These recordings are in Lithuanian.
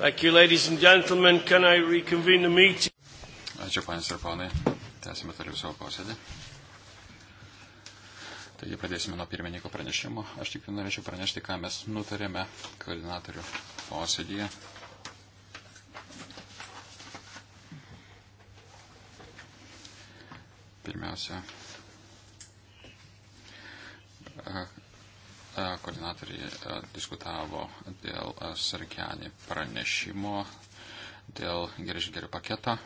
Thank you, ladies and gentlemen. Can I reconvene the meeting? Ačiū, panės ir ponai. Tęsime toliau savo posėdį. Taigi pradėsime nuo pirmininko pranešimo. Aš tik norėčiau pranešti, ką mes nutarėme koordinatorių posėdėje. Pirmiausia, E, koordinatoriai e, diskutavo dėl e, Sarkianį pranešimo, dėl geležinkelių paketo.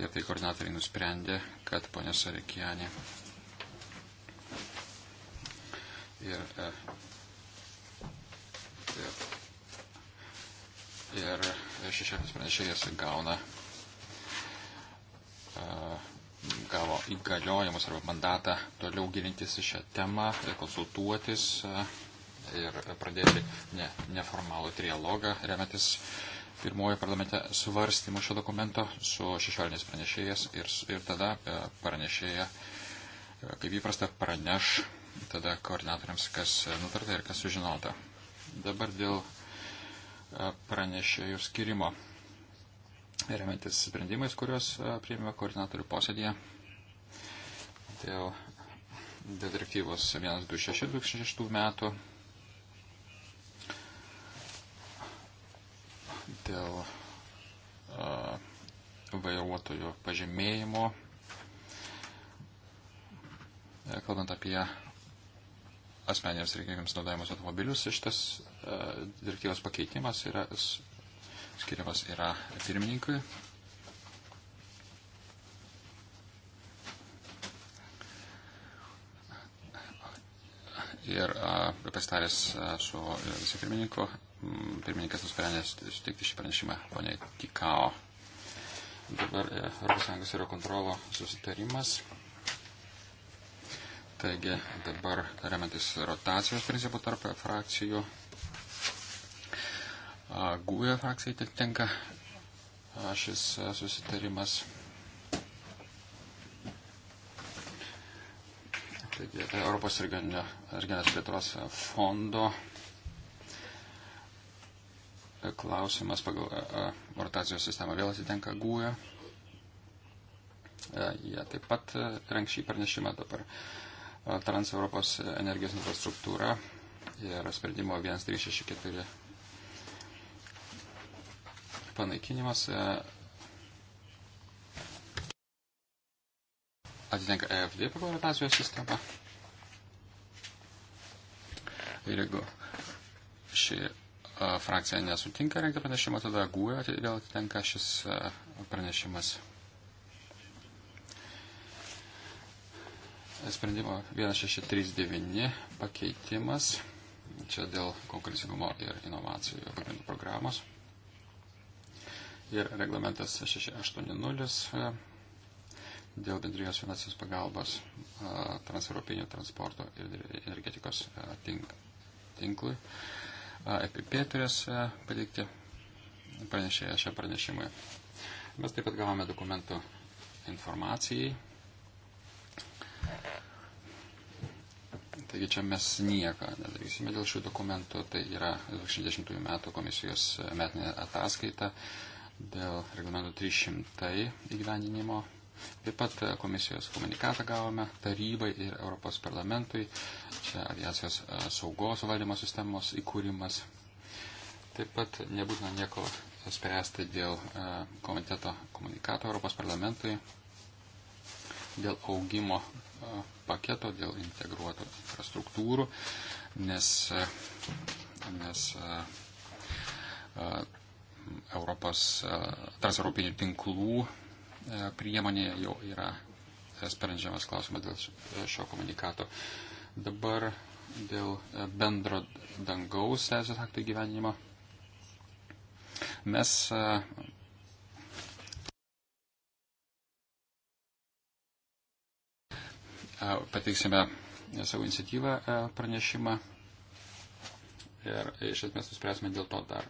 Ir tai koordinatoriai nusprendė, kad ponė Sarkianį ir, ir, ir šešėlis pranešėjas gauna gavo įgaliojimus arba mandatą toliau gilintis į šią temą, konsultuotis e, ir pradėti ne, neformalų trialogą, remiantis pirmojo parlamente svarstymu šio dokumento su šešiolinės pranešėjas ir, ir tada e, pranešėja, e, kaip įprasta, praneš tada koordinatoriams, kas nutarta ir kas sužinota. Dabar dėl pranešėjų skirimo remiantis sprendimais, kuriuos e, priėmėme koordinatorių posėdėje dėl, dėl direktyvos 126-2006 metų, dėl a, e, vairuotojų pažymėjimo, e, kalbant apie asmenėms reikėjams naudojimus automobilius, šitas a, direktyvos pakeitimas yra skiriamas yra pirmininkui. Ir pasitaręs su vicepirmininku, mm, pirmininkas nusprendė suteikti šį pranešimą poniai Tikao. Dabar ES yra kontrolo susitarimas. Taigi dabar remiantis rotacijos principų tarp frakcijų GUE frakcijai tenka šis e, susitarimas. Taigi, tai Europos regionės plėtros fondo klausimas pagal e, e, rotacijos sistemą vėl atitenka GUE. Jie taip pat renk šį pranešimą dabar. Trans Europos energijos infrastruktūra ir sprendimo 1364 panaikinimas e, atitenka EFD pagal rotacijos sistemą. Ir jeigu ši e, frakcija nesutinka rengti pranešimą, tada GUE vėl atitenka šis e, pranešimas. Sprendimo 1639 pakeitimas. Čia dėl konkurencingumo ir inovacijų pagrindų programos ir reglamentas 680 e, dėl bendrijos finansinės pagalbos e, transeuropinio transporto ir energetikos e, tinklui. EPP turės pateikti pranešėją šią pranešimą. Mes taip pat gavome dokumentų informacijai. Taigi čia mes nieko nedarysime dėl šių dokumentų. Tai yra 2010 metų komisijos metinė ataskaita, dėl reglamento 300 įgyvendinimo. Taip pat e, komisijos komunikatą gavome tarybai ir Europos parlamentui. Čia aviacijos e, saugos valdymo sistemos įkūrimas. Taip pat nebūtina nieko spręsti dėl e, komiteto komunikato Europos parlamentui, dėl augimo paketo, dėl integruotų infrastruktūrų, nes, nes Europos e, transeuropinių tinklų e, priemonėje jau yra e, sprendžiamas klausimas dėl šio komunikato. Dabar dėl bendro dangaus teisės aktų gyvenimo. Mes pateiksime savo iniciatyvą pranešimą ir iš esmės nuspręsime dėl to dar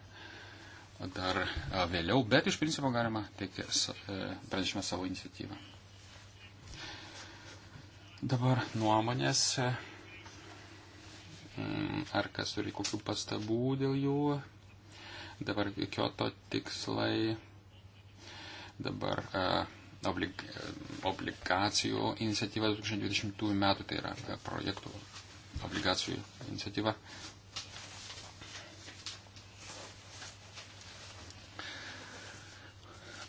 dar vėliau, bet iš principo galima teikti e, pranešimą savo iniciatyvą. Dabar nuomonės. E, ar kas turi kokių pastabų dėl jų? Dabar kioto tikslai. Dabar oblig, obligacijų iniciatyva 2020 metų, tai yra projektų obligacijų iniciatyva. Uh,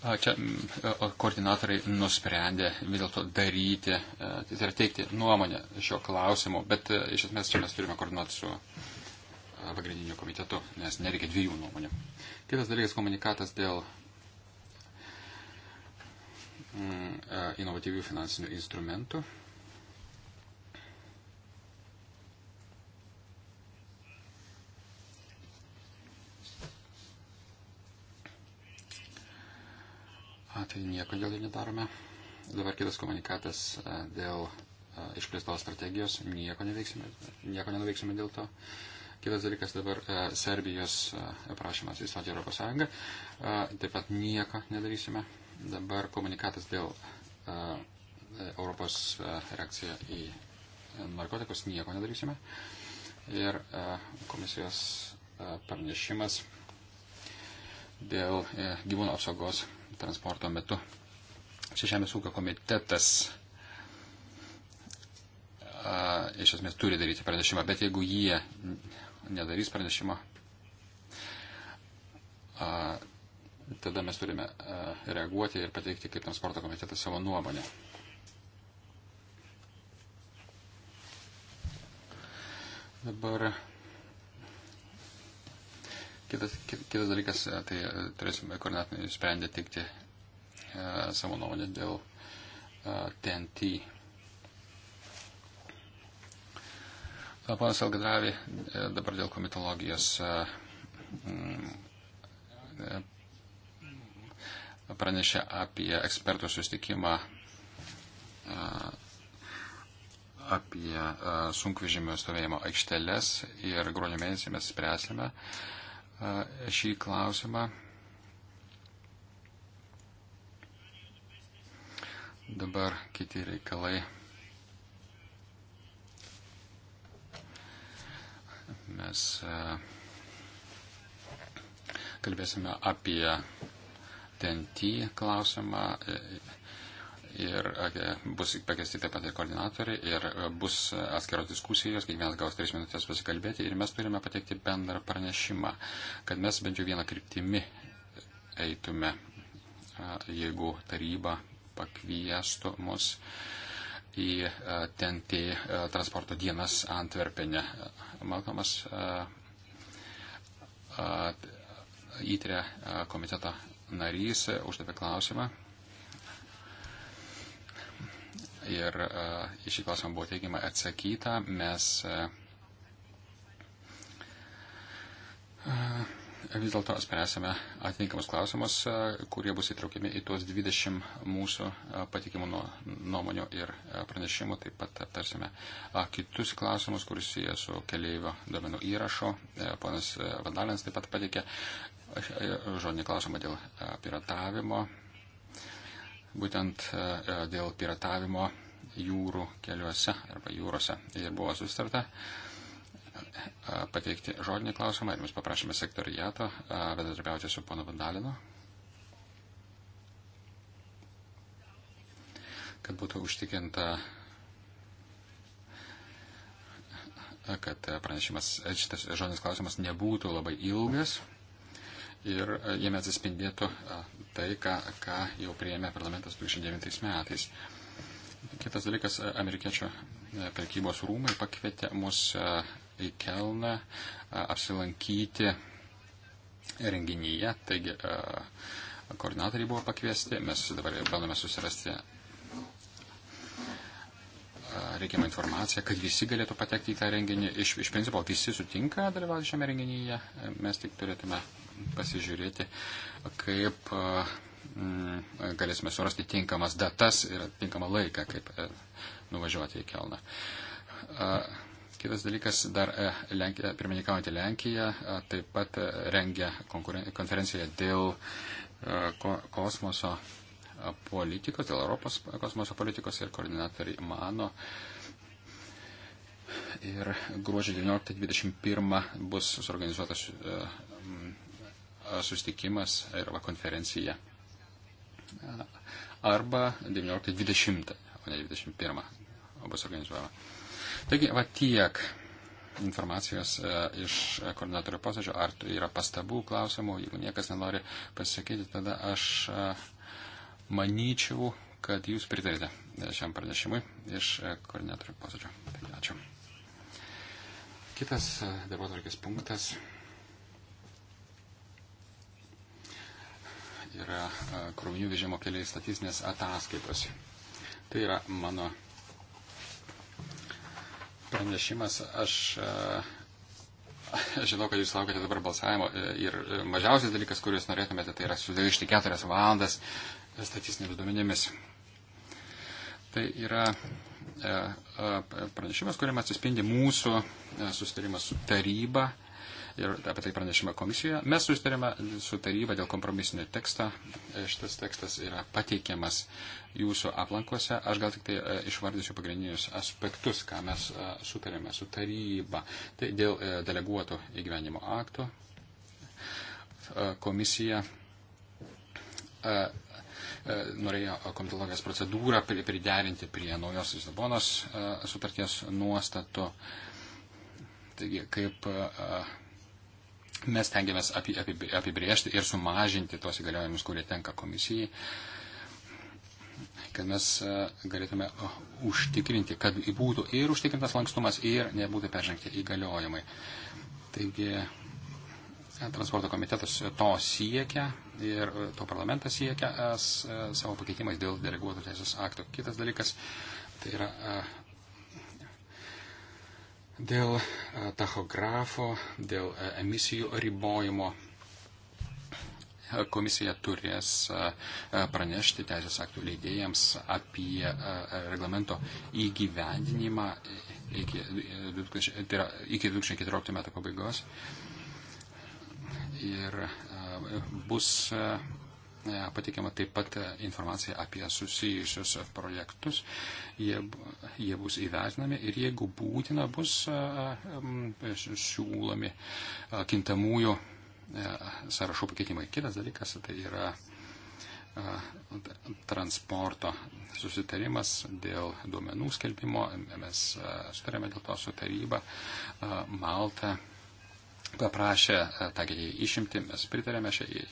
Čia koordinatoriai nusprendė vis dėlto daryti, e, tai yra teikti nuomonę šio klausimu, bet e, iš esmės čia mes turime koordinuoti su e, pagrindiniu komitetu, nes nereikia dviejų nuomonių. Kitas dalykas komunikatas dėl inovatyvių finansinių instrumentų tai nieko dėl jų nedarome. Dabar kitas komunikatas e, dėl e, išplėstos strategijos, nieko neveiksime, nieko nenuveiksime dėl to. Kitas dalykas dabar e, Serbijos prašymas įstoti Europos Sąjungą, taip pat nieko nedarysime. Dabar komunikatas dėl Europos reakcija į narkotikus, nieko nedarysime. Ir komisijos pranešimas dėl gyvūnų apsaugos transporto metu. Šis Žemės ūkio komitetas a, iš esmės turi daryti pranešimą, bet jeigu jie nedarys pranešimo, a, tada mes turime a, reaguoti ir pateikti kaip transporto komitetas savo nuomonę. Dabar Kitas, kitas dalykas, e, tai e, turėsime koordinatinį sprendę teikti e, savo nuomonę dėl TNT. Panas Algadravi, dabar dėl komitologijos pranešė apie ekspertų sustikimą apie sunkvežimio stovėjimo aikšteles ir gruodžio mėnesį mes spręsime, uh, šį klausimą. Dabar kiti reikalai. Mes kalbėsime apie TNT klausimą ir e, bus pakesti taip pat ir koordinatoriai, ir e, bus atskiros diskusijos, kiekvienas gaus tris minutės pasikalbėti, ir mes turime pateikti bendrą pranešimą, kad mes bent jau vieną kryptimį eitume, e, jeigu taryba pakviestų mus į TNT transporto dienas Antverpenė. Malkomas įtrė komiteto narys uždavė klausimą ir e, į šį klausimą buvo teigiamai atsakyta. Mes e, e, vis dėlto spręsime atitinkamus klausimus, kurie bus įtraukiami į tuos 20 mūsų patikimų nuomonių ir pranešimų. Taip pat aptarsime kitus klausimus, kuris jie su keleivio domenų įrašo. Ponas Vandalins taip pat patikė žodinį klausimą dėl piratavimo būtent e, dėl piratavimo jūrų keliuose arba jūrose. Ir buvo sustarta e, pateikti žodinį klausimą ir mes paprašėme sektorijato e, bendradarbiauti su ponu Vandalinu, kad būtų užtikinta, kad pranešimas, šitas žodinis klausimas nebūtų labai ilgas ir e, jame atsispindėtų e, tai, ką, ką jau prieėmė parlamentas 2009 metais. Kitas dalykas, e, amerikiečių prekybos rūmai pakvietė mus į Kelną apsilankyti renginyje, taigi koordinatoriai buvo pakviesti, mes dabar bandome susirasti reikiamą informaciją, kad visi galėtų patekti į tą renginį. Iš, iš principo visi sutinka dalyvauti šiame renginyje, mes tik turėtume pasižiūrėti, kaip mm, galėsime surasti tinkamas datas ir tinkamą laiką, kaip e, nuvažiuoti į Kelną. Kitas dalykas, dar e, Lenkija, pirmininkaujantį Lenkiją taip pat e, rengia konferenciją dėl kosmoso politikos, dėl Europos kosmoso politikos ir koordinatoriai mano. Ir gruodžio 19-21 bus suorganizuotas sustikimas arba konferencija arba 19.20, o ne 21 bus organizuojama. Taigi, va tiek informacijos e, iš koordinatorių posėdžio, ar yra pastabų, klausimų, jeigu niekas nenori pasisakyti, tada aš e, manyčiau, kad jūs pritarite e, šiam pranešimui iš e, koordinatorių posėdžio. Taigi, ačiū. Kitas e, darbotvarkės punktas. yra e, krovinių vežimo keliai statistinės ataskaitos. Tai yra mano pranešimas. Aš e, Aš žinau, kad jūs laukite dabar balsavimo e, ir mažiausias dalykas, kuris norėtumėte, tai yra sudėlišti keturias valandas statistinėmis duomenimis. Tai yra pranešimas, kuriame atsispindi mūsų susitarimas su taryba ir apie tai pranešime komisijoje. Mes susitarėme su taryba dėl kompromisinio teksto. E, šitas tekstas yra pateikiamas jūsų aplankose. Aš gal tik tai e, išvardysiu pagrindinius aspektus, ką mes e, sutarėme su taryba. Tai dėl deleguotų įgyvenimo aktų komisija norėjo komitologijos procedūrą priderinti prie naujos Lisabonos sutarties nuostatų. Taigi, kaip Mes tengiamės apibriežti ir sumažinti tos įgaliojimus, kurie tenka komisijai, kad mes e, galėtume e, užtikrinti, kad būtų ir užtikrintas lankstumas, ir nebūtų peržengti įgaliojimai. Taigi e, transporto komitetas to siekia ir to parlamentas siekia savo pakeitimais dėl deleguotų teisės aktų. Kitas dalykas tai yra dėl e, tachografo, dėl e, emisijų ribojimo komisija turės e, pranešti teisės aktų leidėjams apie reglamento įgyvendinimą iki, tai yra, iki 2014 metų pabaigos. Ir bus E, pateikiama taip pat e, informacija apie susijusius e, projektus. Jie, jie bus įvertinami ir jeigu būtina bus siūlomi kintamųjų sąrašų pakeitimai. Kitas dalykas tai yra transporto susitarimas dėl duomenų skelbimo. Mes sutarėme dėl to su taryba. Malta paprašė taikyti išimti, mes pritarėme šiai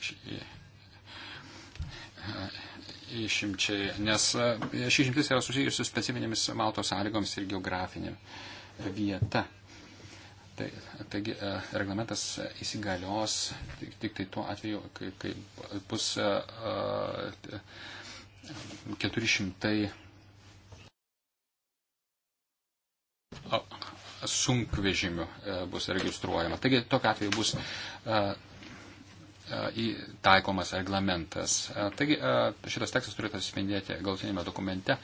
išimčiai, nes e, ši išimtis yra susijusi su specifinėmis Maltos sąlygoms ir geografinė vieta. Tai, taigi e, reglamentas įsigalios tik, tik tai tuo atveju, kai, kai bus e, uh, 400 sunkvežimių bus registruojama. Taigi tokia atveju bus uh, E, taikomas reglamentas. E, taigi e, šitas tekstas turėtų atsispindėti galutinėme dokumente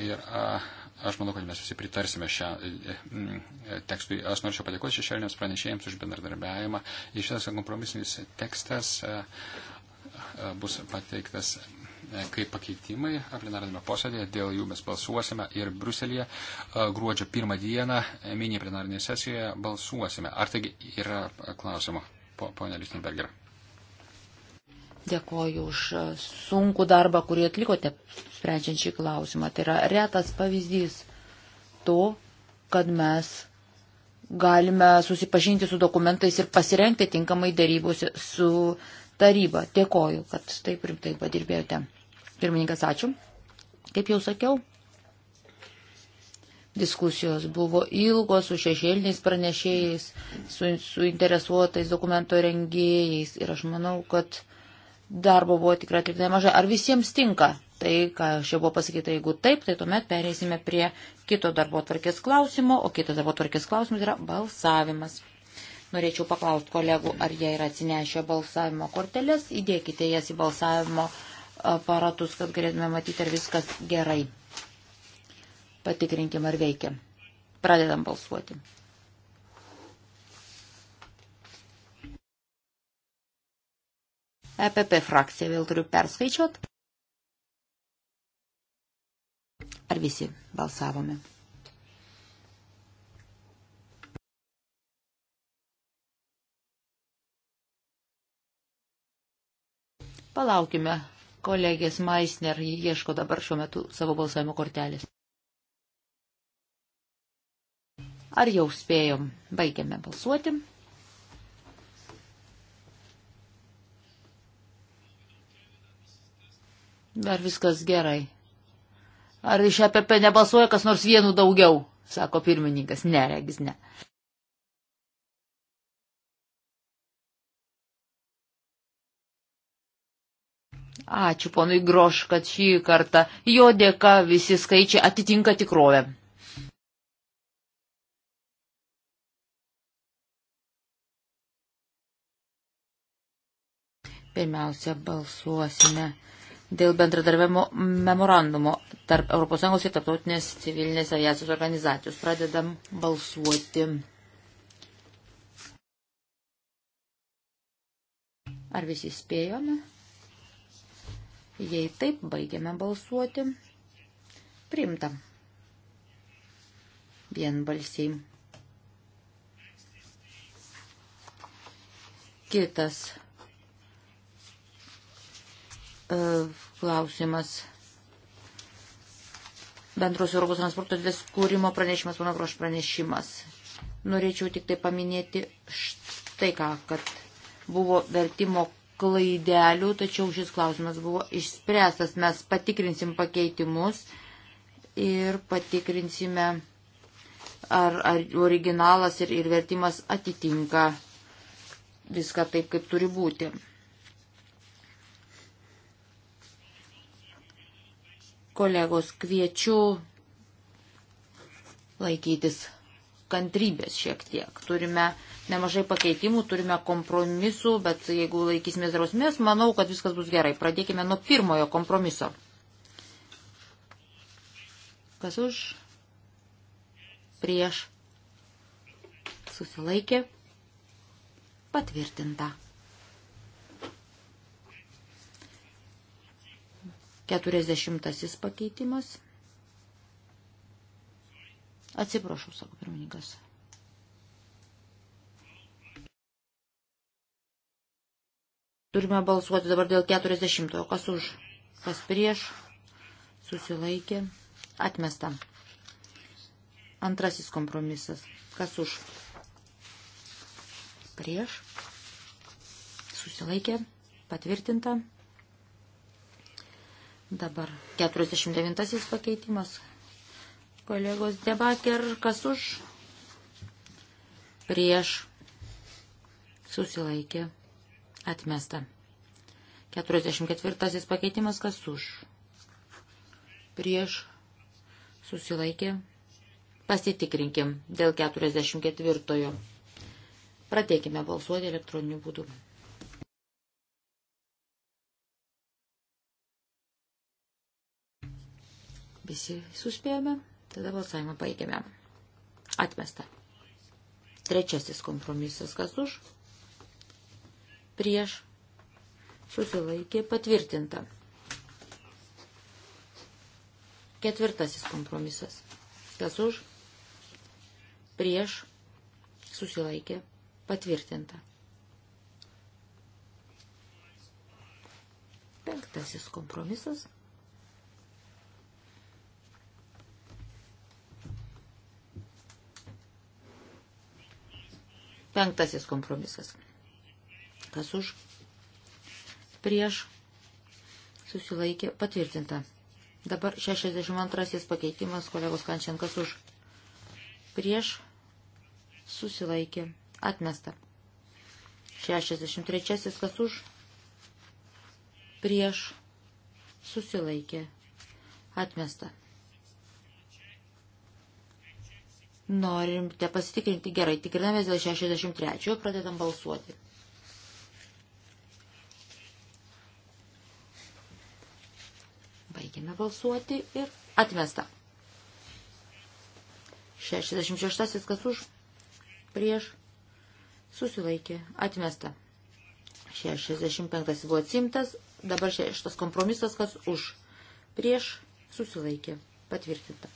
ir aš manau, kad mes visi pritarsime šią tekstui. Aš norėčiau padėkoti šešėliniams pranešėjams už bendradarbiavimą. Ir šitas kompromisinis tekstas bus pateiktas kaip pakeitimai plenarinėme posėdėje, dėl jų mes balsuosime ir Bruselėje gruodžio pirmą dieną mini plenarinėje sesijoje balsuosime. Ar taigi yra klausimų? ponė Lichtenberger. Dėkoju už sunkų darbą, kurį atlikote, sprendžiant šį klausimą. Tai yra retas pavyzdys to, kad mes galime susipažinti su dokumentais ir pasirengti tinkamai darybose su taryba. Dėkoju, kad taip rimtai padirbėjote. Pirmininkas, ačiū. Kaip jau sakiau, Diskusijos buvo ilgos su šešėliniais pranešėjais, su, su interesuotais dokumento rengėjais ir aš manau, kad darbo buvo tikrai atlikta nemažai. Ar visiems tinka tai, ką čia buvo pasakyta, jeigu taip, tai tuomet pereisime prie kito darbo tvarkės klausimo, o kitas darbo tvarkės klausimas yra balsavimas. Norėčiau paklausti kolegų, ar jie yra atsinešę balsavimo korteles, įdėkite jas į balsavimo aparatus, kad galėtume matyti, ar viskas gerai. Patikrinkim, ar veikia. Pradedam balsuoti. EPP frakciją vėl turiu perskaičiuot. Ar visi balsavome? Palaukime, kolegės Maisner ieško dabar šiuo metu savo balsavimo kortelės. Ar jau spėjom? Baigiame balsuoti. Ar viskas gerai? Ar iš EPP nebalsuoja kas nors vienu daugiau, sako pirmininkas. Ne, regis ne. Ačiū ponui Groš, kad šį kartą jo dėka visi skaičiai atitinka tikrovę. Pirmiausia, balsuosime dėl bendradarbiavimo memorandumo tarp ES ir Tarptautinės civilinės aviacijos organizacijos. Pradedam balsuoti. Ar visi spėjome? Jei taip, baigiame balsuoti. Priimta. Vienbalsiai. Kitas E, klausimas. Bendros Europos transporto dvies kūrimo pranešimas, mano groš pranešimas. Norėčiau tik tai paminėti štai ką, kad buvo vertimo klaidelių, tačiau šis klausimas buvo išspręstas. Mes patikrinsim pakeitimus ir patikrinsime, ar, ar originalas ir, ir vertimas atitinka viską taip, kaip turi būti. Kolegos, kviečiu laikytis kantrybės šiek tiek. Turime nemažai pakeitimų, turime kompromisų, bet jeigu laikysimės drausmės, manau, kad viskas bus gerai. Pradėkime nuo pirmojo kompromiso. Kas už? Prieš. Susilaikė. Patvirtinta. 40 pakeitimas. Atsiprašau, sako pirmininkas. Turime balsuoti dabar dėl 40. Kas už? Kas prieš? Susilaikė. Atmesta. Antrasis kompromisas. Kas už? Prieš. Susilaikė. Patvirtinta. Dabar 49 pakeitimas. Kolegos debaker, kas už? Prieš. Susilaikė. Atmesta. 44 pakeitimas, kas už? Prieš. Susilaikė. Pasitikrinkim dėl 44. Pratėkime balsuoti elektroniniu būdu. Visi suspėjome, tada balsavimą baigėme. Atmesta. Trečiasis kompromisas, kas už? Prieš. Susilaikė patvirtinta. Ketvirtasis kompromisas. Kas už? Prieš. Susilaikė patvirtinta. Penktasis kompromisas. Penktasis kompromisas. Kas už? Prieš susilaikė patvirtinta. Dabar 62 pakeitimas kolegos Kančiankas už. Prieš susilaikė atmesta. 63 kas už. Prieš susilaikė atmesta. Norimte pasitikrinti gerai. Tikrinamės dėl 63. Pradedam balsuoti. Baigėme balsuoti ir atmesta. 66. Kas už? Prieš. Susilaikė. Atmesta. 65. Buvo atsimtas. Dabar šitas kompromisas, kas už. Prieš. Susilaikė. Patvirtinta.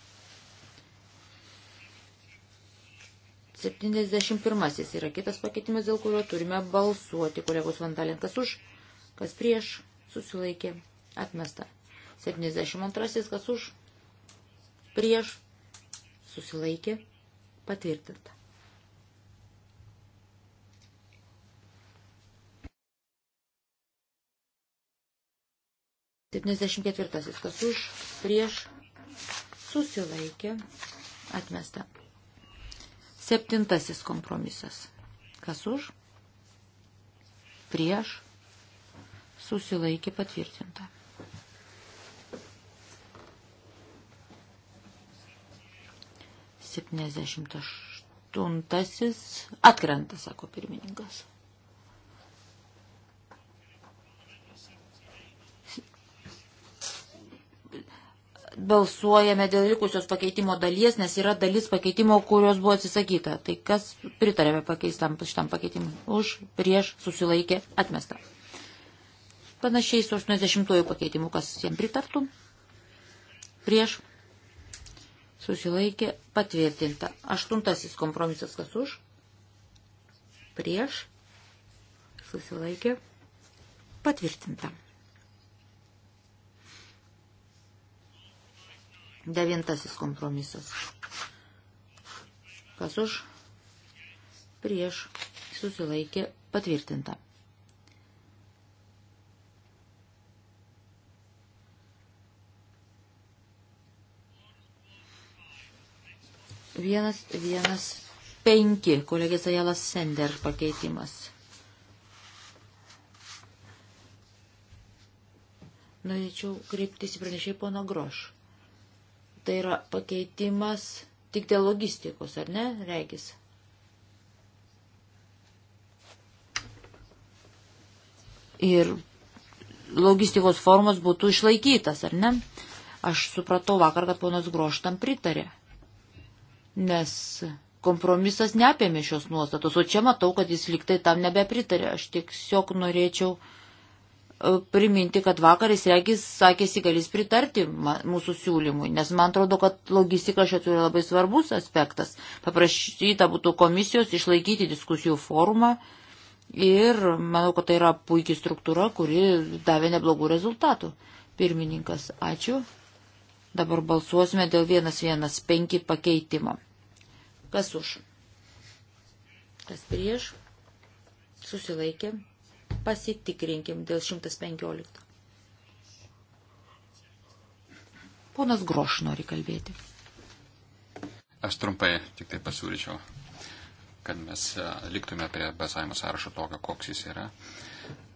71 yra kitas pakeitimas, dėl kurio turime balsuoti. Kolegos Vandalinkas už, kas prieš, susilaikė, atmesta. 72 kas už, prieš, susilaikė, patvirtinta. Septyniasdešimt ketvirtasis, kas už, prieš, susilaikė, atmesta. Septintasis kompromisas. Kas už? Prieš. Susilaikė patvirtinta. Septyniasdešimt aštuntasis atkrenta, sako pirmininkas. balsuojame dėl likusios pakeitimo dalies, nes yra dalis pakeitimo, kurios buvo atsisakyta. Tai kas pritarėme pakeistam šitam pakeitimui? Už, prieš, susilaikė, atmesta. Panašiai su 80-ojų pakeitimu, kas jam pritartų? Prieš, susilaikė, patvirtinta. Aštuntasis kompromisas, kas už? Prieš, susilaikė, patvirtinta. Devintasis kompromisas. Kas už? Prieš susilaikė patvirtinta. Vienas, vienas, penki, kolegės Ajalas Sender pakeitimas. Norėčiau kreiptis į pranešėjį pono Grošą. Tai yra pakeitimas tik dėl logistikos, ar ne, regis? Ir logistikos formas būtų išlaikytas, ar ne? Aš supratau vakar, kad ponas Groštam pritarė, nes kompromisas neapėmė šios nuostatos, o čia matau, kad jis liktai tam nebepritarė. Aš tiesiog norėčiau priminti, kad vakaris regis sakėsi galis pritarti mūsų siūlymui, nes man atrodo, kad logistika šiuo turi labai svarbus aspektas. Paprašyta būtų komisijos išlaikyti diskusijų forumą ir manau, kad tai yra puikiai struktūra, kuri davė neblogų rezultatų. Pirmininkas, ačiū. Dabar balsuosime dėl 115 pakeitimo. Kas už? Kas prieš? Susilaikė. Pasitikrinkim dėl 115. Ponas Groš nori kalbėti. Aš trumpai tik tai pasiūlyčiau, kad mes liktume prie balsavimo sąrašo tokio, koks jis yra.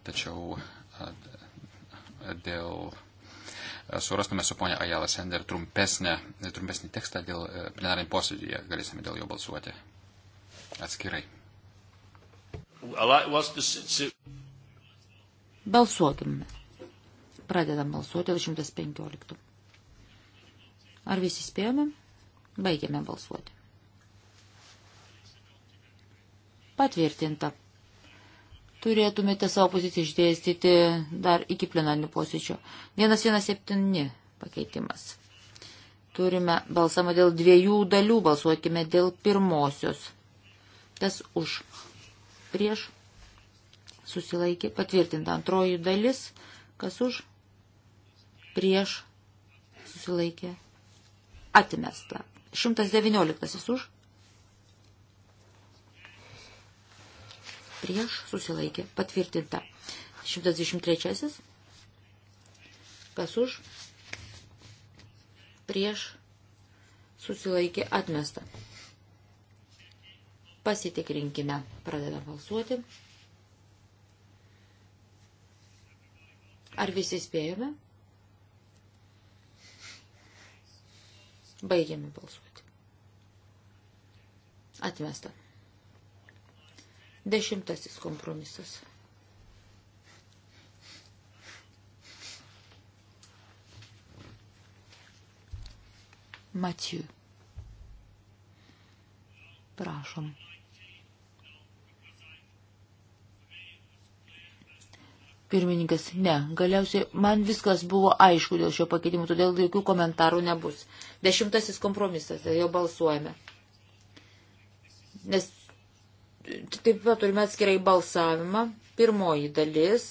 Tačiau dėl surastume su ponia Ajala Sender trumpesnę, trumpesnį tekstą dėl e, plenarinį posėdį, galėsime dėl jo balsuoti atskirai. Balsuokim. Pradedam balsuoti dėl 115. Ar visi spėjome? Baigėme balsuoti. Patvirtinta. Turėtumėte savo poziciją išdėstyti dar iki plenarnių posėdžio. 117 pakeitimas. Turime balsamą dėl dviejų dalių, balsuokime dėl pirmosios. Kas už? Prieš? susilaikė, patvirtinta antroji dalis, kas už, prieš, susilaikė, atmesta. 119 už, prieš, susilaikė, patvirtinta. 123 kas už, prieš, susilaikė, atmesta. Pasitikrinkime, pradeda balsuoti. Ar visi spėjome? Baigėme balsuoti. Atmesta. Dešimtasis kompromisas. Matiju. Prašom. Pirmininkas, ne, galiausiai man viskas buvo aišku dėl šio pakeitimo, todėl jokių komentarų nebus. Dešimtasis kompromisas, tai jo balsuojame. Nes taip pat turime atskirai balsavimą. Pirmoji dalis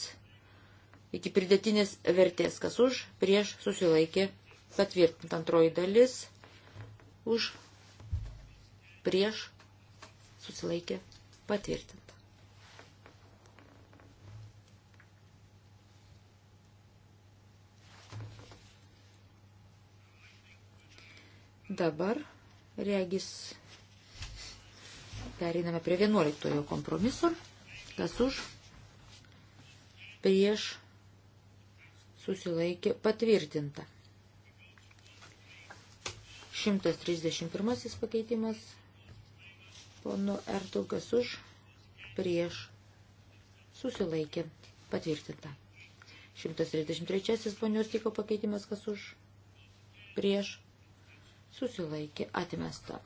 iki pridėtinės vertės, kas už, prieš susilaikė patvirtinti. Antroji dalis už, prieš susilaikė patvirtinti. Dabar, regis, periname prie 11 kompromiso. Kas už, prieš, susilaikė, patvirtinta. 131 pakeitimas. Pono Ertugas už, prieš, susilaikė, patvirtinta. 133 ponios tiko pakeitimas, kas už, prieš, susilaikė atmesta.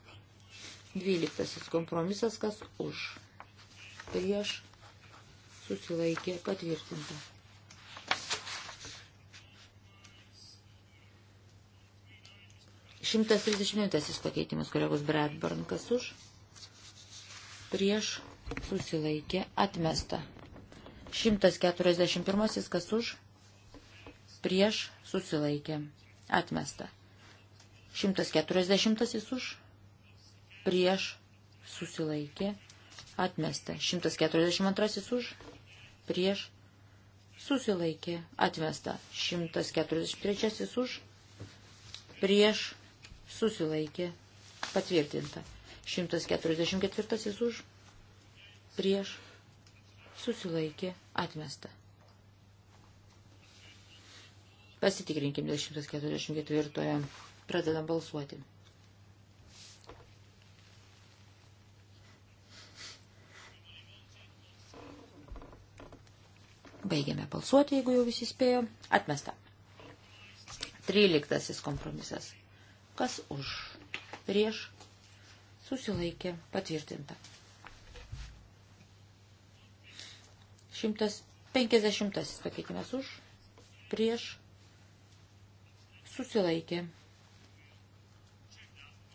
Dvyliktasis kompromisas, kas už, prieš, susilaikė patvirtinta. Šimtas trisdešimtasis pakeitimas, kolegos Bradburn, kas už, prieš, susilaikė atmesta. Šimtas keturiasdešimt pirmasis, kas už, prieš, susilaikė atmesta. 140 už, prieš, susilaikė, atmesta. 142 už, prieš, susilaikė, atmesta. 143 už, prieš, susilaikė, patvirtinta. 144 už, prieš, susilaikė, atmesta. Pasitikrinkim dėl 144. Pradedam balsuoti. Baigiame balsuoti, jeigu jau visi spėjo. Atmesta. Tryliktasis kompromisas. Kas už? Prieš? Susilaikė. Patvirtinta. 150 pakeitimas už. Prieš? Susilaikė.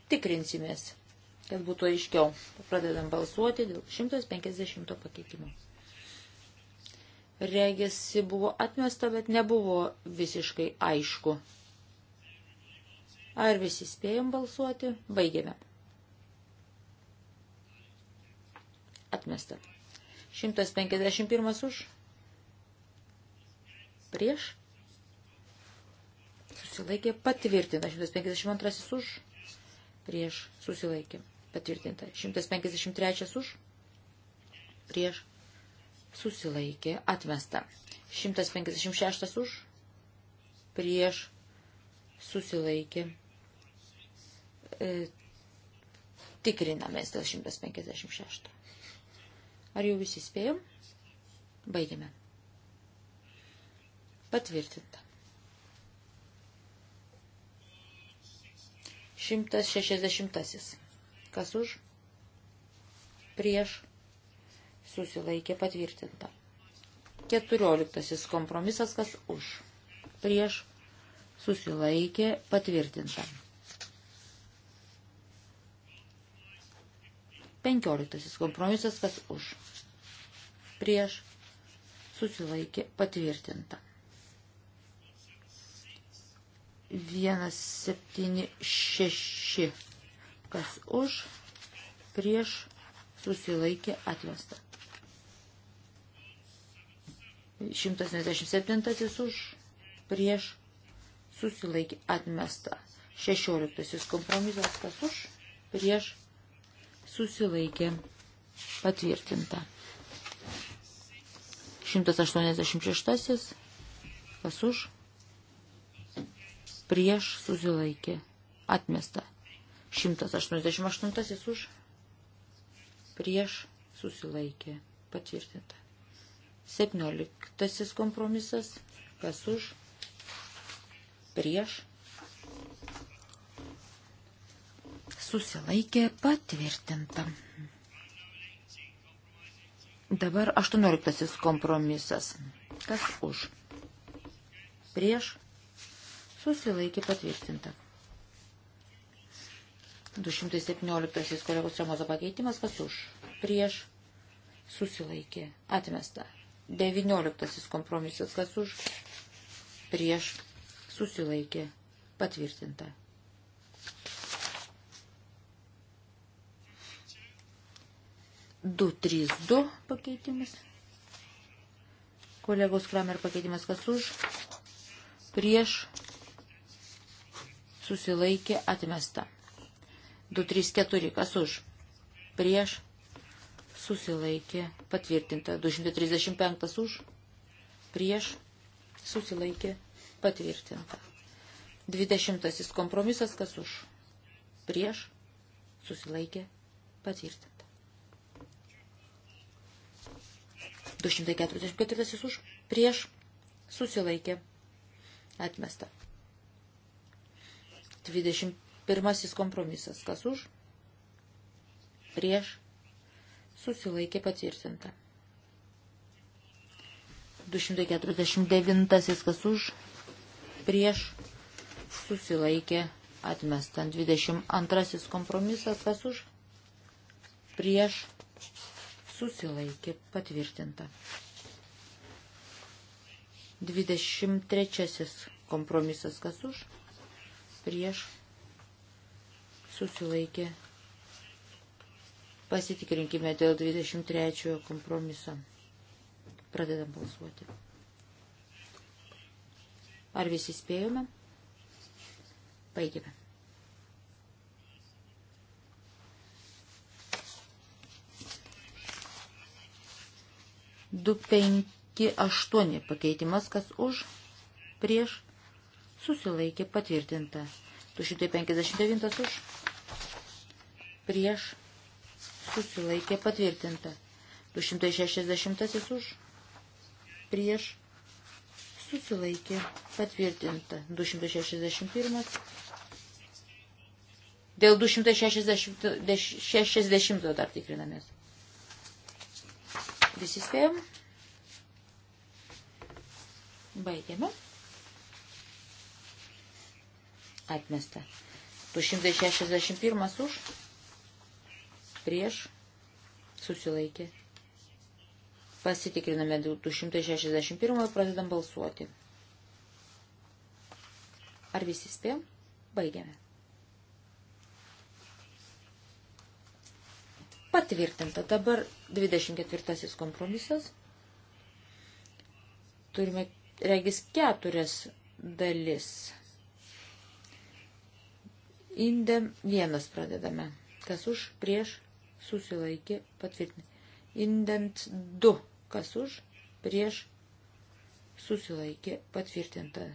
Tikrinsimės, kad būtų aiškiau. Pradedam balsuoti dėl 150 pakeitimo. Regėsi buvo atmesta, bet nebuvo visiškai aišku. Ar visi spėjom balsuoti? Baigėme. Atmesta. 151 už. Prieš. Susilaikė patvirtinta. 152 už prieš susilaikė patvirtinta. 153 už prieš susilaikė atmesta. 156 už prieš susilaikė e, tikrinamės dėl 156. Ar jau visi spėjom? Baigėme. Patvirtinta. 160. Kas už? Prieš susilaikė patvirtinta. 14. Kompromisas kas už? Prieš susilaikė patvirtinta. 15. Kompromisas kas už? Prieš susilaikė patvirtinta. 176. Kas už, prieš, susilaikė, atmesta. 177 už, prieš, susilaikė, atmesta. 16 kompromisas, kas už, prieš, susilaikė, patvirtinta. 186 kas už, prieš susilaikė atmesta. 188 už prieš susilaikė patvirtinta. 17 kompromisas kas už prieš susilaikė patvirtinta. Dabar 18 kompromisas. Kas už? Prieš susilaikė patvirtinta. 217 kolegos Remozo pakeitimas, kas už, prieš, susilaikė, atmesta. 19 kompromisas, kas už, prieš, susilaikė, patvirtinta. Du, trys, du pakeitimas. Kolegos Kramer pakeitimas kas už, prieš, susilaikė atmesta. 234 kas už, prieš, susilaikė patvirtinta. 235 už, prieš, susilaikė patvirtinta. 20 kompromisas kas už, prieš, susilaikė patvirtinta. 244 už, prieš, susilaikė atmesta. 21 kompromisas. Kas už? Prieš. Susilaikė patvirtinta. 249 kas už. Prieš. Susilaikė atmestant. 22 kompromisas kas už. Prieš. Susilaikė patvirtinta. 23 kompromisas kas už prieš susilaikė. Pasitikrinkime dėl 23 kompromiso. Pradedam balsuoti. Ar visi spėjome? Baigėme. Du penki aštuoni pakeitimas, kas už, prieš, susilaikė patvirtinta. 259 už, prieš, susilaikė patvirtinta. 260 už, prieš, susilaikė patvirtinta. 261. Dėl 260 dar tikrinamės. Visi spėjom. Baigiame. Atmesta. 261 už. Prieš. Susilaikė. Pasitikriname 261 ir pradedam balsuoti. Ar visi spėjom? Baigiame. Patvirtinta. Dabar 24 kompromisas. Turime, regis, keturias dalis. Inde vienas pradedame. Kas už, prieš, susilaikė, patvirtinti. Indent 2. Kas už, prieš, susilaikė, patvirtinta.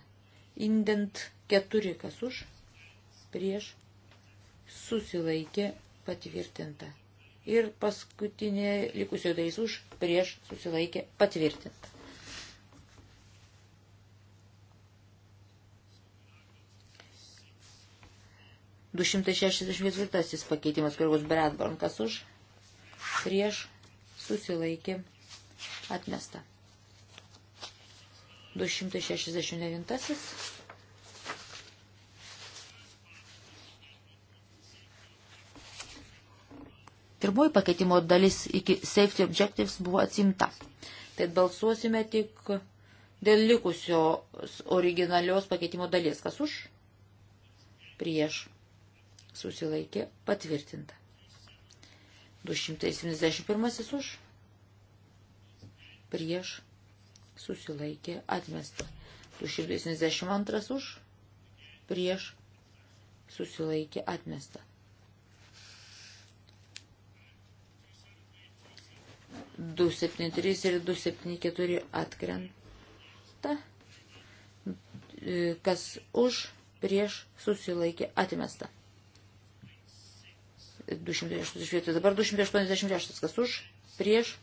Indent 4. Kas už, prieš, susilaikė, patvirtinta. Ir paskutinė likusio dalis už, prieš, susilaikė, patvirtinta. 264 pakeitimas, kurios Bradburn, kas už, prieš, susilaikė, atmesta. 269. Pirmoji pakeitimo dalis iki safety objectives buvo atsimta. Tai balsuosime tik dėl likusios originalios pakeitimo dalies. Kas už? Prieš susilaikė patvirtinta. 271 už, prieš, susilaikė atmesta. 272 už, prieš, susilaikė atmesta. 273 ir 274 atkrenta. Kas už, prieš, susilaikė atmesta. 286. Dabar 286. Kas už? Prieš.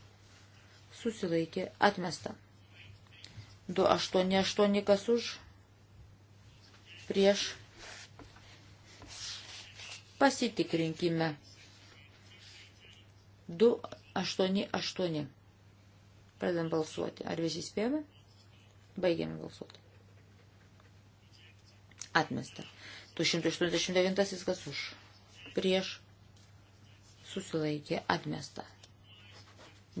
Susilaikė. Atmesta. 288. Kas už? Prieš. Pasitikrinkime. 288. Pradedam balsuoti. Ar visi spėjome? Baigiam balsuoti. Atmesta. 289 kas už. Prieš susilaikė atmesta.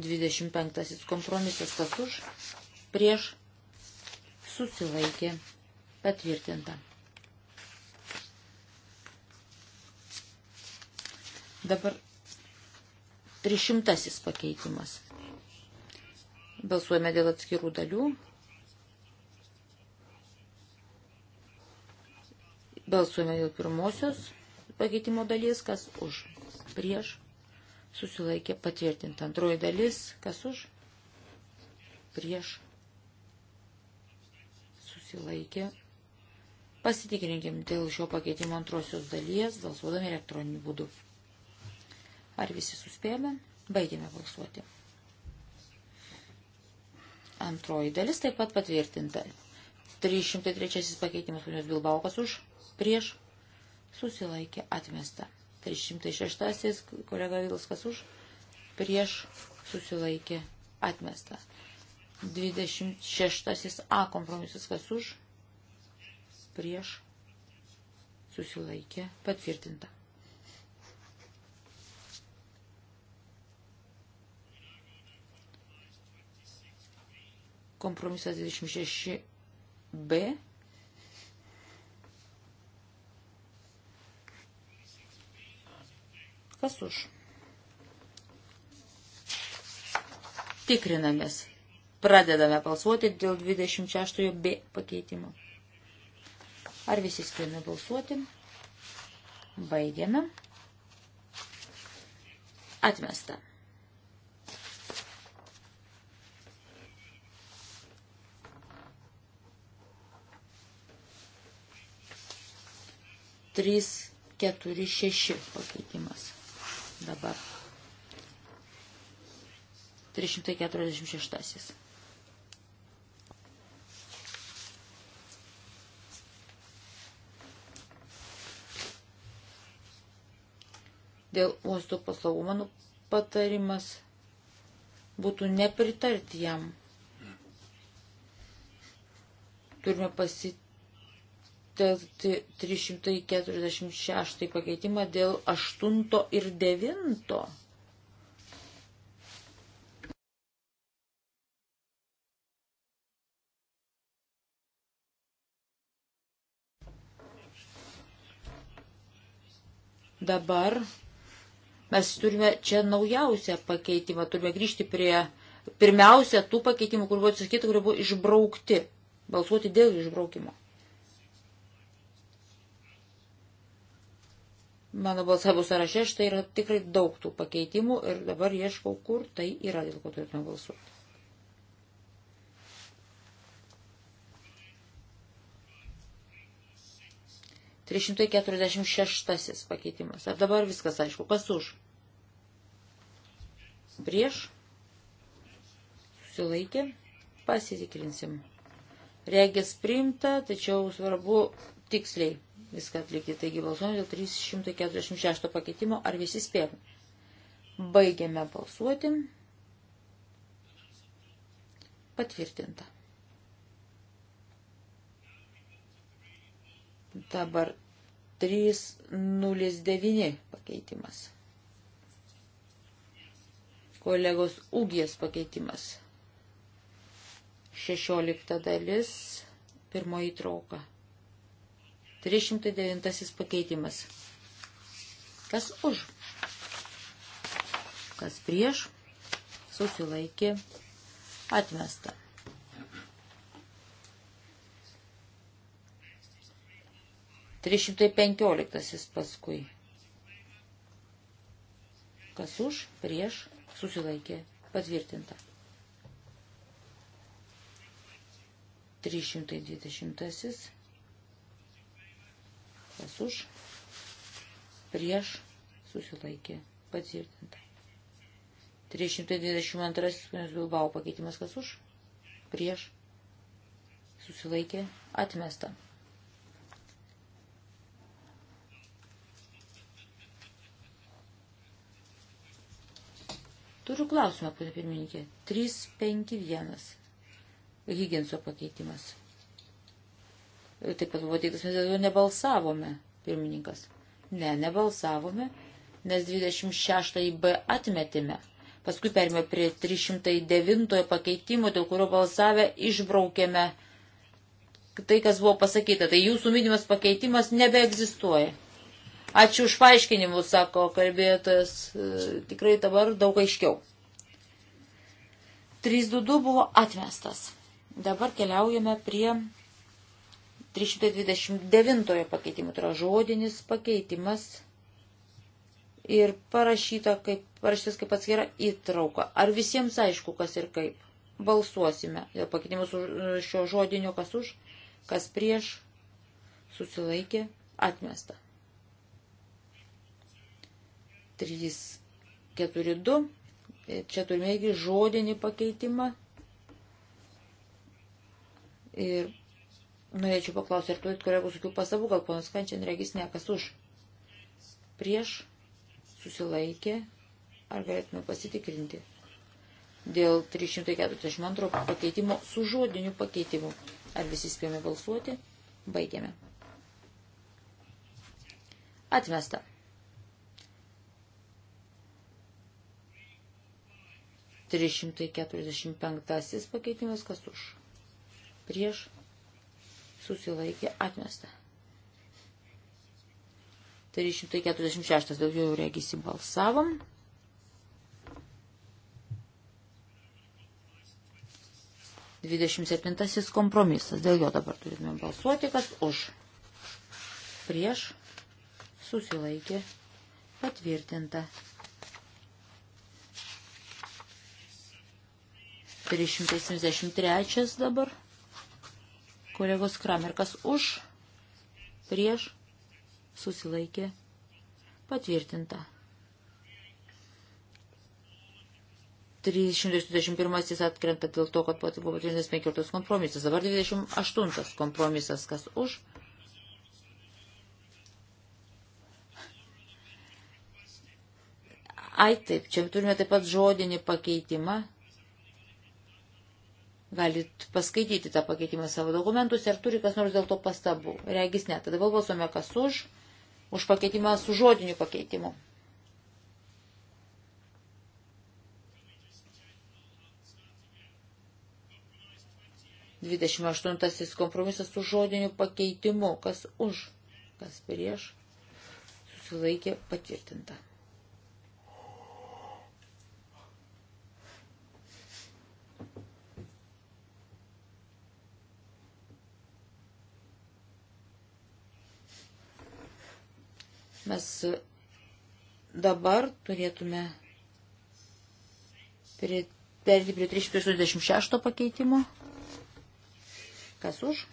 25 kompromisas kas už, prieš susilaikė patvirtinta. Dabar 300 pakeitimas. Balsuojame dėl atskirų dalių. Balsuojame dėl pirmosios pakeitimo dalies, kas už prieš, susilaikė patvirtinta. Antroji dalis, kas už, prieš, susilaikė. Pasitikrinkim dėl šio pakeitimo antrosios dalies, balsuodami elektroniniu būdu. Ar visi suspėjome? Baigėme balsuoti. Antroji dalis taip pat patvirtinta. 303 pakeitimas, kurios Bilbaukas už, prieš, susilaikė atmesta. 306 kolega Vilskas už, prieš susilaikė atmesta. 26 A kompromisas kas už, prieš susilaikė patvirtinta. Kompromisas 26 B Kas už? Tikrinamės. Pradedame balsuoti dėl 26 B pakeitimo. Ar visi spėjome balsuoti? Baigiame. Atmesta. Trys, keturi, šeši pakeitimas dabar. 346. Dėl uostų paslaugų mano patarimas būtų nepritarti jam. Turime pasitikti 346 pakeitimą dėl 8 ir 9. Dabar mes turime čia naujausią pakeitimą, turime grįžti prie pirmiausia tų pakeitimų, kur buvo atsisakyta, kurie buvo išbraukti, balsuoti dėl išbraukimo. Mano balsavų sąraše štai yra tikrai daug tų pakeitimų ir dabar ieškau, kur tai yra, dėl ko turėtume balsuoti. Trišimtai keturiasdešimt šeštasis pakeitimas. Ar dabar viskas aišku? Kas už? Prieš? Susilaikė? Pasitikrinsim. Regis priimta, tačiau svarbu tiksliai viską atlikti. Taigi balsuojame dėl 346 pakeitimo, ar visi spėjom. Baigiame balsuoti. Patvirtinta. Dabar 309 pakeitimas. Kolegos Ugės pakeitimas. 16 dalis, pirmoji trauka. 309 pakeitimas. Kas už? Kas prieš? Susilaikė. Atmesta. Trišimtai penkioliktasis paskui. Kas už, prieš, susilaikė, patvirtinta. 320. Kas už? Prieš susilaikė patvirtinta. 322 Bilbao pakeitimas kas už? Prieš susilaikė atmesta. Turiu klausimą, ponė pirmininkė. 351 Higginso pakeitimas taip pat buvo teiktas, mes dėl jo nebalsavome, pirmininkas. Ne, nebalsavome, nes 26 B atmetėme. Paskui perėmė prie 309 pakeitimo, dėl kurio balsavę išbraukėme tai, kas buvo pasakyta. Tai jūsų minimas pakeitimas nebeegzistuoja. Ačiū už paaiškinimus, sako kalbėtojas. E, tikrai dabar daug aiškiau. 322 buvo atmestas. Dabar keliaujame prie 329 pakeitimų, tai yra žodinis pakeitimas ir parašyta kaip, parašytas kaip atskira įtrauka. Ar visiems aišku, kas ir kaip? Balsuosime dėl pakeitimus šio žodinio, kas už, kas prieš, susilaikė, atmesta. 3, 4, 2. Čia turime irgi žodinį pakeitimą. Ir Norėčiau paklausyti, ar turit kolegų tokių pasavų, gal ponas Kančian regis nekas už. Prieš susilaikė, ar galėtume pasitikrinti dėl 342 pakeitimo su žodiniu pakeitimu. Ar visi spėjome balsuoti? Baigėme. Atmesta. Trišimtai keturiasdešimt penktasis pakeitimas, kas už? Prieš susilaikė atmesta. 346 daugiau jau regisi balsavom. Dvidešimt septintasis kompromisas. Dėl jo dabar turime balsuoti, kas už. Prieš susilaikė patvirtinta. 373 dabar kolegos Kramer, kas už, prieš, susilaikė, patvirtinta. 321 atkrenta dėl to, kad buvo patvirtintas 15 kompromisas. Dabar 28 kompromisas, kas už. Ai taip, čia turime taip pat žodinį pakeitimą Galit paskaityti tą pakeitimą savo dokumentus, ar turi kas nors dėl to pastabų. Regis ne. Tada balsuosime kas už, už pakeitimą su žodiniu pakeitimu. Dvidešimt aštuntasis kompromisas su žodiniu pakeitimu. Kas už, kas prieš, susilaikė patvirtinta. Mes dabar turėtume perėti prie 386 pakeitimo. Kas už?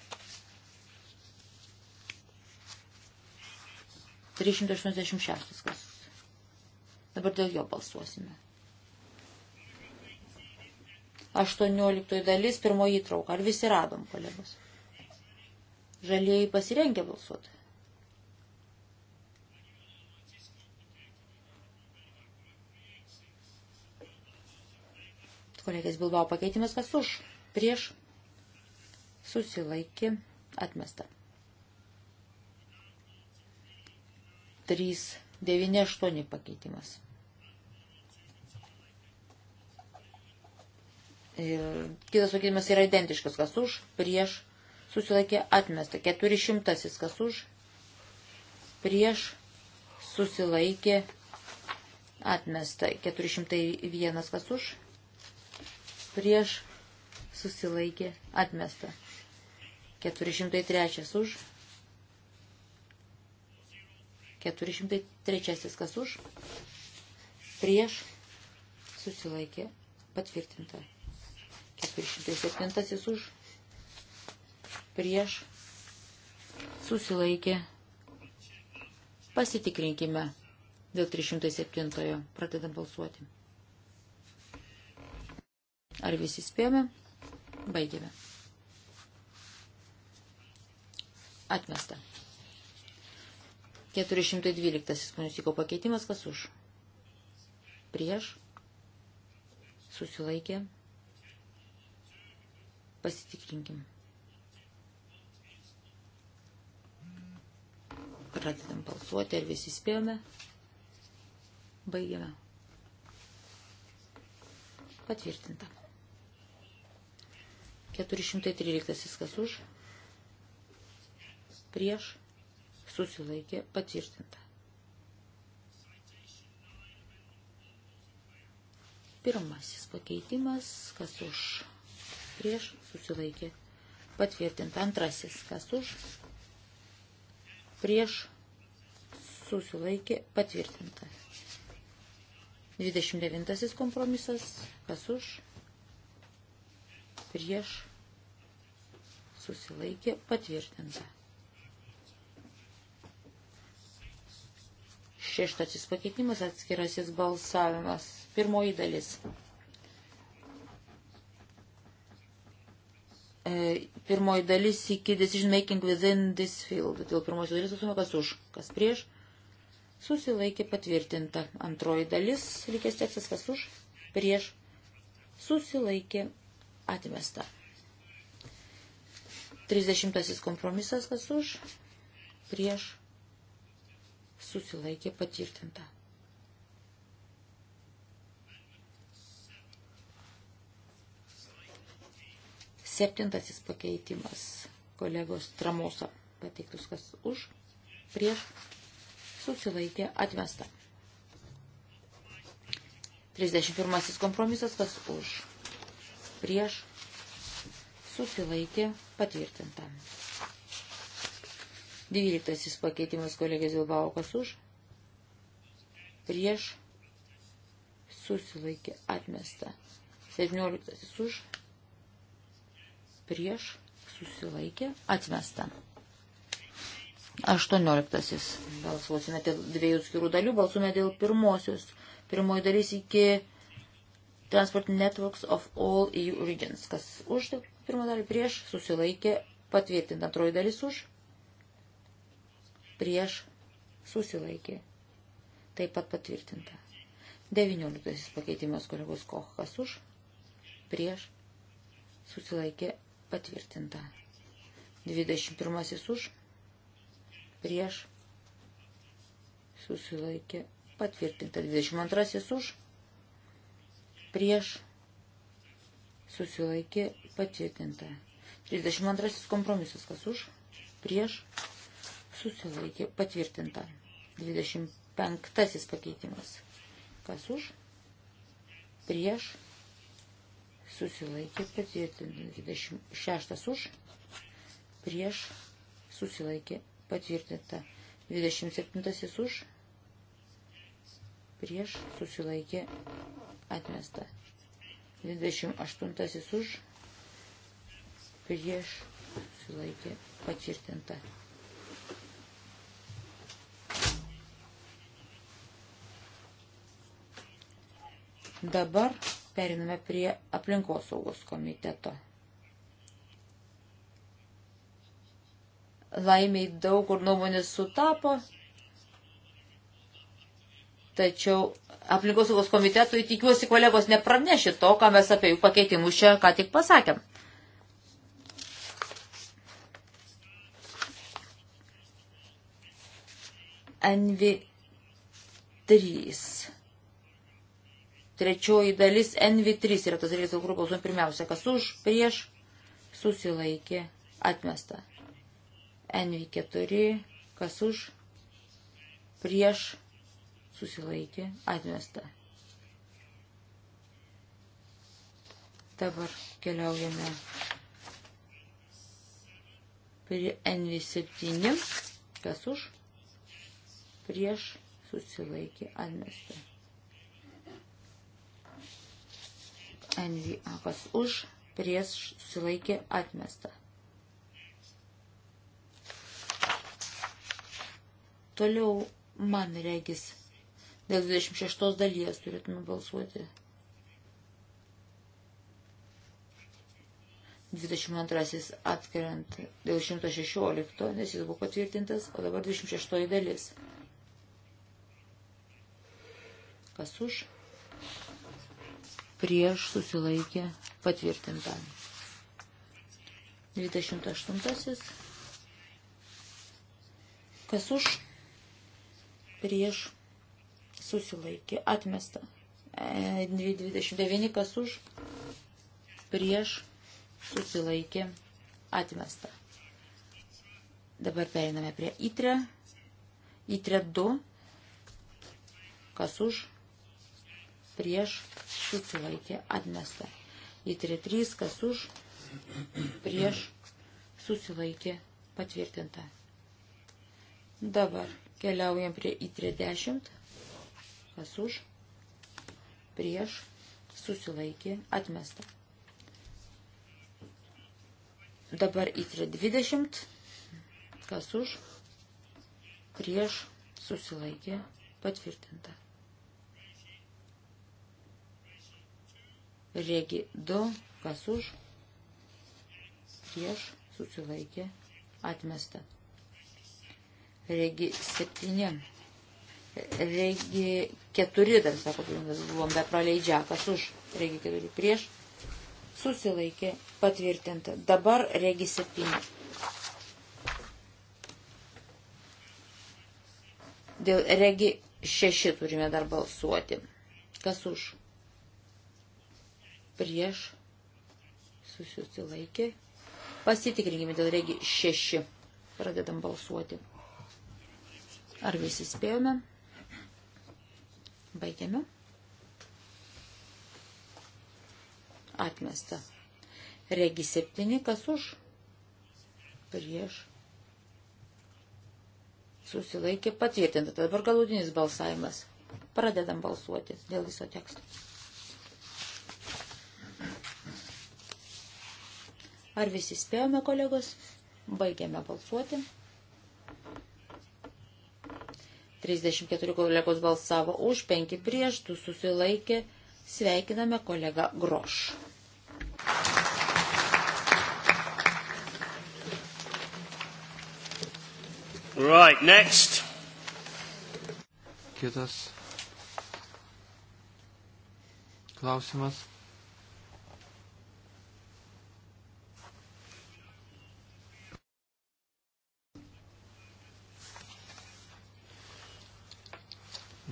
386 kas. Dabar dėl jo balsuosime. 18 dalis, pirmoji trauka. Ar visi radom, kolegos? Žalieji pasirengė balsuoti. kolegės Bilbao pakeitimas, kas už, prieš, susilaikė, atmesta. 3, 9, 8 pakeitimas. Ir kitas pakeitimas yra identiškas, kas už, prieš, susilaikė, atmesta. 400, kas už, prieš, susilaikė, atmesta. 401, kas už, prieš susilaikė atmesta. 403 už. 403 kas už. Prieš susilaikė patvirtinta. 407 už. Prieš susilaikė. Pasitikrinkime dėl 307. Pradedam balsuoti. Ar visi spėjome? Baigėme. Atmesta. 412 konstiko pakeitimas, kas už? Prieš. Susilaikė. Pasitikrinkim. Pradedam balsuoti, ar visi spėjome. Baigiame. Patvirtinta. 413 kas už, prieš, susilaikė, patvirtinta. Pirmasis pakeitimas, kas už, prieš, susilaikė, patvirtinta. Antrasis, kas už, prieš, susilaikė, patvirtinta. 29 kompromisas, kas už, prieš susilaikė patvirtinta. Šeštasis pakeitimas atskirasis balsavimas. Pirmoji dalis. E, pirmoji dalis iki decision making within this field. Dėl pirmosios dalis asumė, kas už, kas prieš. Susilaikė patvirtinta. Antroji dalis, likęs tekstas, kas už, prieš. Susilaikė Atmesta. 30 kompromisas, kas už, prieš, susilaikė patvirtinta. Septintasis pakeitimas kolegos Tramosa pateiktus, kas už, prieš, susilaikė atmesta. 31 kompromisas, kas už, prieš susilaikė patvirtinta. 12 pakeitimas kolegės Vilbaukas už prieš susilaikė atmesta. 17 už prieš susilaikė atmesta. 18. Balsuosime dėl dviejų skirų dalių, balsuosime dėl pirmosios. Pirmoji dalis iki Transport Networks of All EU Regions. Kas už pirmą dalį prieš susilaikė patvirtinta. Antroji dalis už prieš susilaikė. Taip pat patvirtinta. 19 pakeitimas kolegos Koch. Kas už prieš susilaikė patvirtinta. 21 už prieš susilaikė patvirtinta. 22 už prieš prieš susilaikė patvirtinta. 32 kompromisas kas už, prieš susilaikė patvirtinta. 25 pakeitimas kas už, prieš susilaikė patvirtinta. 26 už, prieš susilaikė patvirtinta. 27 už, prieš susilaikė atmesta. 28 už prieš susilaikė patvirtinta. Dabar periname prie aplinkosaugos komiteto. Laimiai daug kur nuomonės sutapo, Tačiau aplinkosaugos komitetui tikiuosi kolegos nepranešė to, ką mes apie jų pakeitimus čia ką tik pasakėm. NV3. Trečioji dalis NV3 yra tas dalis, dėl kurio balsuom pirmiausia, kas už, prieš, susilaikė, atmesta. NV4, kas už, prieš, susilaikė, atmesta. Dabar keliaujame prie NV7, kas už, prieš susilaikė, atmesta. NVA, kas už, prieš susilaikė, atmesta. Toliau man regis Dėl 26 dalies turėtume balsuoti. 22 atkrent dėl 116, nes jis buvo patvirtintas, o dabar 26 dalis. Kas už? Prieš susilaikė patvirtintą. 28. Kas už? Prieš susilaikė, atmesta. 29 e, kas už, prieš, susilaikė, atmesta. Dabar periname prie įtrę. Įtrė 2, kas už, prieš, susilaikė, atmesta. Įtrė 3, kas už, prieš, susilaikė, patvirtinta. Dabar keliaujam prie įtrė 10 kas už, prieš, susilaikė, atmesta. Dabar įtrė 20, kas už, prieš, susilaikė, patvirtinta. Regi 2, kas už, prieš, susilaikė, atmesta. Regi 7, Regi keturi, dar sako, mes buvom be praleidžia, kas už. Regi keturi prieš. Susilaikė patvirtinta. Dabar regi septyni. Dėl regi šeši turime dar balsuoti. Kas už? Prieš. Susilaikė. Pasitikrinkime dėl regi šeši. Pradedam balsuoti. Ar visi spėjome? Baigiame. Atmesta. Regi 7, kas už? Prieš. Susilaikė patvirtinta. Tai dabar galutinis balsavimas. Pradedam balsuoti dėl viso teksto. Ar visi spėjome, kolegos? Baigiame balsuoti. 34 kolegos balsavo už, 5 prieš, 2 susilaikė. Sveikiname kolegą Groš. Right, next. Kitas klausimas.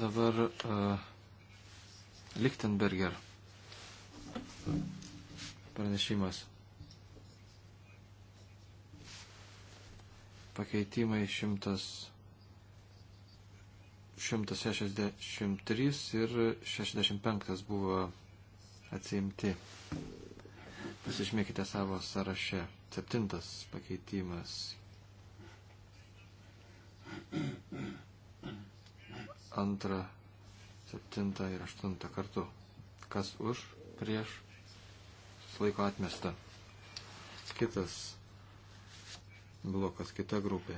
Dabar uh, Lichtenberger pranešimas. Pakeitimai 100, 163 ir 65 buvo atsiimti. Pasižymėkite savo sąraše. Septintas pakeitimas. Mm-hmm. 2, 7 ir 8 kartu. Kas už, prieš, susilaiko atmesta. Kitas blokas, kita grupė.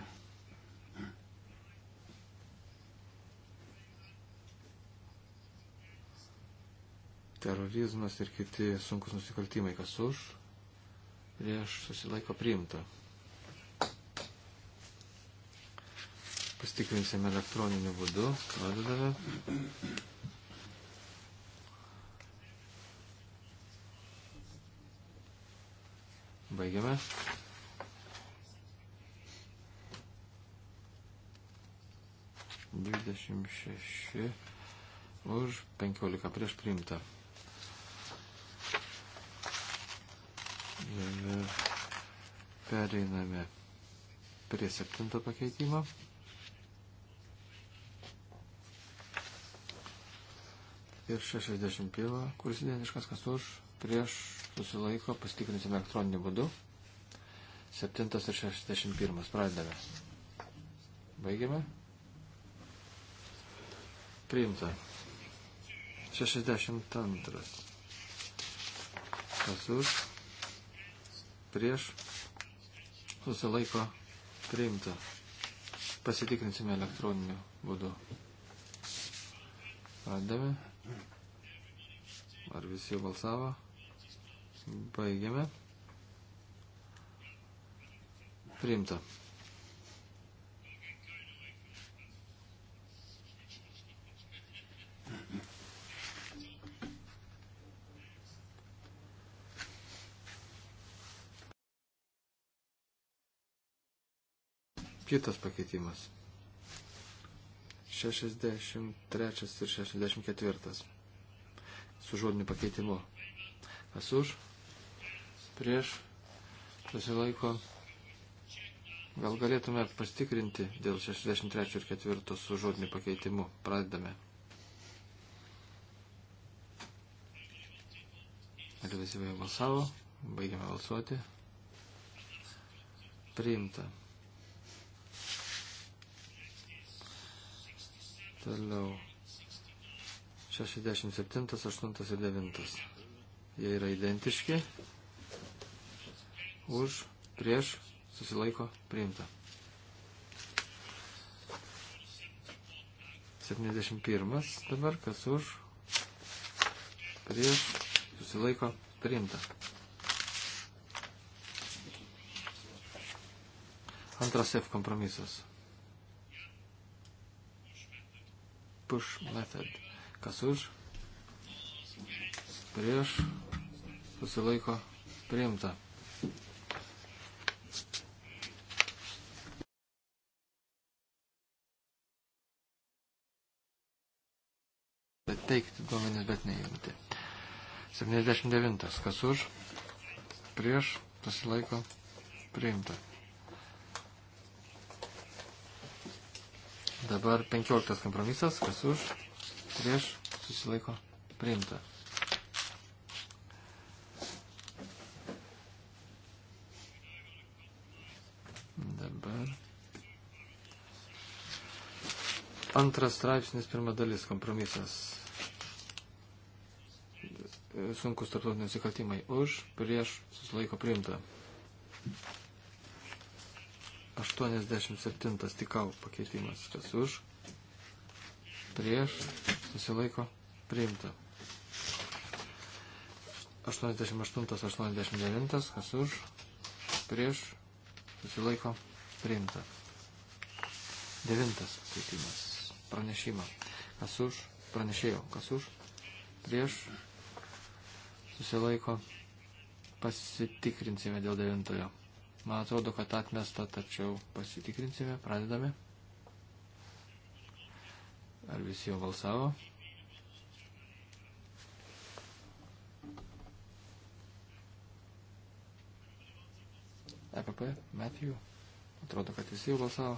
Terorizmas ir kiti sunkus nusikaltimai, kas už, prieš susilaiko priimta. Pastikrinsime elektroniniu būdu. Pradedame. Baigiame. Dvidešimt šeši už penkiolika prieš priimtą. Ir pereiname prie septinto pakeitimo. ir 61, kuris identiškas kas už, prieš susilaiko, pasitikrinsime elektroniniu būdu. 7 ir 61, pradedame. Baigiame. Priimta. 62. Kas už, prieš susilaiko, priimta. Pasitikrinsime elektroniniu būdu. Pradedame. Ar visi jau balsavo? Baigiame. Priimta. Kitas pakeitimas. 63 ir 64 su žodiniu pakeitimu. Kas už, prieš, susilaiko. Gal galėtume pastikrinti dėl 63 ir 4 su žodiniu pakeitimu. Pradedame. Ar visi balsavo? Baigiame balsuoti. Priimta. Toliau. 67, 8 ir 9. Jie yra identiški. Už, prieš, susilaiko, priimta. 71 dabar, kas už, prieš, susilaiko, priimta. Antras F kompromisas. push method. Kas už, prieš, susilaiko priimta. Teikti duomenis, bet neimti. 79. Kas už, prieš, susilaiko priimta. Dabar 15 kompromisas, kas už, prieš, susilaiko, priimta. Dabar. Antras straipsnis, pirma dalis, kompromisas. Sunkus tarptautiniai nusikaltimai už, prieš, susilaiko, priimta. 87 tikau pakeitimas. Kas už? Prieš. Susilaiko. Priimta. 88, 89. Kas už? Prieš. Susilaiko. Priimta. 9 pakeitimas. Pranešimą. Kas už? Pranešėjo. Kas už? Prieš. Susilaiko. Pasitikrinsime dėl devintojo. Man atrodo, kad atmesta, tačiau pasitikrinsime, pradedame. Ar visi jau balsavo? EPP, Matthew. Atrodo, kad visi jau balsavo.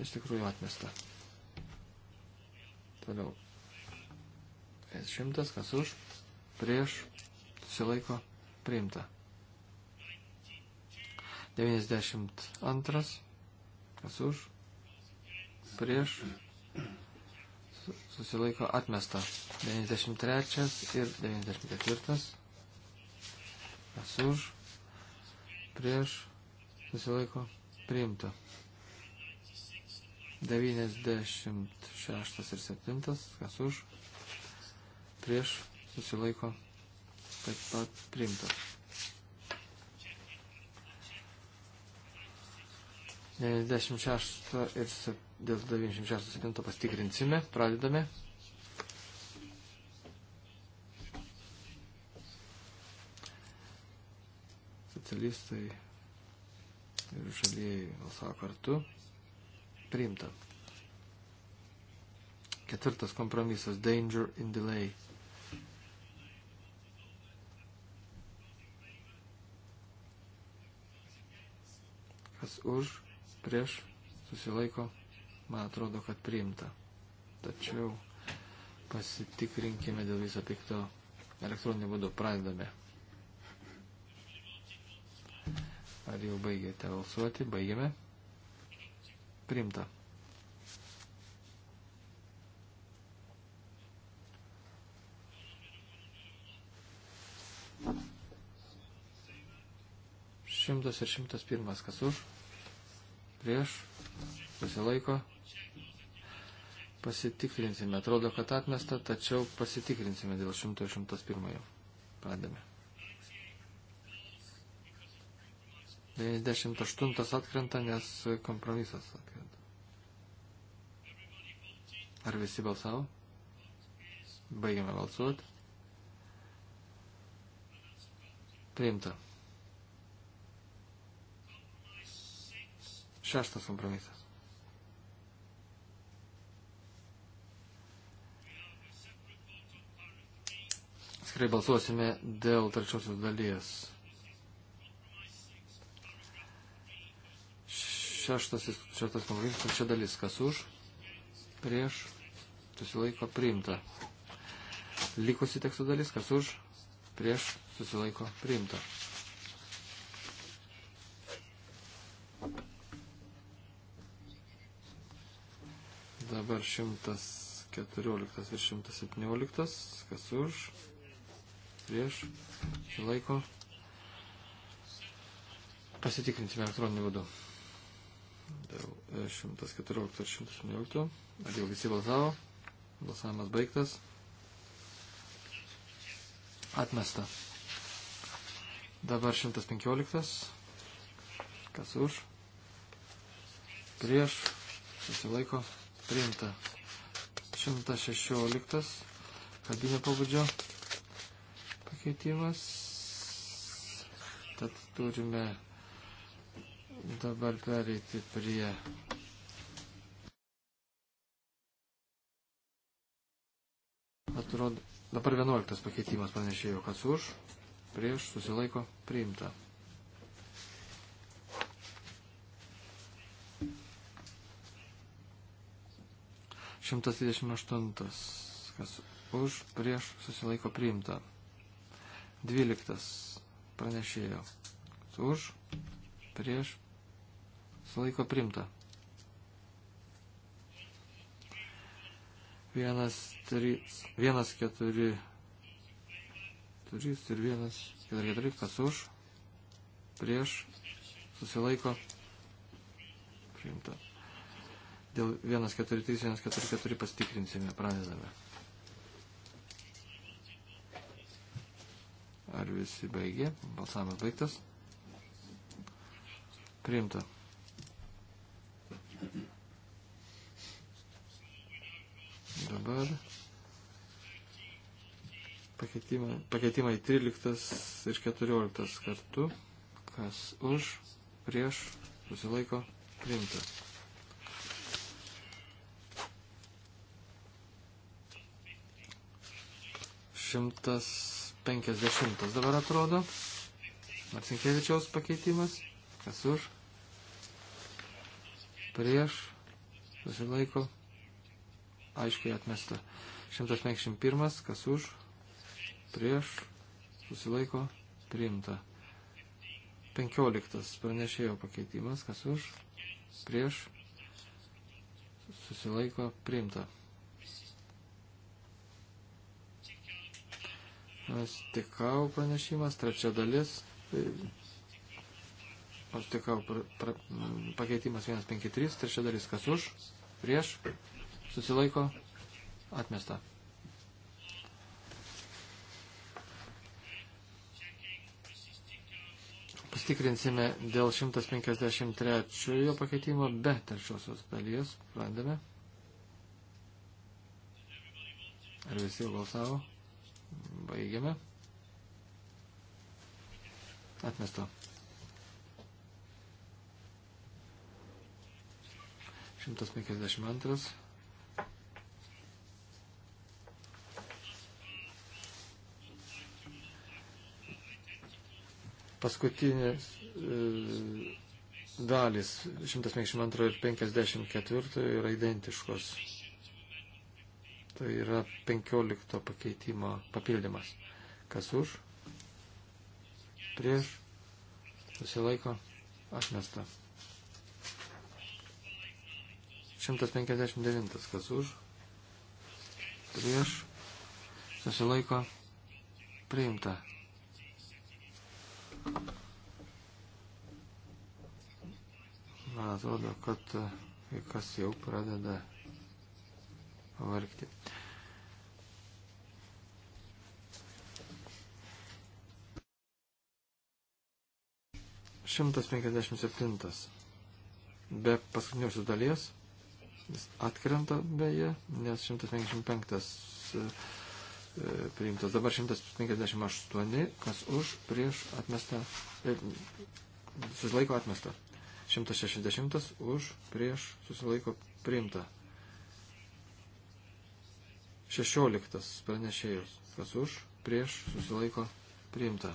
Iš tikrųjų atmesta. Toliau. S100, kas už, prieš, susilaiko, priimta. 92. Kas už? Prieš. Susilaiko atmesta. 93 ir 94. Kas už? Prieš. Susilaiko priimta. 96 ir 7. Kas už? Prieš. Susilaiko taip pat priimta. 96 ir dėl 96-7 pastikrinsime, pradedame. Socialistai ir žalieji balsavo kartu. Priimta. Ketvirtas kompromisas – danger in delay. Kas už? prieš, susilaiko, man atrodo, kad priimta. Tačiau pasitikrinkime dėl viso pikto elektroniniu būdu. Pradedame. Ar jau baigėte balsuoti? Baigėme. Priimta. Šimtas ir šimtas pirmas, kas už? prieš, susilaiko. Pasitikrinsime. Atrodo, kad atmesta, tačiau pasitikrinsime dėl 101. Pradame. 98 atkrenta, nes kompromisas atkrenta. Ar visi balsavo? Baigiame balsuoti. Priimta. Šeštas kompromisas. Tikrai balsuosime dėl trečiosios dalies. Šeštas, šeštas kompromisas, trečia dalis. Kas už? Prieš? Susilaiko priimta. Likusi teksto dalis. Kas už? Prieš? Susilaiko priimta. Dabar 114 ir 117, kas už, prieš, laiko. Pasitikrinsime elektroniniu būdu. Dėl 114 e, ir 117. Ar jau visi balsavo? Balsavimas baigtas. Atmesta. Dabar 115. Kas už? Prieš. Susilaiko priimta. 116 kalbinio pabudžio pakeitimas. Tad turime dabar pereiti prie Atrodo, dabar 11 pakeitimas pranešėjo, kas už, prieš, susilaiko, priimta. 128. Kas už, prieš, susilaiko priimta. 12. Pranešėjo. Už, prieš, susilaiko priimta. 1, 3, 1, 4, 3 ir 1, 4, 4, kas už, prieš, susilaiko priimta. Dėl 143, 144 pasitikrinsime, pradedame. Ar visi baigė? Balsavimas baigtas. Priimta. Dabar pakeitimai, pakeitimai 13 ir 14 kartu, kas už, prieš, susilaiko, priimta. 150 dabar atrodo. Marcinkievičiaus pakeitimas. Kas už? Prieš. Susilaiko. Aiškiai atmesta. 151. Kas už? Prieš. Susilaiko. Priimta. 15. Pranešėjo pakeitimas. Kas už? Prieš. Susilaiko. Priimta. Stikau pranešimas, trečia dalis. Aš tikau pra, pra, pakeitimas 153, trečia dalis kas už, prieš, susilaiko, atmesta. Pastikrinsime dėl 153 pakeitimo be trečiosios dalies. Randame. Ar visi balsavo? Baigiame. Atmesta. 152. Paskutinės e, dalis 152 ir 54 yra identiškos. Tai yra 15 pakeitimo papildymas. Kas už? Prieš? Susilaiko? Atmesta. 159. Kas už? Prieš? Susilaiko? Priimta. Man atrodo, kad kai kas jau pradeda vargti. Šimtas penkiasdešimt septintas. Be paskutiniosios dalies jis atkrenta beje, nes 155 e, e, priimtas, dabar 158, kas už, prieš atmestą, e, susilaiko atmestą. 160 už, prieš susilaiko priimta. Šešioliktas pranešėjus. Kas už, prieš, susilaiko, priimta.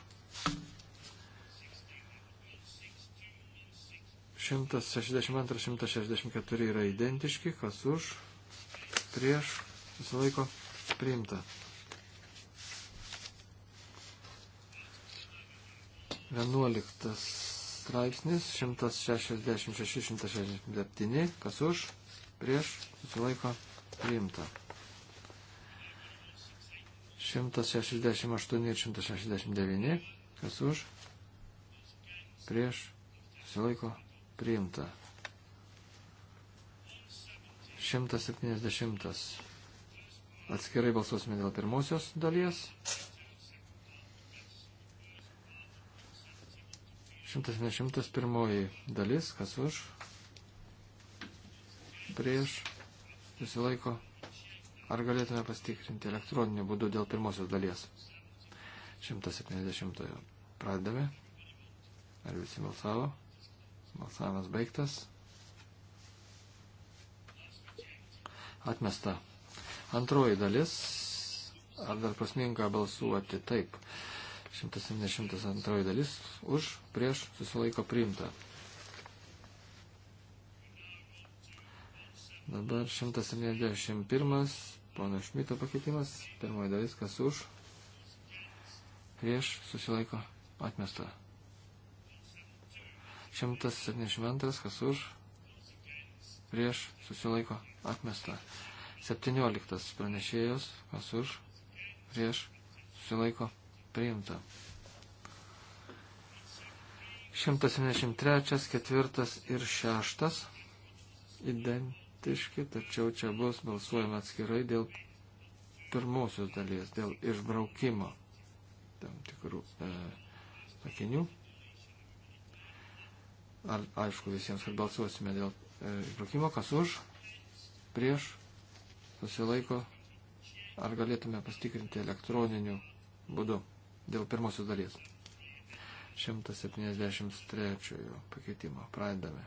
162-164 yra identiški, kas už, prieš, susilaiko, priimta. 11 straipsnis, 166-167, kas už, prieš, susilaiko, priimta. 168 ir 169, kas už, prieš, susilaiko, priimta. 170. Atskirai balsuosime dėl pirmosios dalies. 171 dalis, kas už, prieš, susilaiko, priimta Ar galėtume pastikrinti elektroniniu būdu dėl pirmosios dalies? 170. Pradedame. Ar visi balsavo? Balsavimas baigtas. Atmesta. Antroji dalis. Ar dar prasminga balsuoti? Taip. 172 dalis. Už, prieš, susilaiko priimta. Dabar 171 Pono Šmito pakeitimas, pirmoji dalis, kas už, prieš, susilaiko, atmesta. 172, kas už, prieš, susilaiko, atmesta. 17 pranešėjos, kas už, prieš, susilaiko, priimta. 173, 4 ir 6 ident, identiški, tačiau čia bus balsuojama atskirai dėl pirmosios dalies, dėl išbraukimo tam tikrų e, sakinių. Ar aišku visiems, kad balsuosime dėl e, išbraukimo, kas už, prieš, susilaiko, ar galėtume pastikrinti elektroniniu būdu dėl pirmosios dalies. 173 pakeitimo. Pradedame.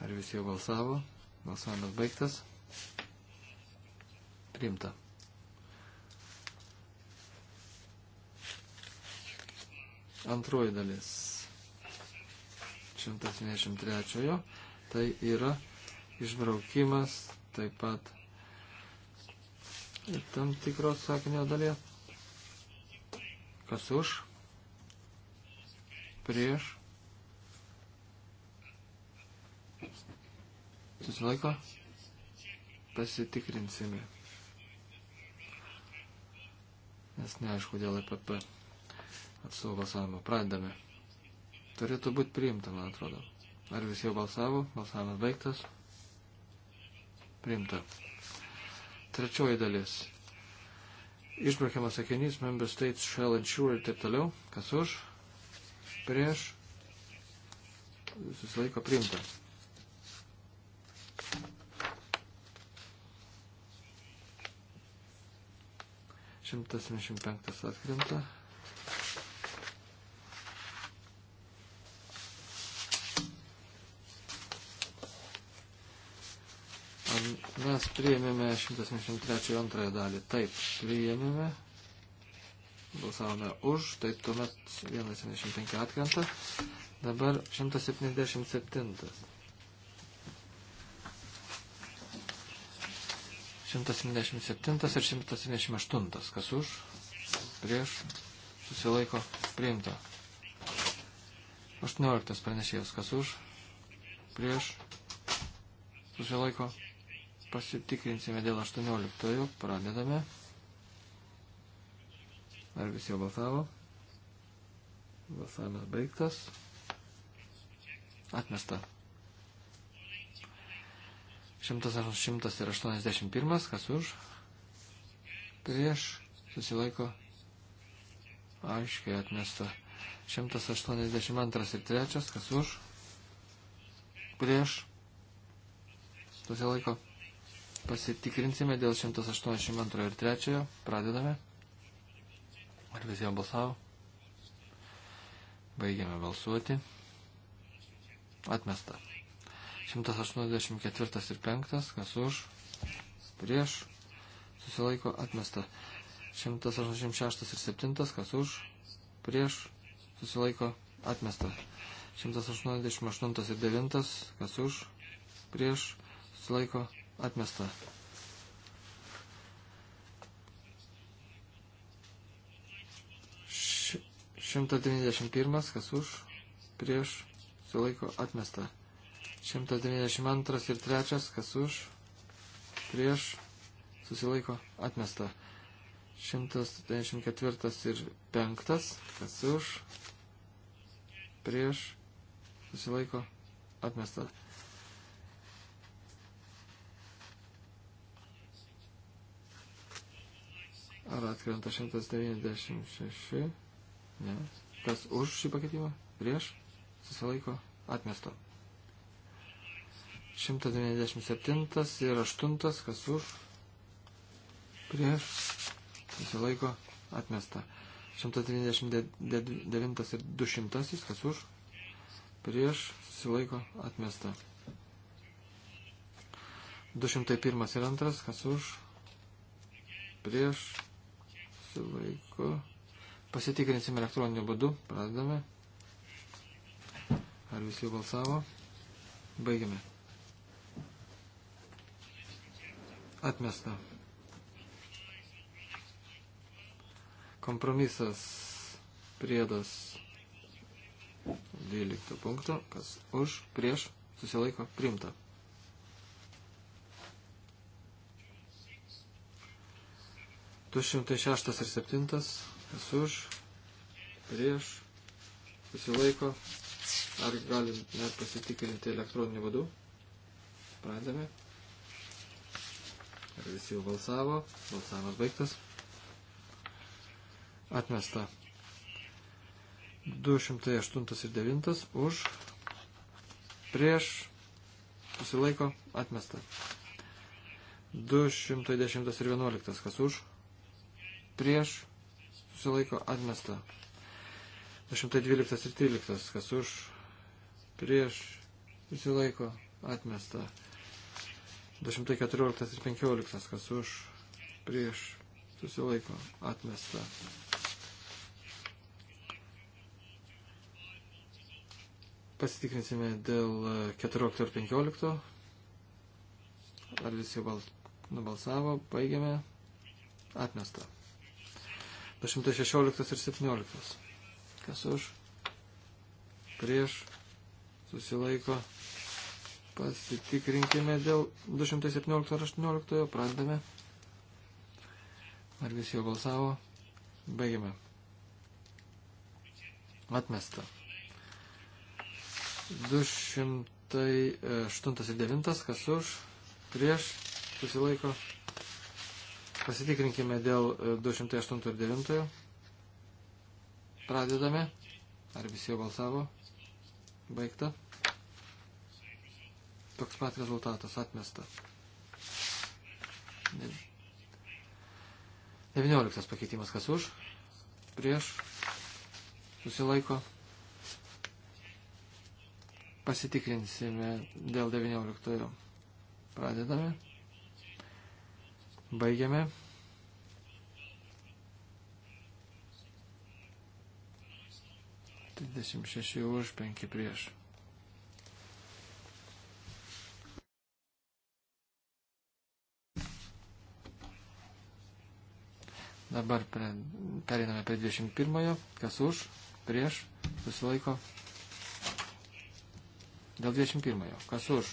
Ar visi jau balsavo? Balsavimas baigtas. Priimta. Antroji dalis. 173. Tai yra išbraukimas taip pat ir tam tikros sakinio dalies. Kas už? Prieš susilaiko, pasitikrinsime. Nes neaišku, dėl EPP atstovų balsavimo pradedame. Turėtų būti priimta, man atrodo. Ar visi jau balsavo? Balsavimas baigtas. Priimta. Trečioji dalis. Išbraukiamas sakinys, member states shall ensure ir taip toliau. Kas už? Prieš? Susilaiko priimta. 175 atkrenta. Mes priėmėme 173 antrąją dalį. Taip, priėmėme. Balsavome už, tai tuomet 175 atkrenta. Dabar 177. 177 ir 178. Kas už? Prieš? Susilaiko? Priimta. 18 pranešėjas. Kas už? Prieš? Susilaiko? Pasitikrinsime dėl 18. Pradedame. Ar visi jau balsavo? Balsavimas baigtas. Atmesta. 181, kas už, prieš, susilaiko, aiškiai atmesta. 182 ir 3, kas už, prieš, susilaiko. Pasitikrinsime dėl 182 ir 3, pradedame. Ar visi jau balsavo? Baigiame balsuoti. Atmesta. 184 ir 5, kas už, prieš, susilaiko atmesta. 186 ir 7, kas už, prieš, susilaiko atmesta. 188 ir 9, kas už, prieš, susilaiko atmesta. Š 191, kas už, prieš, susilaiko atmesta. 192 ir 3, kas už, prieš, susilaiko, atmesta. 194 ir 5, kas už, prieš, susilaiko, atmesta. 196. Ar atkrenta 196? Ne. Kas už šį pakeitimą? Prieš? Susilaiko? Atmesto. 197 ir 8, kas už, prieš, susilaiko, atmesta. 199 ir 200, kas už, prieš, susilaiko, atmesta. 201 ir 2, kas už, prieš, susilaiko. Pasitikrinsim elektroniniu būdu, pradedame. Ar visi balsavo? Baigiame. Atmesta. Kompromisas priedas 12 punkto, kas už, prieš, susilaiko, primta. Du šimtai šeštas ir septintas, kas už, prieš, susilaiko, ar galim net pasitikrinti elektroniniu vadu. Pradame. Ar visi jau balsavo? Balsavimas baigtas. Atmesta. 208 ir 9 už. Prieš. Susilaiko. Atmesta. 210 ir 11 kas už. Prieš. Susilaiko. Atmesta. 212 ir 13 kas už. Prieš. Susilaiko. Atmesta. 214 ir 15, kas už, prieš, susilaiko, atmesta. Pasitikrinsime dėl 14 ir 15. Ar visi bal, nubalsavo, baigiame, atmesta. 216 ir 17. Kas už, prieš, susilaiko, atmesta Pasitikrinkime dėl 217 ar 18, pradedame. Ar visi jau balsavo? Baigime. Atmesta. 208 ir 9, kas už, prieš, susilaiko. Pasitikrinkime dėl 208 ir 9. Pradedame. Ar visi jau balsavo? Baigta. Toks pat rezultatas atmesta. 19 pakeitimas kas už, prieš, susilaiko. Pasitikrinsime dėl 19. Pradedame. Baigiame. Trisdešimt šeši už, penki prieš. Dabar pre, periname prie 21. Kas už, prieš, susilaiko. Dėl 21. Kas už,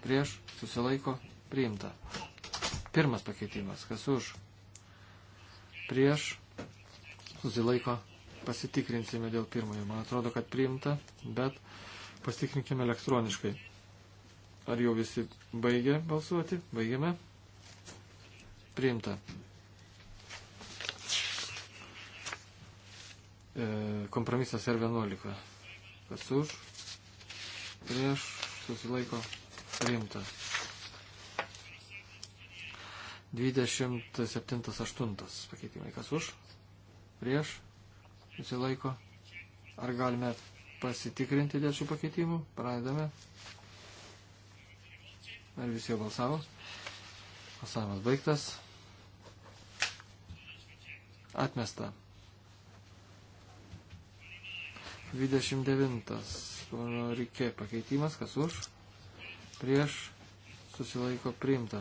prieš, susilaiko, priimta. Pirmas pakeitimas. Kas už, prieš, susilaiko, pasitikrinsime dėl pirmojo. Man atrodo, kad priimta, bet pasitikrinkime elektroniškai. Ar jau visi baigė balsuoti? Baigėme. Priimta. E, kompromisas R11. Kas už, prieš, susilaiko, priimta. 27.8. Pakeitimai. Kas už, prieš, susilaiko. Ar galime pasitikrinti dėl šių pakeitimų? Pradedame. Ar visi jau balsavo? Balsavimas baigtas. Atmesta. 29. Pono Rikė pakeitimas, kas už, prieš, susilaiko priimta.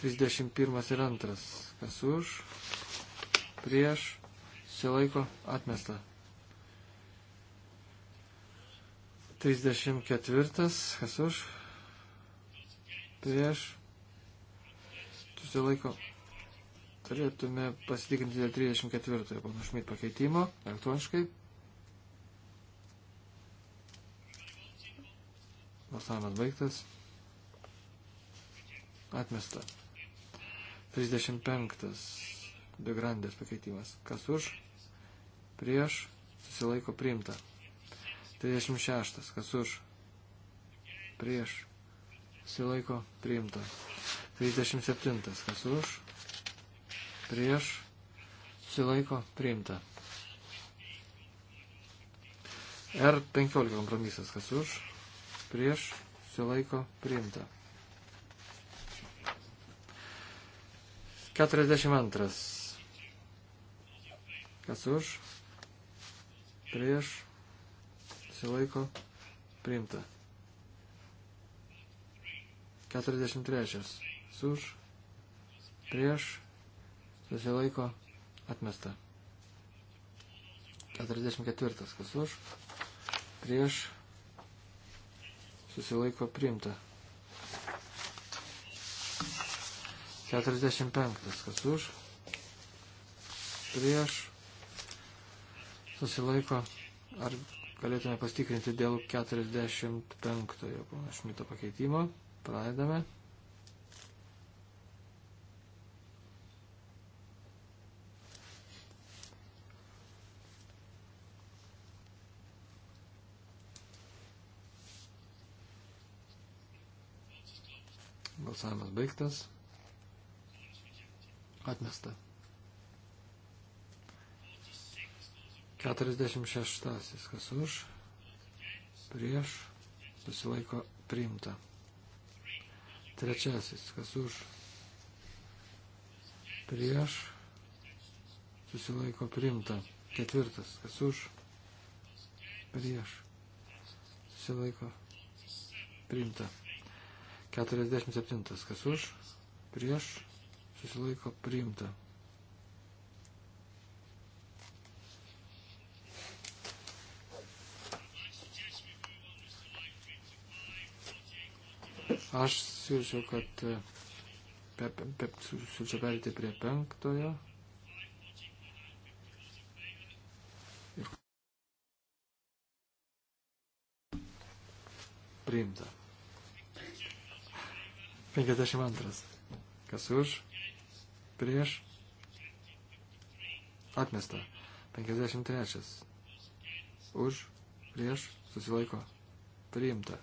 31 ir 2, kas už, prieš, susilaiko atmesta. 34, kas už, prieš, susilaiko turėtume pasitikinti dėl 34 panašmit pakeitimo elektroniškai. Balsavimas baigtas. Atmesta. 35. Degrandės pakeitimas. Kas už? Prieš. Susilaiko priimta. 36. Kas už? Prieš. Susilaiko priimta. 37. Kas už? Prieš. Susilaiko priimta. R15 kompromisas. Kas už? prieš, susilaiko priimta. 42. Kas už, prieš, susilaiko priimta. 43. Suž, prieš, susilaiko atmesta. 44. Kas už, prieš, susilaiko priimta. 45. Kas už? Prieš. Susilaiko. Ar galėtume pastikrinti dėl 45. Pono Šmito pakeitimo. Pradedame. Balsavimas baigtas. Atmesta. 46. Kas už? Prieš. Susilaiko priimta. Trečiasis. Kas už? Prieš. Susilaiko priimta. Ketvirtas. Kas už? Prieš. Susilaiko priimta. 47. Kas už, prieš, susilaiko priimta. Aš siūlyčiau, kad e, pe, pe, siūlyčiau perėti prie penktojo. Ir priimta. 52. Kas už, prieš, atmesta. 53. Už, prieš, susilaiko, priimta.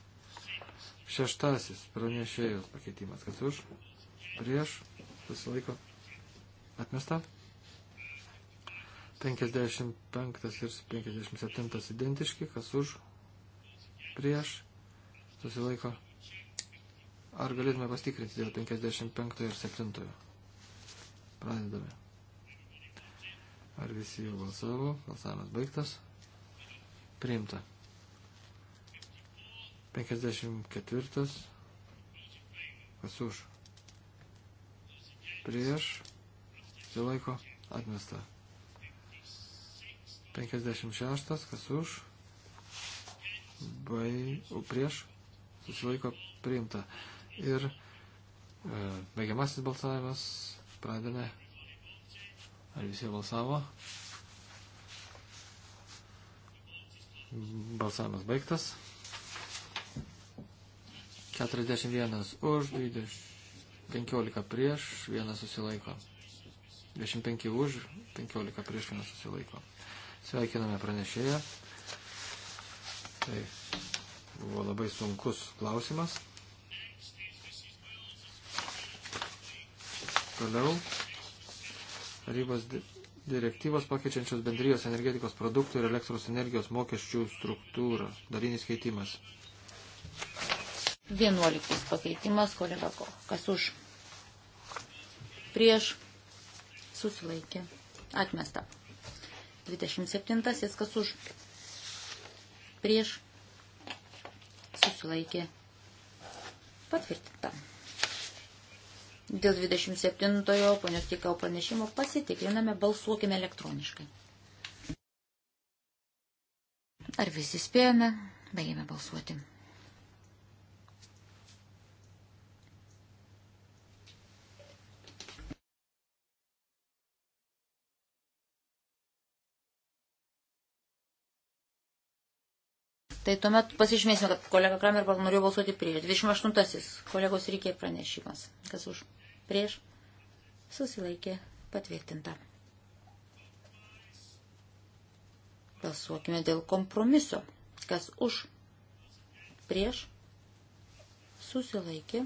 Šeštasis pranešėjos pakeitimas. Kas už, prieš, susilaiko, atmesta. 55 ir 57 identiški, kas už, prieš, susilaiko, atmesta Ar galėtume pastikrinti dėl 55 ir 7? Pradedame. Ar visi jau balsavo? Balsavimas baigtas. Priimta. 54. Kas už? Prieš. Silaiko. Atmesta. 56. Kas už? Bai. Prieš. Susilaiko. Priimta ir e, baigiamasis balsavimas. Pradedame. Ar visi balsavo? Balsavimas baigtas. 41 už, 20, 15 prieš, 1 susilaiko. 25 už, 15 prieš, 1 susilaiko. Sveikiname pranešėją. Tai buvo labai sunkus klausimas. Toliau tarybos direktyvos pakeičiančios bendrijos energetikos produktų ir elektros energijos mokesčių struktūrą. Dalinis keitimas. 11 pakeitimas, kolega Ko. Kas už? Prieš. Susilaikė. Atmesta. 27. Kas už? Prieš. Susilaikė. Patvirtinta. Dėl 27-ojo ponios tikau pranešimo pasitikriname, balsuokime elektroniškai. Ar visi spėjome? Baigėme balsuoti. Tai tuomet pasižymėsime, kad kolega Kramer norėjo balsuoti prieš. 28. Kolegos reikia pranešimas. Kas už? prieš susilaikė patvirtinta. Balsuokime dėl kompromiso. Kas už prieš susilaikė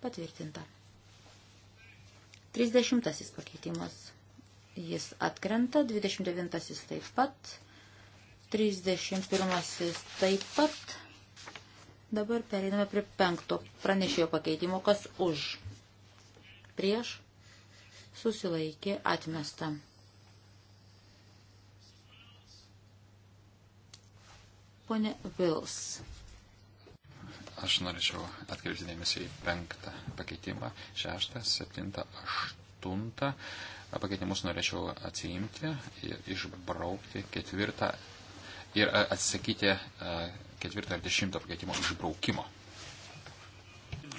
patvirtinta. 30 pakeitimas. Jis atkrenta, 29 taip pat, 31 taip pat. Dabar pereiname prie penkto pranešėjo pakeitimo, kas už prieš, susilaikė, atmesta. Pone Vils. Aš norėčiau atkreipti dėmesį į penktą pakeitimą, šeštą, septintą, aštuntą. Pakeitimus norėčiau atsiimti ir išbraukti ketvirtą ir atsisakyti ketvirtą ar dešimtą pakeitimo išbraukimo.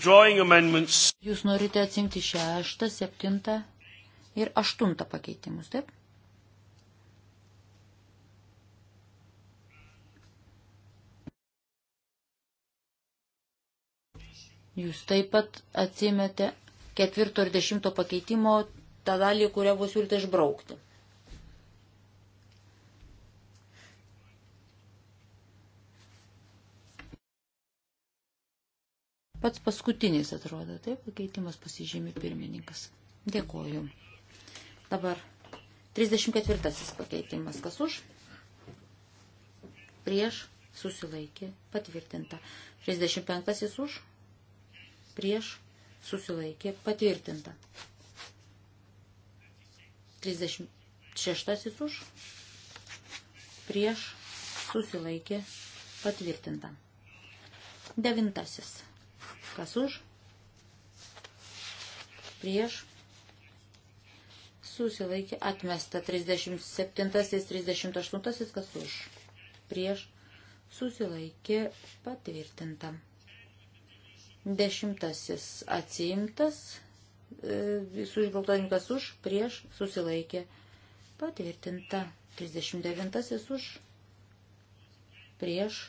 Jūs norite atsimti šeštą, septintą ir aštuntą pakeitimus, taip? Jūs taip pat atsimete ketvirto ir dešimto pakeitimo tą dalį, kurią bus siūlyta išbraukti. Pats paskutinis atrodo, taip, pakeitimas pasižymi pirmininkas. Dėkoju. Dabar 34 pakeitimas. Kas už? Prieš susilaikė patvirtinta. 65 už? Prieš susilaikė patvirtinta. 36 už? Prieš susilaikė patvirtinta. Devintasis. Kas už? Prieš. Susilaikė atmesta 37, 38, kas už? Prieš. Susilaikė patvirtinta. Dešimtasis atsiimtas. E, visų išbaltonikas už, prieš, susilaikė patvirtinta. 39 už, prieš,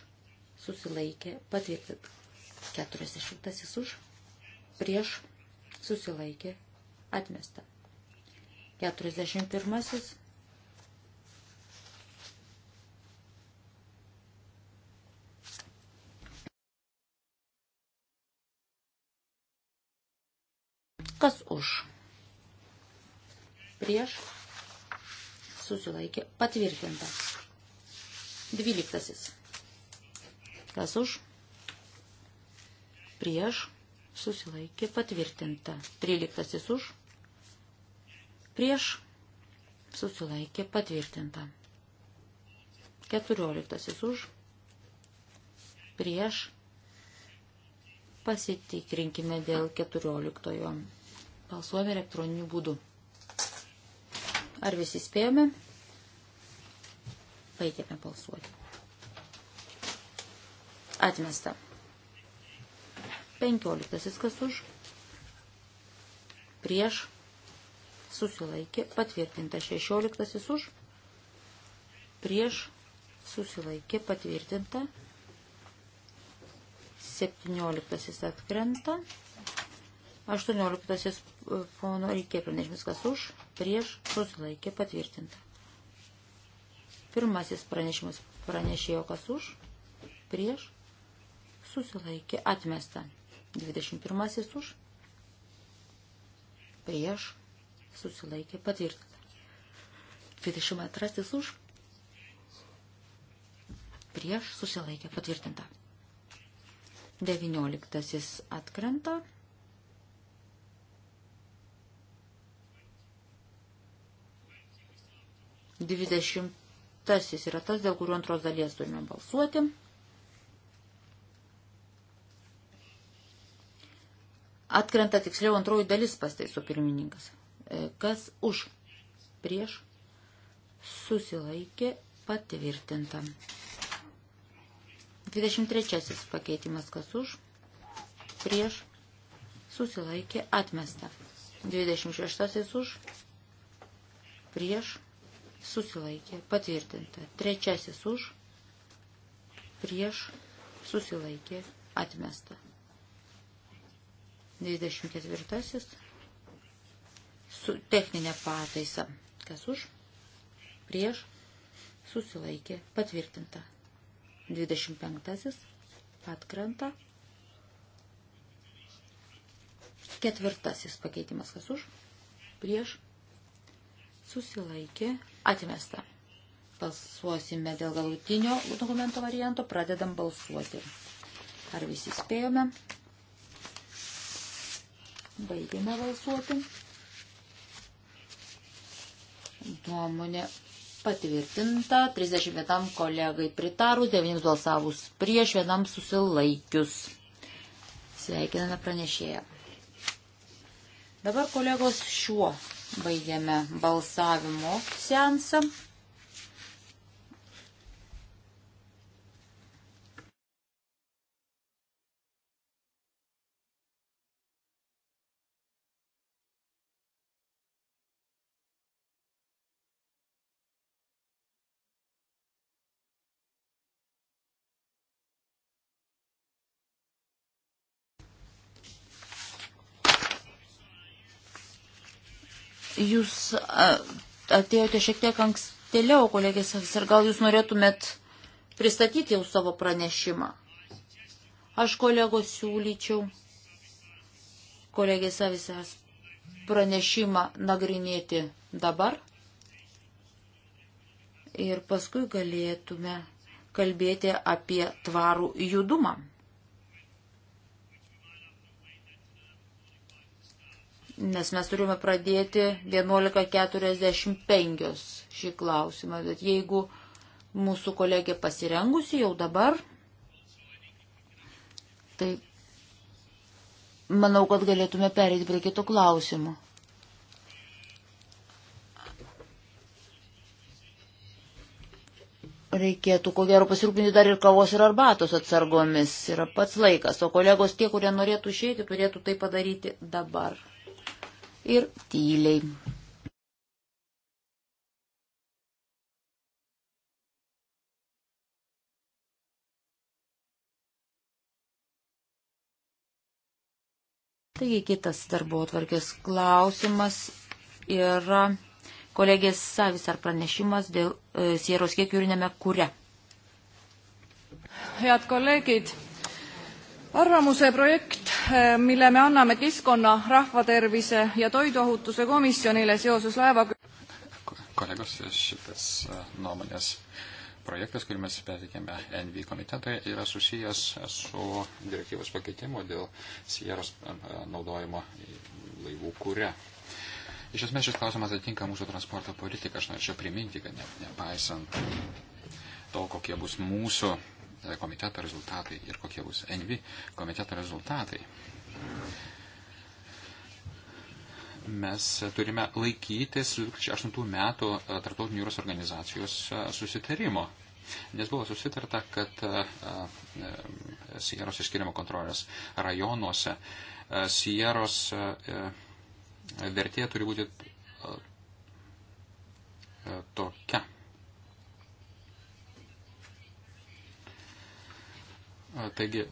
susilaikė patvirtinta. 40 už, prieš, susilaikė, atmesta. 41 Kas už? Prieš susilaikė patvirtinta. Dvyliktasis. Kas už? prieš, susilaikė patvirtinta. 13 už, prieš, susilaikė patvirtinta. 14 už, prieš, pasitikrinkime dėl 14. Balsuojame elektroniniu būdu. Ar visi spėjome? Baigėme balsuoti. Atmesta. 15 kas už, prieš, susilaikė, patvirtinta 16 už, prieš, susilaikė, patvirtinta 17 atkrenta, 18 e, pono reikė pranešimas kas už, prieš, susilaikė, patvirtinta. Pirmasis pranešimas pranešėjo kas už, prieš, susilaikė, atmesta. 21 už, prieš, susilaikė patvirtinta. 22 už, prieš, susilaikė patvirtinta. 19 atkrenta. Dvidešimtasis yra tas, dėl kurių antros dalies turime balsuoti. Atkrenta tiksliau antroji dalis pastaiso pirmininkas. E, kas už prieš susilaikė patvirtinta. 23 pakeitimas kas už prieš susilaikė atmesta. 26 už prieš susilaikė patvirtinta. Trečiasis už prieš susilaikė atmesta. 24 su techninė pataisa. Kas už? Prieš susilaikė patvirtinta. 25 atkrenta. Ketvirtasis pakeitimas kas už? Prieš susilaikė atmesta. Balsuosime dėl galutinio dokumento varianto, pradedam balsuoti. Ar visi spėjome? Baigėme balsuoti. Nuomonė patvirtinta. 31 kolegai pritarus, 9 balsavus prieš, vienam susilaikius. Sveikiname pranešėją. Dabar kolegos šiuo baigėme balsavimo seansą. Jūs atėjote šiek tiek ankstėliau, kolegės, ir gal jūs norėtumėt pristatyti jau savo pranešimą. Aš kolegos siūlyčiau kolegės avisės pranešimą nagrinėti dabar ir paskui galėtume kalbėti apie tvarų judumą. nes mes turime pradėti 11.45 šį klausimą. Bet jeigu mūsų kolegė pasirengusi jau dabar, tai manau, kad galėtume perėti prie kito klausimo. Reikėtų, ko gero, pasirūpinti dar ir kavos ir arbatos atsargomis. Yra pats laikas, o kolegos tie, kurie norėtų išeiti, turėtų tai padaryti dabar ir tyliai. Taigi kitas darbo atvarkės klausimas yra kolegės savis ar pranešimas dėl e, sieros kiek jūrinėme kūre. Head kolegit, arvamuse projekt, eh, mille me anname Keskkonna, Rahvatervise ja Toiduohutuse Komisjonile seoses laeva kolegos, šitas eh, nuomonės projektas, kurį mes perikėme NV komitetui, yra susijęs su direktyvos pakeitimu dėl sieros eh, naudojimo laivų kūre. Iš esmės šis klausimas atitinka mūsų transporto politiką. Aš norėčiau priminti, kad ne, nepaisant to, kokie bus mūsų E, komiteto rezultatai ir kokie bus NV komiteto rezultatai. Mes turime laikytis 2008 metų e, Tartautinių jūros organizacijos e, susitarimo, nes buvo susitarta, kad sieros išskiriamo kontrolės rajonuose sieros vertė turi būti tokia Taigi,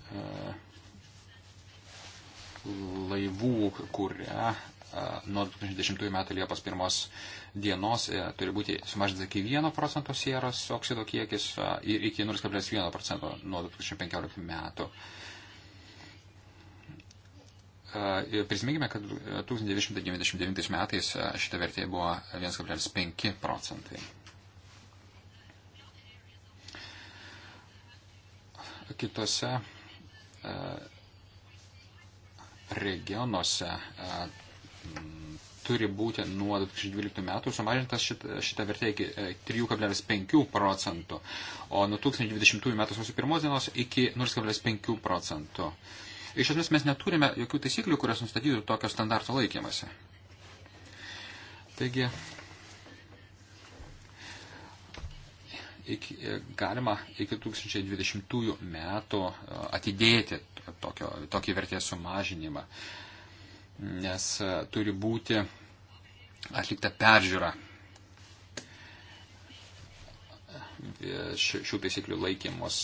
laivų, kurie nuo 2010 metų Liepos 1 dienos e, turi būti sumažintas iki 1 procento sieros oksido kiekis ir iki 0,1 procento nuo 2015 metų. Prisiminkime, kad 1999 metais šita vertė buvo 1,5 procentai. kitose e, regionuose e, turi būti nuo 2012 metų sumažintas šita, šita vertė iki 3,5 e, procentų, o nuo 2020 metų sausio pirmos dienos iki 0,5 procentų. Iš esmės mes neturime jokių taisyklių, kurios nustatytų tokio standarto laikymasi. Taigi iki, galima iki 2020 metų e, atidėti tokio, tokį vertės sumažinimą, nes e, turi būti atlikta peržiūra e, šių taisyklių laikymus.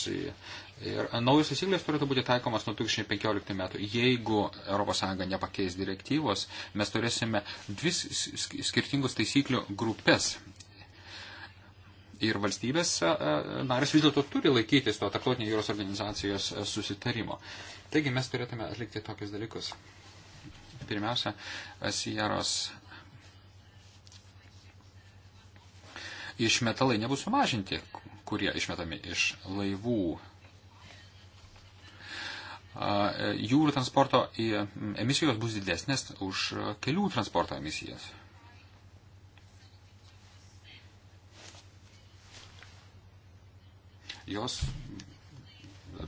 Ir naujas taisyklės turėtų būti taikomas nuo 2015 metų. Jeigu ES nepakeis direktyvos, mes turėsime dvi skirtingus taisyklių grupės ir valstybės narės vis dėlto turi laikytis to tarptautinio jūros organizacijos susitarimo. Taigi mes turėtume atlikti tokius dalykus. Pirmiausia, Sieros išmetalai nebus sumažinti, kurie išmetami iš laivų. E, jūrų transporto emisijos bus didesnės už kelių transporto emisijas. jos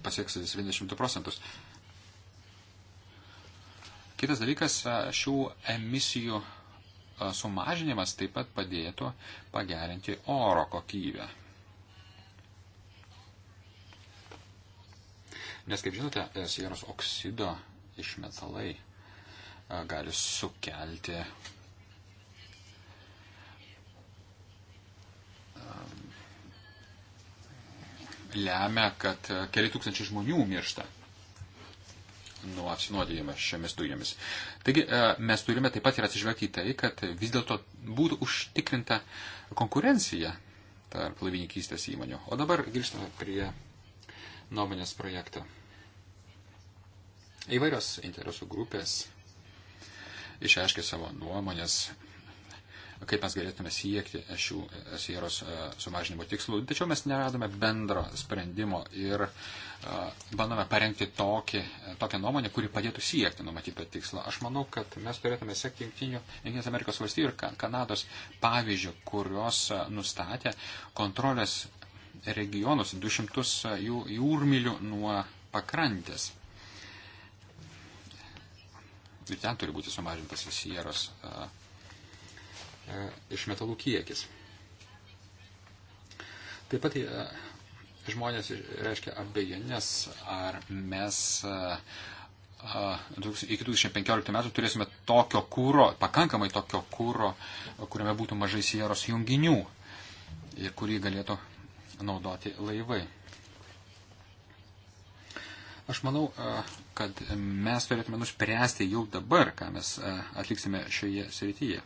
pasieks 70 procentus. Kitas dalykas, šių emisijų sumažinimas taip pat padėtų pagerinti oro kokybę. Nes, kaip žinote, sieros oksido išmetalai gali sukelti lemia, kad e, keli tūkstančiai žmonių miršta nuo apsinuodėjimo šiomis dujomis. Taigi e, mes turime taip pat ir atsižvelgti į tai, kad vis dėlto būtų užtikrinta konkurencija tarp laivininkystės įmonių. O dabar grįžtame prie nuomonės projekto. Įvairios interesų grupės išaiškė savo nuomonės kaip mes galėtume siekti šių sieros e, sumažinimo tikslų. Tačiau mes neradome bendro sprendimo ir e, bandome parengti tokį, tokią nuomonę, kuri padėtų siekti numatytą tikslą. Aš manau, kad mes turėtume sekti Junktinių Junktinės Amerikos valstybių ir Kanados pavyzdžių, kurios e, nustatė kontrolės regionus 200 jų, jūrmilių nuo pakrantės. Ir ten turi būti sumažintas sieros uh, E, iš metalų kiekis. Taip pat e, žmonės reiškia abejonės, ar mes e, iki 2015 metų turėsime tokio kūro, pakankamai tokio kūro, kuriame būtų mažai sieros junginių ir kurį galėtų naudoti laivai. Aš manau, kad mes turėtume nuspręsti jau dabar, ką mes atliksime šioje srityje.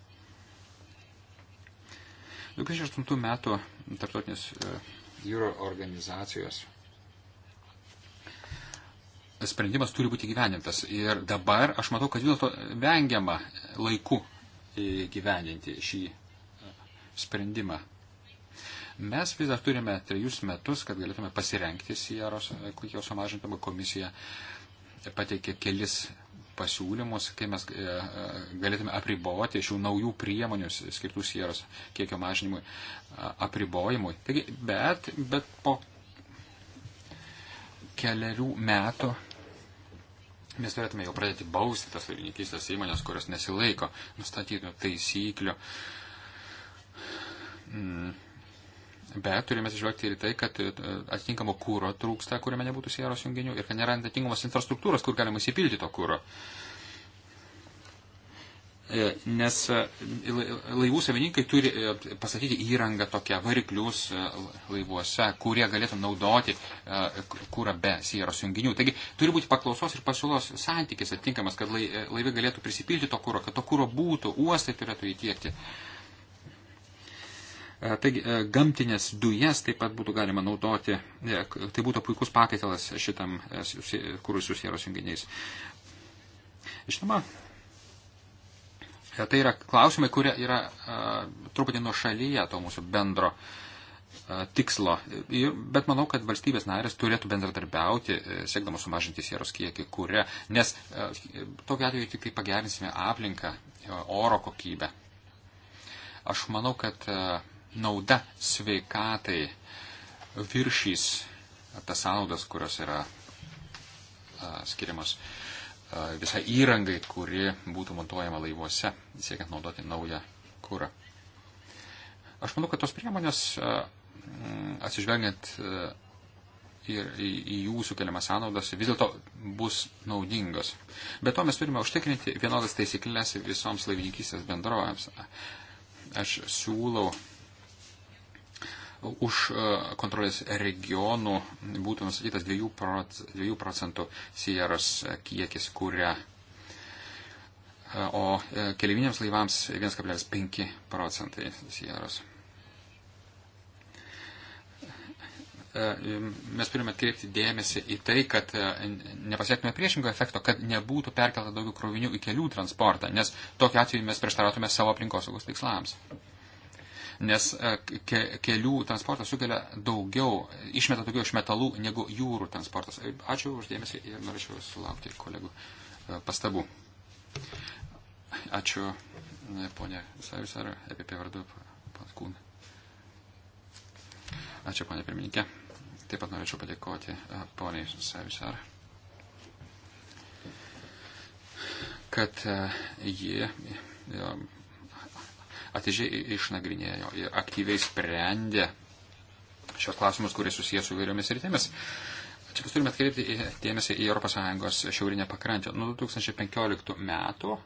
2008 metų tarptautinės e, jūro organizacijos sprendimas turi būti gyvenintas. Ir dabar aš matau, kad vis dėlto vengiama laiku gyveninti šį e, sprendimą. Mes vis dar turime trejus metus, kad galėtume pasirenkti Sieros, e, kiek jau sumažintama komisija pateikė kelis pasiūlymus, kaip mes e, e, galėtume apriboti šių naujų priemonių skirtų sieros kiekio mažinimui, apribojimui. Taigi, bet, bet po keliarių metų mes turėtume jau pradėti bausti tas laivininkystės įmonės, kurios nesilaiko nustatytų taisyklių. Mm Bet turime atsižvelgti ir tai, kad e, atitinkamo kūro trūksta, kuriame nebūtų sieros junginių ir kad nėra atitinkamos infrastruktūros, kur galima įsipildyti to kūro. E, nes e, laivų savininkai turi pastatyti įrangą tokią, variklius laivuose, kurie galėtų naudoti kūrą be sieros junginių. Taigi turi būti paklausos ir pasiūlos santykis atitinkamas, kad laivai galėtų prisipilti to kūro, kad to kūro būtų, uostai turėtų įtiekti. Uh, E, taigi e, gamtinės dujas taip pat būtų galima naudoti, e, tai būtų puikus pakaitalas šitam kūrui susieros junginiais. Žinoma, tai yra klausimai, kurie yra truputį nuo šalyje to mūsų bendro tikslo. Bet manau, kad valstybės narės turėtų bendradarbiauti, siekdamos sumažinti sieros kiekį kūrę, nes tokiu atveju tik tai pagerinsime aplinką, oro kokybę. Aš manau, kad nauda sveikatai viršys tas naudas, kurios yra skiriamas visai įrangai, kuri būtų montuojama laivuose, siekiant naudoti naują kūrą. Aš manau, kad tos priemonės, atsižvelgiant ir į, į jų sukeliamas sąnaudas, vis dėlto bus naudingos. Be to mes turime užtikrinti vienodas taisyklės visoms laivininkystės bendrovėms. Aš siūlau už e, kontrolės regionų būtų nustatytas 2 procentų sieros kiekis, kurią, e, o e, keliaiviniams laivams 1,5 procentai sieros. Mes turime atkreipti dėmesį į tai, kad nepasiektume priešingo efekto, kad nebūtų perkelta daugiau krovinių į kelių transportą, nes tokiu atveju mes prieštarautume savo aplinkosaugos tikslams nes e, ke, kelių transportas sukelia daugiau, išmeta daugiau išmetalų negu jūrų transportas. E, ačiū uždėmesį ir norėčiau sulaukti kolegų e, pastabų. Ačiū, ponė Savisar, apie vardu paskūną. Ačiū, ponė pirmininkė. Taip pat norėčiau padėkoti poniai Savisar, kad ji. Ja, atidžiai išnagrinėjo ir aktyviai sprendė šios klausimus, kurie susijęs su vairiomis rytėmis. Čia mes turime atkreipti dėmesį į ES šiaurinę pakrantę. Nuo 2015 metų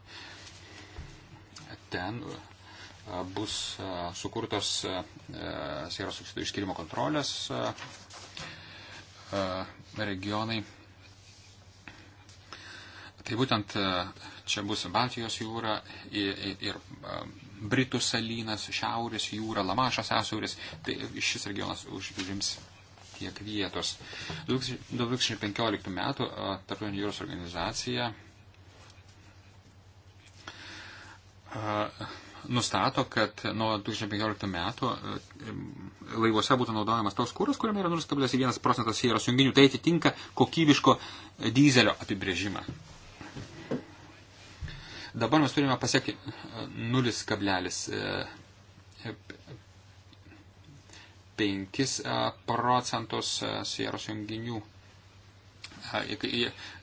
ten e, bus e, sukurtos e, sieros oksidų išskirimo kontrolės regionai. Tai būtent čia bus Baltijos jūra ir, ir, ir Britų salynas, Šiaurės jūra, Lamašo sąsiauris, tai šis regionas užims tiek vietos. 2015 m. Tarptautinė jūros organizacija nustato, kad nuo 2015 metų laivuose būtų naudojamas toks kūras, kuriame yra 0,1 procentas sieros junginių. Tai atitinka kokybiško dizelio apibrėžimą. Dabar mes turime pasiekti 0,5 e, e, e, procentus sieros junginių.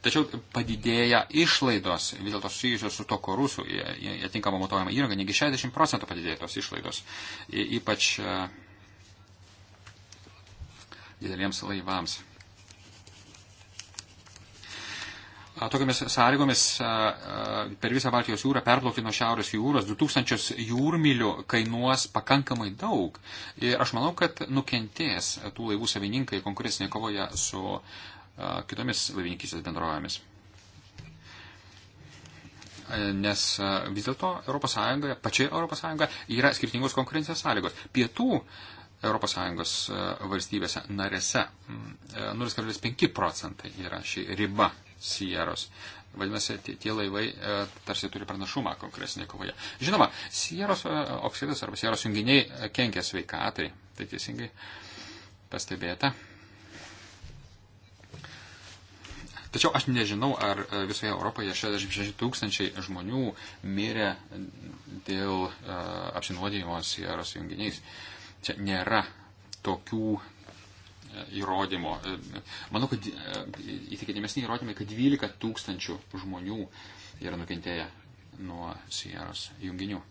Tačiau padidėja išlaidos, vis dėlto susijusios su to korusų, atitinkama matuojama įranga, negi 60 procentų padidėja tos išlaidos. Ypač dideliems laivams. Tokiamis sąlygomis e, e, per visą Baltijos jūrą perplaukti nuo Šiaurės jūros 2000 jūrmylių kainuos pakankamai daug. Ir aš manau, kad nukentės tų laivų savininkai konkurencinėje kovoje su e, kitomis laivininkysės bendrovėmis. Nes vis dėlto ES, pačiai ES yra skirtingos konkurencinės sąlygos. Pietų ES valstybėse narėse 0,5 mm, procentai yra ši riba Sieros. Vadinasi, tie laivai e, tarsi turi pranašumą konkurencinėje kovoje. Žinoma, Sieros e, oksidas arba Sieros junginiai e, kenkia sveikatai. Tai teisingai pastebėta. Tačiau aš nežinau, ar e, visoje Europoje 66 tūkstančiai žmonių mirė dėl uh, e, apsinuodėjimo sieros junginiais. Čia nėra tokių įrodymo. Manau, kad e, įtikinimesni įrodymai, kad 12 tūkstančių žmonių yra nukentėję nuo Sieros junginių.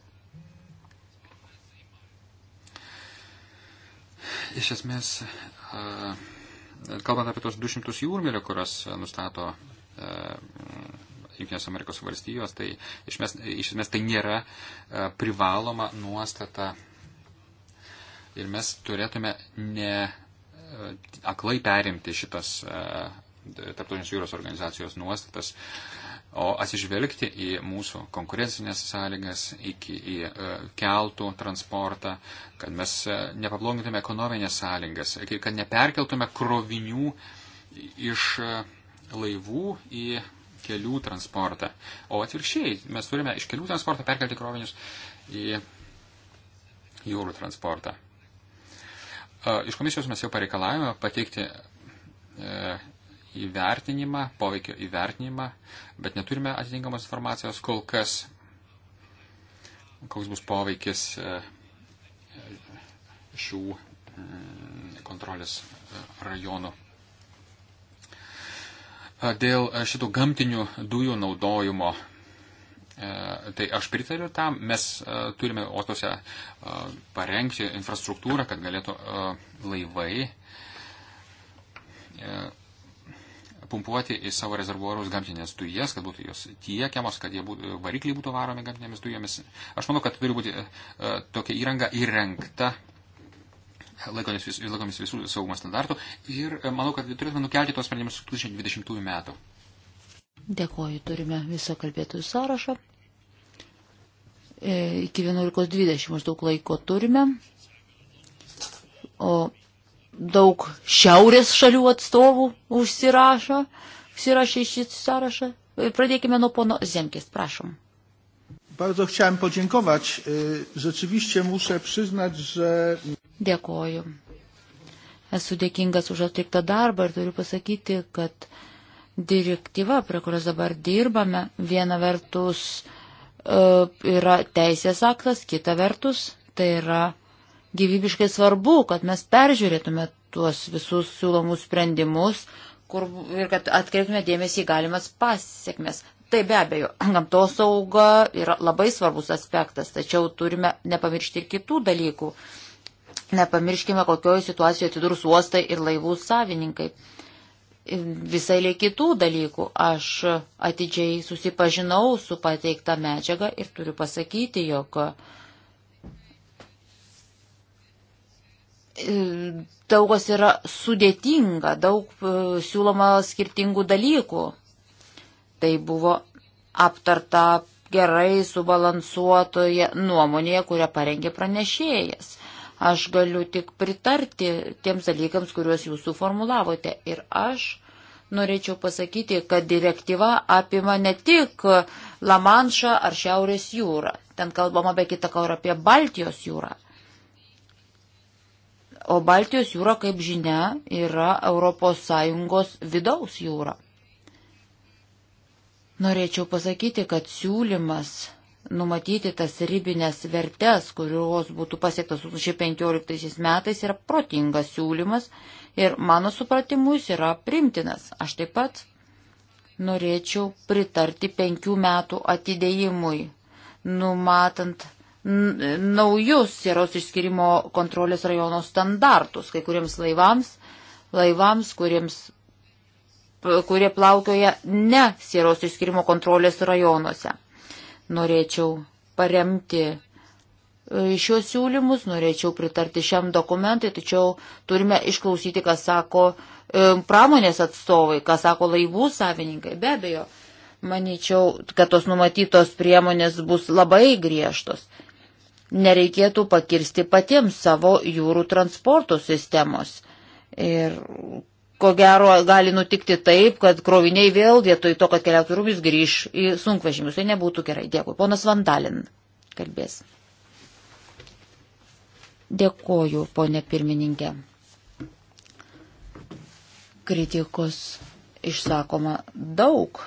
Iš esmės, e, kalbant apie tos 200 jūrmėlių, kurios nustato e, Junktinės Amerikos valstijos, tai iš esmės, iš esmės tai nėra privaloma nuostata. Ir mes turėtume ne aklai perimti šitas e, Tarptautinės jūros organizacijos nuostatas, o atsižvelgti į mūsų konkurencinės sąlygas, iki, į e, keltų transportą, kad mes e, nepablogintume ekonominės sąlygas, kad neperkeltume krovinių iš laivų į kelių transportą. O atvirkščiai, mes turime iš kelių transportą perkelti krovinius į jūrų transportą. Iš komisijos mes jau pareikalavome pateikti e, įvertinimą, poveikio įvertinimą, bet neturime atitinkamos informacijos kol kas, koks bus poveikis e, e, šių mm, kontrolės rajonų. Dėl šitų gamtinių dujų naudojimo E, tai aš pritariu tam, mes e, turime uostose e, parengti infrastruktūrą, kad galėtų laivai pumpuoti į savo rezervuarus gamtinės dujas, kad būtų jos tiekiamos, kad būtų, varikliai būtų varomi gamtinėmis dujomis. Aš manau, kad turi būti tokia įranga įrengta laikomis, vis, laikomis visų saugumo standartų ir manau, kad turėtume nukelti tos sprendimus 2020 metų. Dėkoju, turime viso kalbėtojų sąrašą. E, iki 11.20 maždaug laiko turime. O daug šiaurės šalių atstovų užsirašo, užsirašė šį sąrašą. E, pradėkime nuo pono Zemkės, prašom. Bardzo chciałem podziękować. E, rzeczywiście muszę przyznać, że... Dėkoju. Esu dėkingas už atliktą darbą ir turiu pasakyti, kad direktyva, prie kurios dabar dirbame, viena vertus uh, E, yra teisės aktas, kita vertus, tai yra gyvybiškai svarbu, kad mes peržiūrėtume tuos visus siūlomus sprendimus kur, ir kad atkreiptume dėmesį į galimas pasiekmes. Tai be abejo, gamtosauga yra labai svarbus aspektas, tačiau turime nepamiršti ir kitų dalykų. Nepamirškime, kokioje situacijoje atsidurs uostai ir laivų savininkai visai lė kitų dalykų. Aš atidžiai susipažinau su pateikta medžiaga ir turiu pasakyti, jog e, daugas yra sudėtinga, daug e, siūloma skirtingų dalykų. Tai buvo aptarta gerai subalansuotoje nuomonėje, kurią parengė pranešėjas. Aš galiu tik pritarti tiems dalykams, kuriuos jūs suformulavote. Ir aš norėčiau pasakyti, kad direktyva apima ne tik Lamanšą ar Šiaurės jūrą. Ten kalbama be kita ką ir apie Baltijos jūrą. O Baltijos jūra, kaip žinia, yra ES vidaus jūra. Norėčiau pasakyti, kad siūlymas numatyti tas ribinės vertės, kurios būtų pasiektas 2015 metais, yra protingas siūlymas ir mano supratimu jis yra primtinas. Aš taip pat norėčiau pritarti penkių metų atidėjimui, numatant naujus sieros išskirimo kontrolės rajono standartus kai kuriems laivams, laivams, kuriems, kurie plaukioja ne sieros išskirimo kontrolės rajonuose. Norėčiau paremti e, šios siūlymus, norėčiau pritarti šiam dokumentui, tačiau turime išklausyti, ką sako e, pramonės atstovai, ką sako laivų savininkai. Be abejo, manyčiau, kad tos numatytos priemonės bus labai griežtos. Nereikėtų pakirsti patiems savo jūrų transporto sistemos. Ir ko gero gali nutikti taip, kad kroviniai vėl vietoj to, kad keliautų rūbis, grįž į sunkvežimius. Tai nebūtų gerai. Dėkui. Ponas Vandalin kalbės. Dėkoju, ponė pirmininkė. Kritikos išsakoma daug.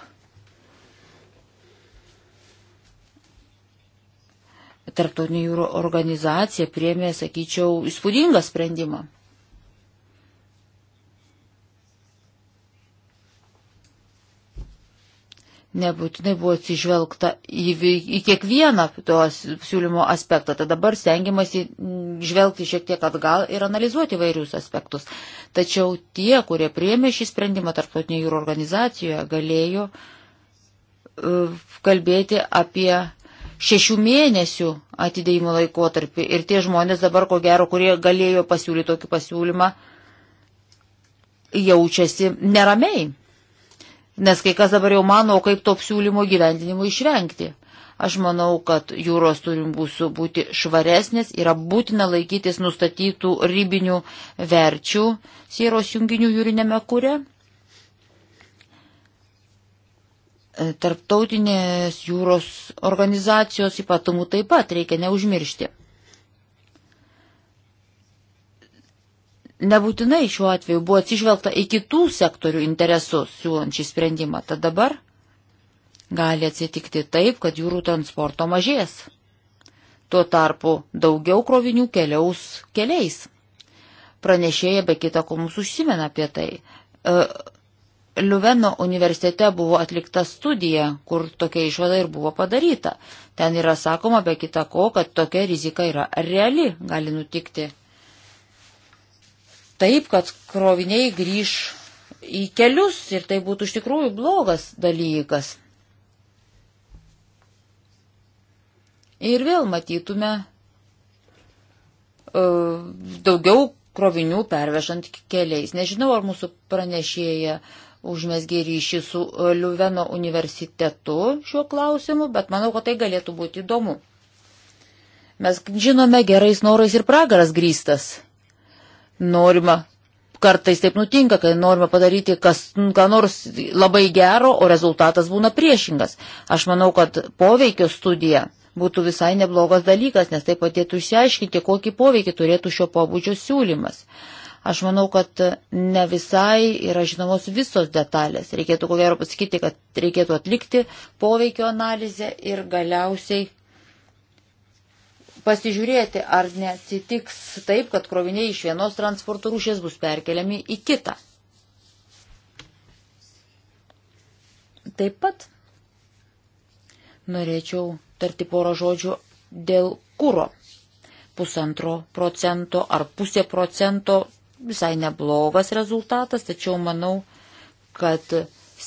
Tarptautinė jūro organizacija priemė, sakyčiau, įspūdingą sprendimą. nebūtinai buvo atsižvelgta į, į kiekvieną to siūlymo aspektą. Tad dabar stengiamasi žvelgti šiek tiek atgal ir analizuoti vairius aspektus. Tačiau tie, kurie priemė šį sprendimą tarptautinėje jūro organizacijoje, galėjo uh, kalbėti apie šešių mėnesių atidėjimo laikotarpį. Ir tie žmonės dabar, ko gero, kurie galėjo pasiūlyti tokį pasiūlymą, jaučiasi neramiai nes kai kas dabar jau mano, kaip to siūlymo gyvendinimo išvengti. Aš manau, kad jūros turim būsų būti švaresnės, yra būtina laikytis nustatytų ribinių verčių sieros junginių jūrinėme kūre. E, tarptautinės jūros organizacijos ypatumų taip pat reikia neužmiršti. nebūtinai šiuo atveju buvo atsižvelgta į kitų sektorių interesus siūlant šį sprendimą. Tad dabar gali atsitikti taip, kad jūrų transporto mažės. Tuo tarpu daugiau krovinių keliaus keliais. Pranešėja be kita, ko mums užsimena apie tai. E, Liuveno universitete buvo atlikta studija, kur tokia išvada ir buvo padaryta. Ten yra sakoma be kita ko, kad tokia rizika yra reali, gali nutikti taip, kad kroviniai grįž į kelius ir tai būtų iš tikrųjų blogas dalykas. Ir vėl matytume e, daugiau krovinių pervežant keliais. Nežinau, ar mūsų pranešėja užmesgė ryšį su Liuveno universitetu šiuo klausimu, bet manau, kad tai galėtų būti įdomu. Mes žinome gerais norais ir pragaras grįstas norima, kartais taip nutinka, kai norima padaryti kas, ką nors labai gero, o rezultatas būna priešingas. Aš manau, kad poveikio studija būtų visai neblogas dalykas, nes tai padėtų išsiaiškinti, kokį poveikį turėtų šio pobūdžio siūlymas. Aš manau, kad ne visai yra žinomos visos detalės. Reikėtų ko gero pasakyti, kad reikėtų atlikti poveikio analizę ir galiausiai pasižiūrėti, ar neatsitiks taip, kad kroviniai iš vienos transporto rūšės bus perkeliami į kitą. Taip pat norėčiau tarti porą žodžių dėl kūro. Pusantro procento ar pusė procento visai neblogas rezultatas, tačiau manau, kad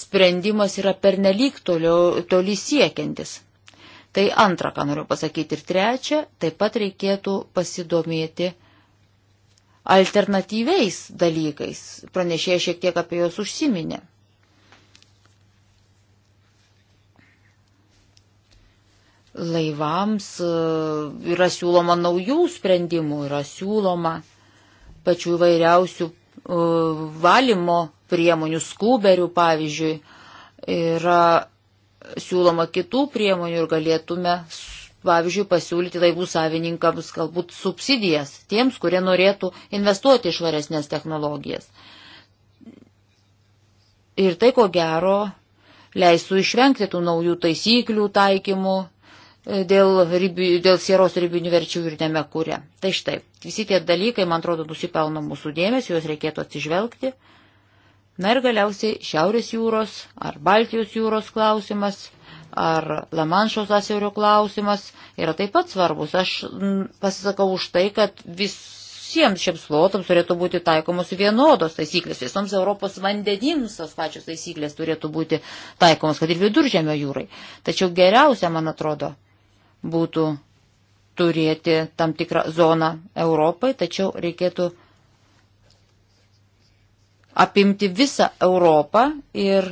sprendimas yra pernelyg toli siekiantis. Tai antra, ką noriu pasakyti. Ir trečia, taip pat reikėtų pasidomėti alternatyviais dalykais. Pranešėja šiek tiek apie juos užsiminė. Laivams e, yra siūloma naujų sprendimų, yra siūloma pačių įvairiausių e, valymo priemonių, skuberių pavyzdžiui, yra siūloma kitų priemonių ir galėtume, pavyzdžiui, pasiūlyti laivų savininkams galbūt subsidijas tiems, kurie norėtų investuoti į švaresnės technologijas. Ir tai, ko gero, leisų išvengti tų naujų taisyklių taikymų e, dėl, ribi, dėl sieros ribinių verčių ir nemekūrė. Tai štai, visi tie dalykai, man atrodo, nusipelno mūsų dėmesio, juos reikėtų atsižvelgti. Na ir galiausiai Šiaurės jūros ar Baltijos jūros klausimas ar Lamanšos asiaurio klausimas yra taip pat svarbus. Aš mm, pasisakau už tai, kad visiems šiems flotams turėtų būti taikomos vienodos taisyklės. Visoms Europos vandenims tos pačios taisyklės turėtų būti taikomos, kad ir viduržėmio jūrai. Tačiau geriausia, man atrodo, būtų turėti tam tikrą zoną Europai, tačiau reikėtų apimti visą Europą ir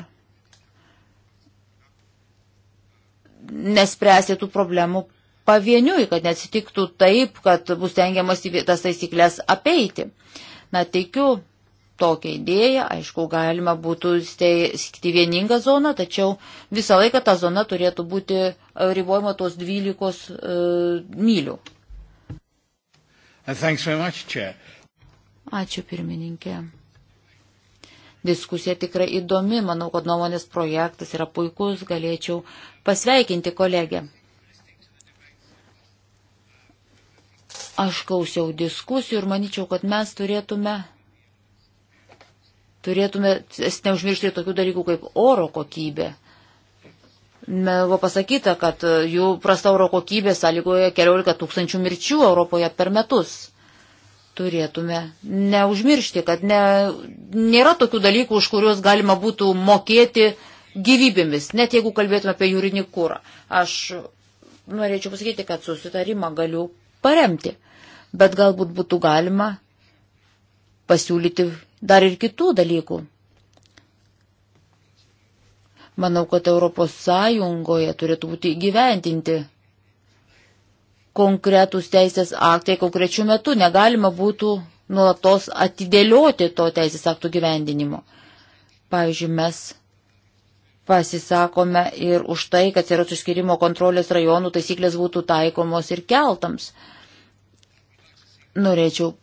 nespręsti tų problemų pavieniui, kad nesitiktų taip, kad bus tengiamas tas taisyklės apeiti. Na, teikiu tokią idėją, aišku, galima būtų steigti vieningą zoną, tačiau visą laiką ta zona turėtų būti e, ribojama tos 12 e, uh, mylių. Much, Ačiū pirmininkė. Diskusija tikrai įdomi, manau, kad nuomonės projektas yra puikus, galėčiau pasveikinti kolegę. Aš klausiau diskusijų ir manyčiau, kad mes turėtume, turėtume neužmiršti tokių dalykų kaip oro kokybė. Buvo pasakyta, kad e, jų prasta oro kokybė sąlygoja 14 tūkstančių mirčių Europoje per metus turėtume neužmiršti, kad ne, nėra tokių dalykų, už kuriuos galima būtų mokėti gyvybėmis, net jeigu kalbėtume apie jūrinį kūrą. Aš norėčiau pasakyti, kad susitarimą galiu paremti, bet galbūt būtų galima pasiūlyti dar ir kitų dalykų. Manau, kad Europos Sąjungoje turėtų būti gyventinti konkretūs teisės aktai konkrečių metų. Negalima būtų nuolatos atidėlioti to teisės aktų gyvendinimo. Pavyzdžiui, mes pasisakome ir už tai, kad sieros išskirimo kontrolės rajonų taisyklės būtų taikomos ir keltams. Norėčiau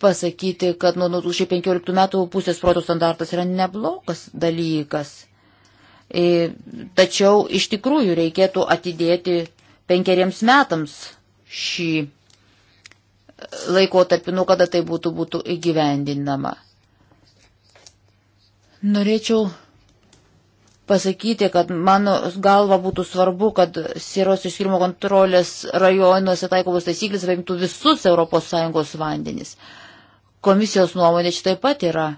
pasakyti, kad nuo 2015 metų pusės protų standartas yra neblogas dalykas. Tačiau iš tikrųjų reikėtų atidėti penkeriems metams šį laikotarpį, nu kada tai būtų, būtų įgyvendinama. Norėčiau pasakyti, kad mano galva būtų svarbu, kad sieros išskirimo kontrolės rajonuose taikomos taisyklės paimtų visus ES vandenis. Komisijos nuomonė čia taip pat yra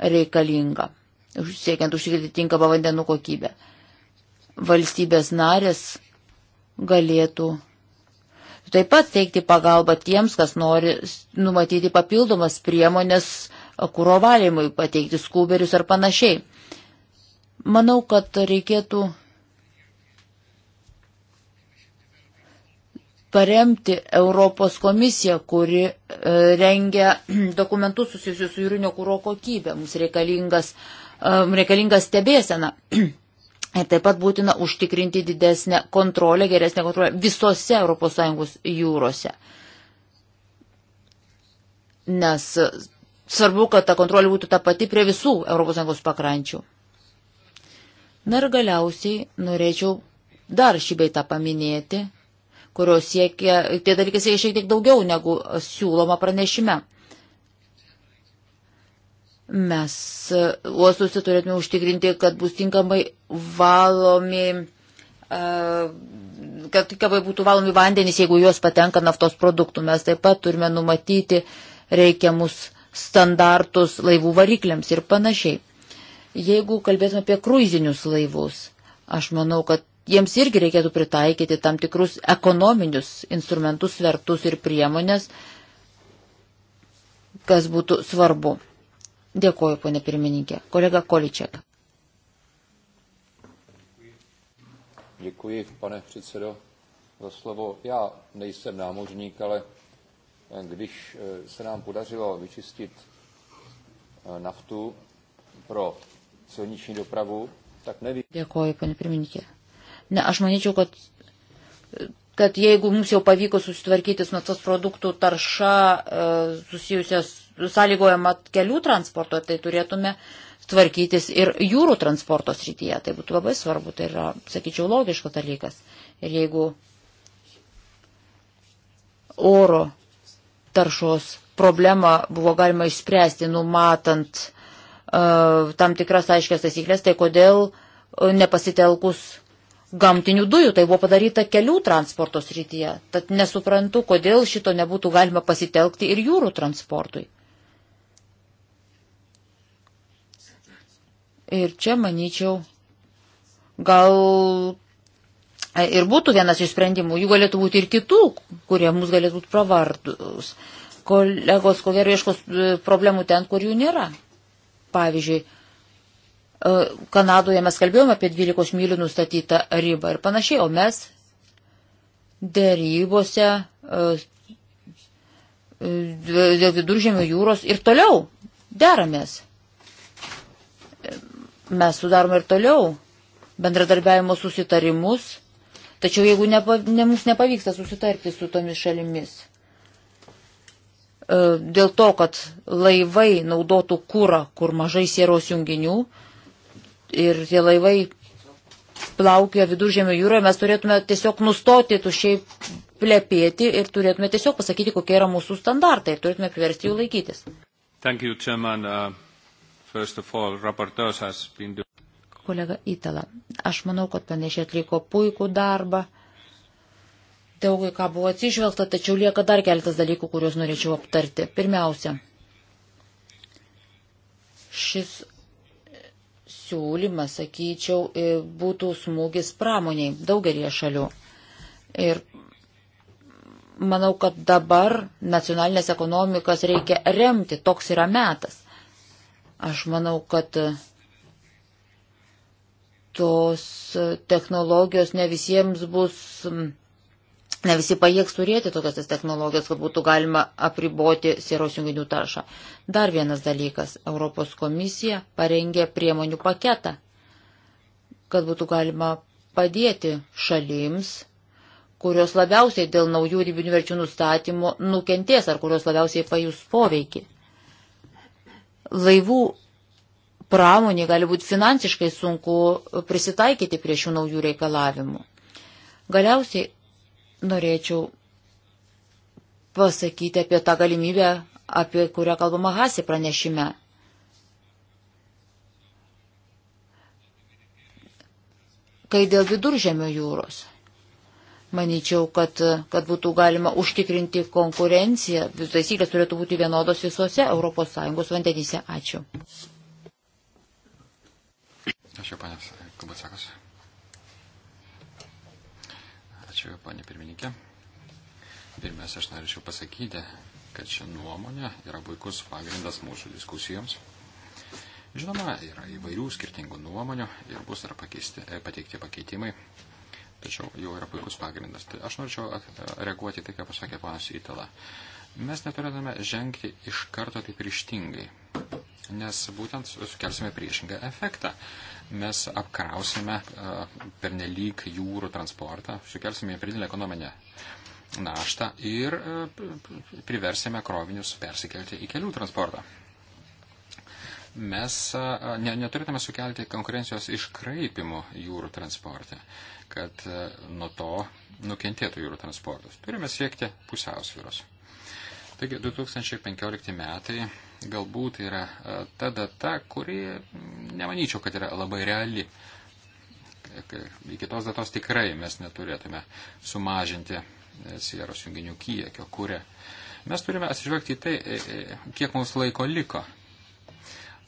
reikalinga, siekiant užtikrinti tinkamą vandenų kokybę. Valstybės narės galėtų taip pat teikti pagalbą tiems, kas nori numatyti papildomas priemonės kūro valymui, pateikti skuberius ar panašiai. Manau, kad reikėtų paremti Europos komisiją, kuri e, rengia dokumentus susijusius su jūrinio kūro kokybė. Mums reikalingas, e, reikalingas stebėsena. Ir taip pat būtina užtikrinti didesnę kontrolę, geresnę kontrolę visose ES jūrose. Nes svarbu, kad ta kontrolė būtų ta pati prie visų ES pakrančių. Na ir galiausiai norėčiau dar šį beitą paminėti, kurios siekia, tie dalykai siekia šiek tiek daugiau negu siūloma pranešime. Mes e, uostuose turėtume užtikrinti, kad bus tinkamai valomi, e, kad tinkamai būtų valomi vandenys, jeigu juos patenka naftos produktų. Mes taip pat turime numatyti reikiamus standartus laivų varikliams ir panašiai. Jeigu kalbėtume apie kruizinius laivus, aš manau, kad jiems irgi reikėtų pritaikyti tam tikrus ekonominius instrumentus, svertus ir priemonės, kas būtų svarbu. Dėkoju, ponė pirmininkė. Kolega Količek. Děkuji, pane předsedo, za slovo. Já nejsem námořník, ale eh, když eh, se nám podařilo vyčistit eh, naftu pro silniční dopravu, tak nevím. Dėkoju, pane pirmininkė. Ne, aš manyčiau, kad, kad jeigu mums jau pavyko susitvarkyti su naftos produktų tarša susijusias sąlygojama kelių transporto, tai turėtume tvarkytis ir jūrų transporto srityje. Tai būtų labai svarbu, tai yra, sakyčiau, logiškas dalykas. Ir jeigu oro taršos problemą buvo galima išspręsti, numatant uh, tam tikras aiškias taisyklės, tai kodėl uh, nepasitelkus gamtinių dujų, tai buvo padaryta kelių transporto srityje. Tad nesuprantu, kodėl šito nebūtų galima pasitelkti ir jūrų transportui. Ir čia, manyčiau, gal e, ir būtų vienas iš sprendimų, jų galėtų būti ir kitų, kurie mums galėtų būti pravardus. Kolegos, ko gero, ieškos e, problemų ten, kur jų nėra. Pavyzdžiui, e, Kanadoje mes kalbėjome apie 12 mylių nustatytą ribą ir panašiai, o mes dėrybose dėl viduržėmio jūros ir toliau deramės. Mes sudarome ir toliau bendradarbiavimo susitarimus, tačiau jeigu nepa, ne, mums nepavyksta susitarti su tomis šalimis, e, dėl to, kad laivai naudotų kūrą, kur mažai sieros junginių ir tie laivai plaukioja viduržėmio jūroje, mes turėtume tiesiog nustoti tušiai plepėti ir turėtume tiesiog pasakyti, kokie yra mūsų standartai ir turėtume priversti jų laikytis. Thank you, Chairman. Uh... First of all, rapporteurs has been doing kolega Itala. Aš manau, kad panešė atliko puikų darbą. Daugai ką buvo atsižvelgta, tačiau lieka dar keletas dalykų, kuriuos norėčiau aptarti. Pirmiausia, šis siūlymas, sakyčiau, e, būtų smūgis pramoniai daugelie šalių. Ir manau, kad dabar nacionalinės ekonomikas reikia remti, toks yra metas. Aš manau, kad tos technologijos ne visiems bus, ne visi pajėgs turėti tokias technologijas, kad būtų galima apriboti sieros junginių taršą. Dar vienas dalykas. Europos komisija parengė priemonių paketą, kad būtų galima padėti šalims kurios labiausiai dėl naujų ribinių verčių nustatymo nukentės ar kurios labiausiai pajus poveikį. Laivų pramonė gali būti finansiškai sunku prisitaikyti prie šių naujų reikalavimų. Galiausiai norėčiau pasakyti apie tą galimybę, apie kurią kalbama Hasi pranešime. Kai dėl viduržėmio jūros. Maničiau, kad, kad būtų galima užtikrinti konkurenciją. Taisyklės turėtų būti vienodos visose ES vandenyse. Ačiū. Ačiū, panės Kubatsakas. Ačiū, panė pirmininkė. Pirmiausia, aš norėčiau pasakyti, kad ši nuomonė yra puikus pagrindas mūsų diskusijoms. Žinoma, yra įvairių skirtingų nuomonių ir bus dar pakeisti, pateikti pakeitimai tačiau jau yra puikus pagrindas. Tai aš norėčiau e, reaguoti tai, ką pasakė panas Itala. Mes neturėtume žengti iš karto taip ryštingai, nes būtent sukelsime priešingą efektą. Mes apkrausime e, per nelik jūrų transportą, sukelsime pridėlę ekonominę naštą ir e, priversime krovinius persikelti į kelių transportą mes ne, neturėtume sukelti konkurencijos iškraipimų jūrų transporte kad e, nuo to nukentėtų jūrų transportas. Turime siekti pusiausvyros. Taigi 2015 metai galbūt yra e, ta data, kuri nemanyčiau, kad yra labai reali. Iki tos datos tikrai mes neturėtume sumažinti e, sieros junginių kiekio, kuria. Mes turime atsižvelgti į tai, kiek mums laiko liko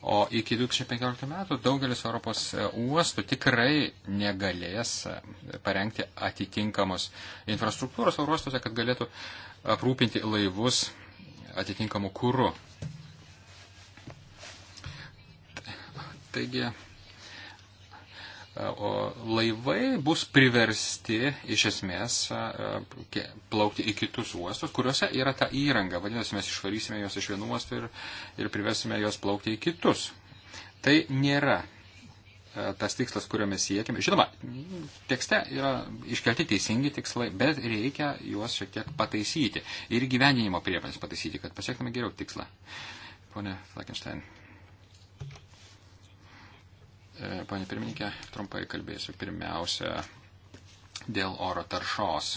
O iki 2015 metų daugelis Europos e, uostų tikrai negalės e, parengti atitinkamos infrastruktūros uostuose, kad galėtų aprūpinti laivus atitinkamu kūru. Taigi, o laivai bus priversti iš esmės plaukti į kitus uostus, kuriuose yra ta įranga. Vadinasi, mes išvarysime juos iš vienų uostų ir, ir priversime juos plaukti į kitus. Tai nėra tas tikslas, kurio mes siekime. Žinoma, tekste yra iškelti teisingi tikslai, bet reikia juos šiek tiek pataisyti ir gyvenimo priemonės pataisyti, kad pasiektume geriau tikslą. Pone Flakenstein. E, Pane pirmininkė, trumpai kalbėsiu pirmiausia dėl oro taršos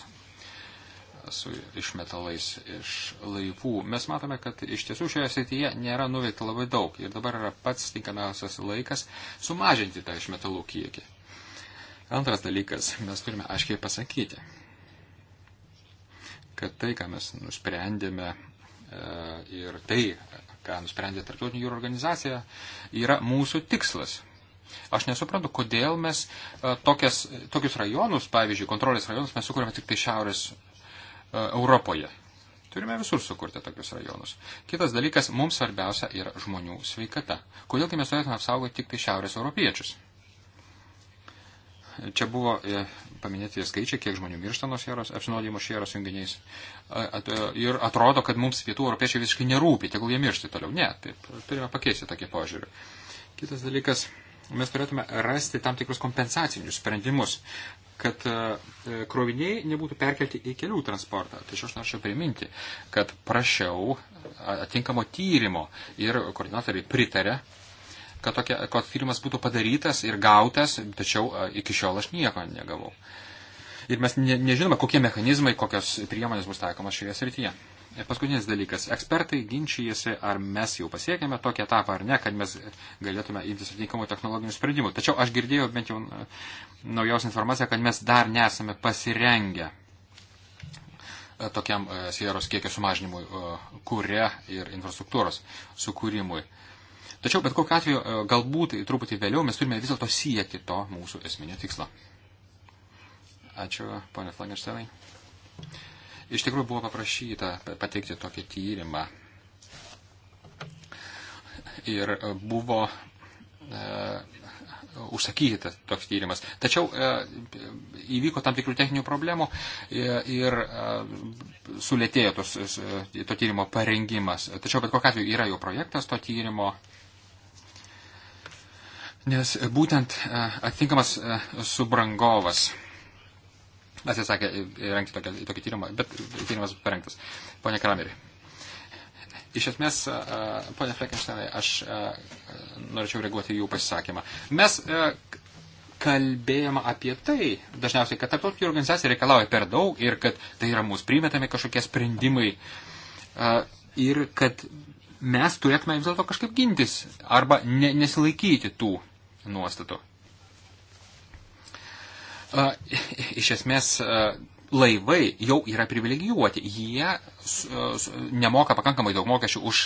su išmetalais iš laivų. Mes matome, kad iš tiesų šioje srityje nėra nuveikta labai daug ir dabar yra pats tinkamiausias laikas sumažinti tą išmetalų kiekį. Antras dalykas, mes turime aiškiai pasakyti, kad tai, ką mes nusprendėme e, ir tai, ką nusprendė Tarptautinių jūrų organizacija, yra mūsų tikslas Aš nesuprantu, kodėl mes e, tokias, tokius rajonus, pavyzdžiui, kontrolės rajonus mes sukūrėme tik tai Šiaurės e, Europoje. Turime visur sukurti tokius rajonus. Kitas dalykas, mums svarbiausia yra žmonių sveikata. Kodėlgi mes turėtume apsaugoti tik tai šiaurės europiečius? Čia buvo e, paminėti skaičiai, kiek žmonių miršta nuo šieros, apsinuodimo šieros junginiais. Ir atrodo, kad mums pietų europiečiai visiškai nerūpi, tegul jie miršti toliau. Ne, taip, turime pakeisti tokį požiūrį. Kitas dalykas, mes turėtume rasti tam tikrus kompensacinius sprendimus, kad e, kroviniai nebūtų perkelti į kelių transportą. Tačiau aš norėčiau priminti, kad prašiau atinkamo tyrimo ir koordinatoriai pritarė, kad, tokia, kad tyrimas būtų padarytas ir gautas, tačiau iki šiol aš nieko negavau. Ir mes ne, nežinome, kokie mechanizmai, kokios priemonės bus taikomas šioje srityje. E, paskutinis dalykas. Ekspertai ginčijasi, ar mes jau pasiekėme tokį etapą ar ne, kad mes galėtume imtis atitinkamų technologinių sprendimų. Tačiau aš girdėjau bent jau e, naujausią informaciją, kad mes dar nesame pasirengę e, tokiam sieros kiekio sumažinimui kūrė ir infrastruktūros sukūrimui. Tačiau bet kokiu atveju, galbūt truputį vėliau mes turime vis dėlto siekti to mūsų esminio tikslo. Ačiū, ponė Flagenštenai. Iš tikrųjų buvo paprašyta pateikti tokį tyrimą. Ir buvo e, užsakyti toks tyrimas. Tačiau e, įvyko tam tikrų techninių problemų e, ir sulėtėjo tos, to tyrimo parengimas. Tačiau bet kokiu atveju yra jau projektas to tyrimo. Nes būtent atitinkamas subrangovas atsisakė rengti tokį, tokį tyrimą, bet tyrimas bus parengtas. Pone Krameri. Iš esmės, ponia Frekensteinai, aš norėčiau reaguoti jų pasisakymą. Mes kalbėjome apie tai dažniausiai, kad tarptautinė organizacija reikalauja per daug ir kad tai yra mūsų primetami kažkokie sprendimai ir kad mes turėtume vis dėlto kažkaip gintis arba ne, nesilaikyti tų nuostatų. Iš esmės laivai jau yra privilegijuoti. Jie nemoka pakankamai daug mokesčių už,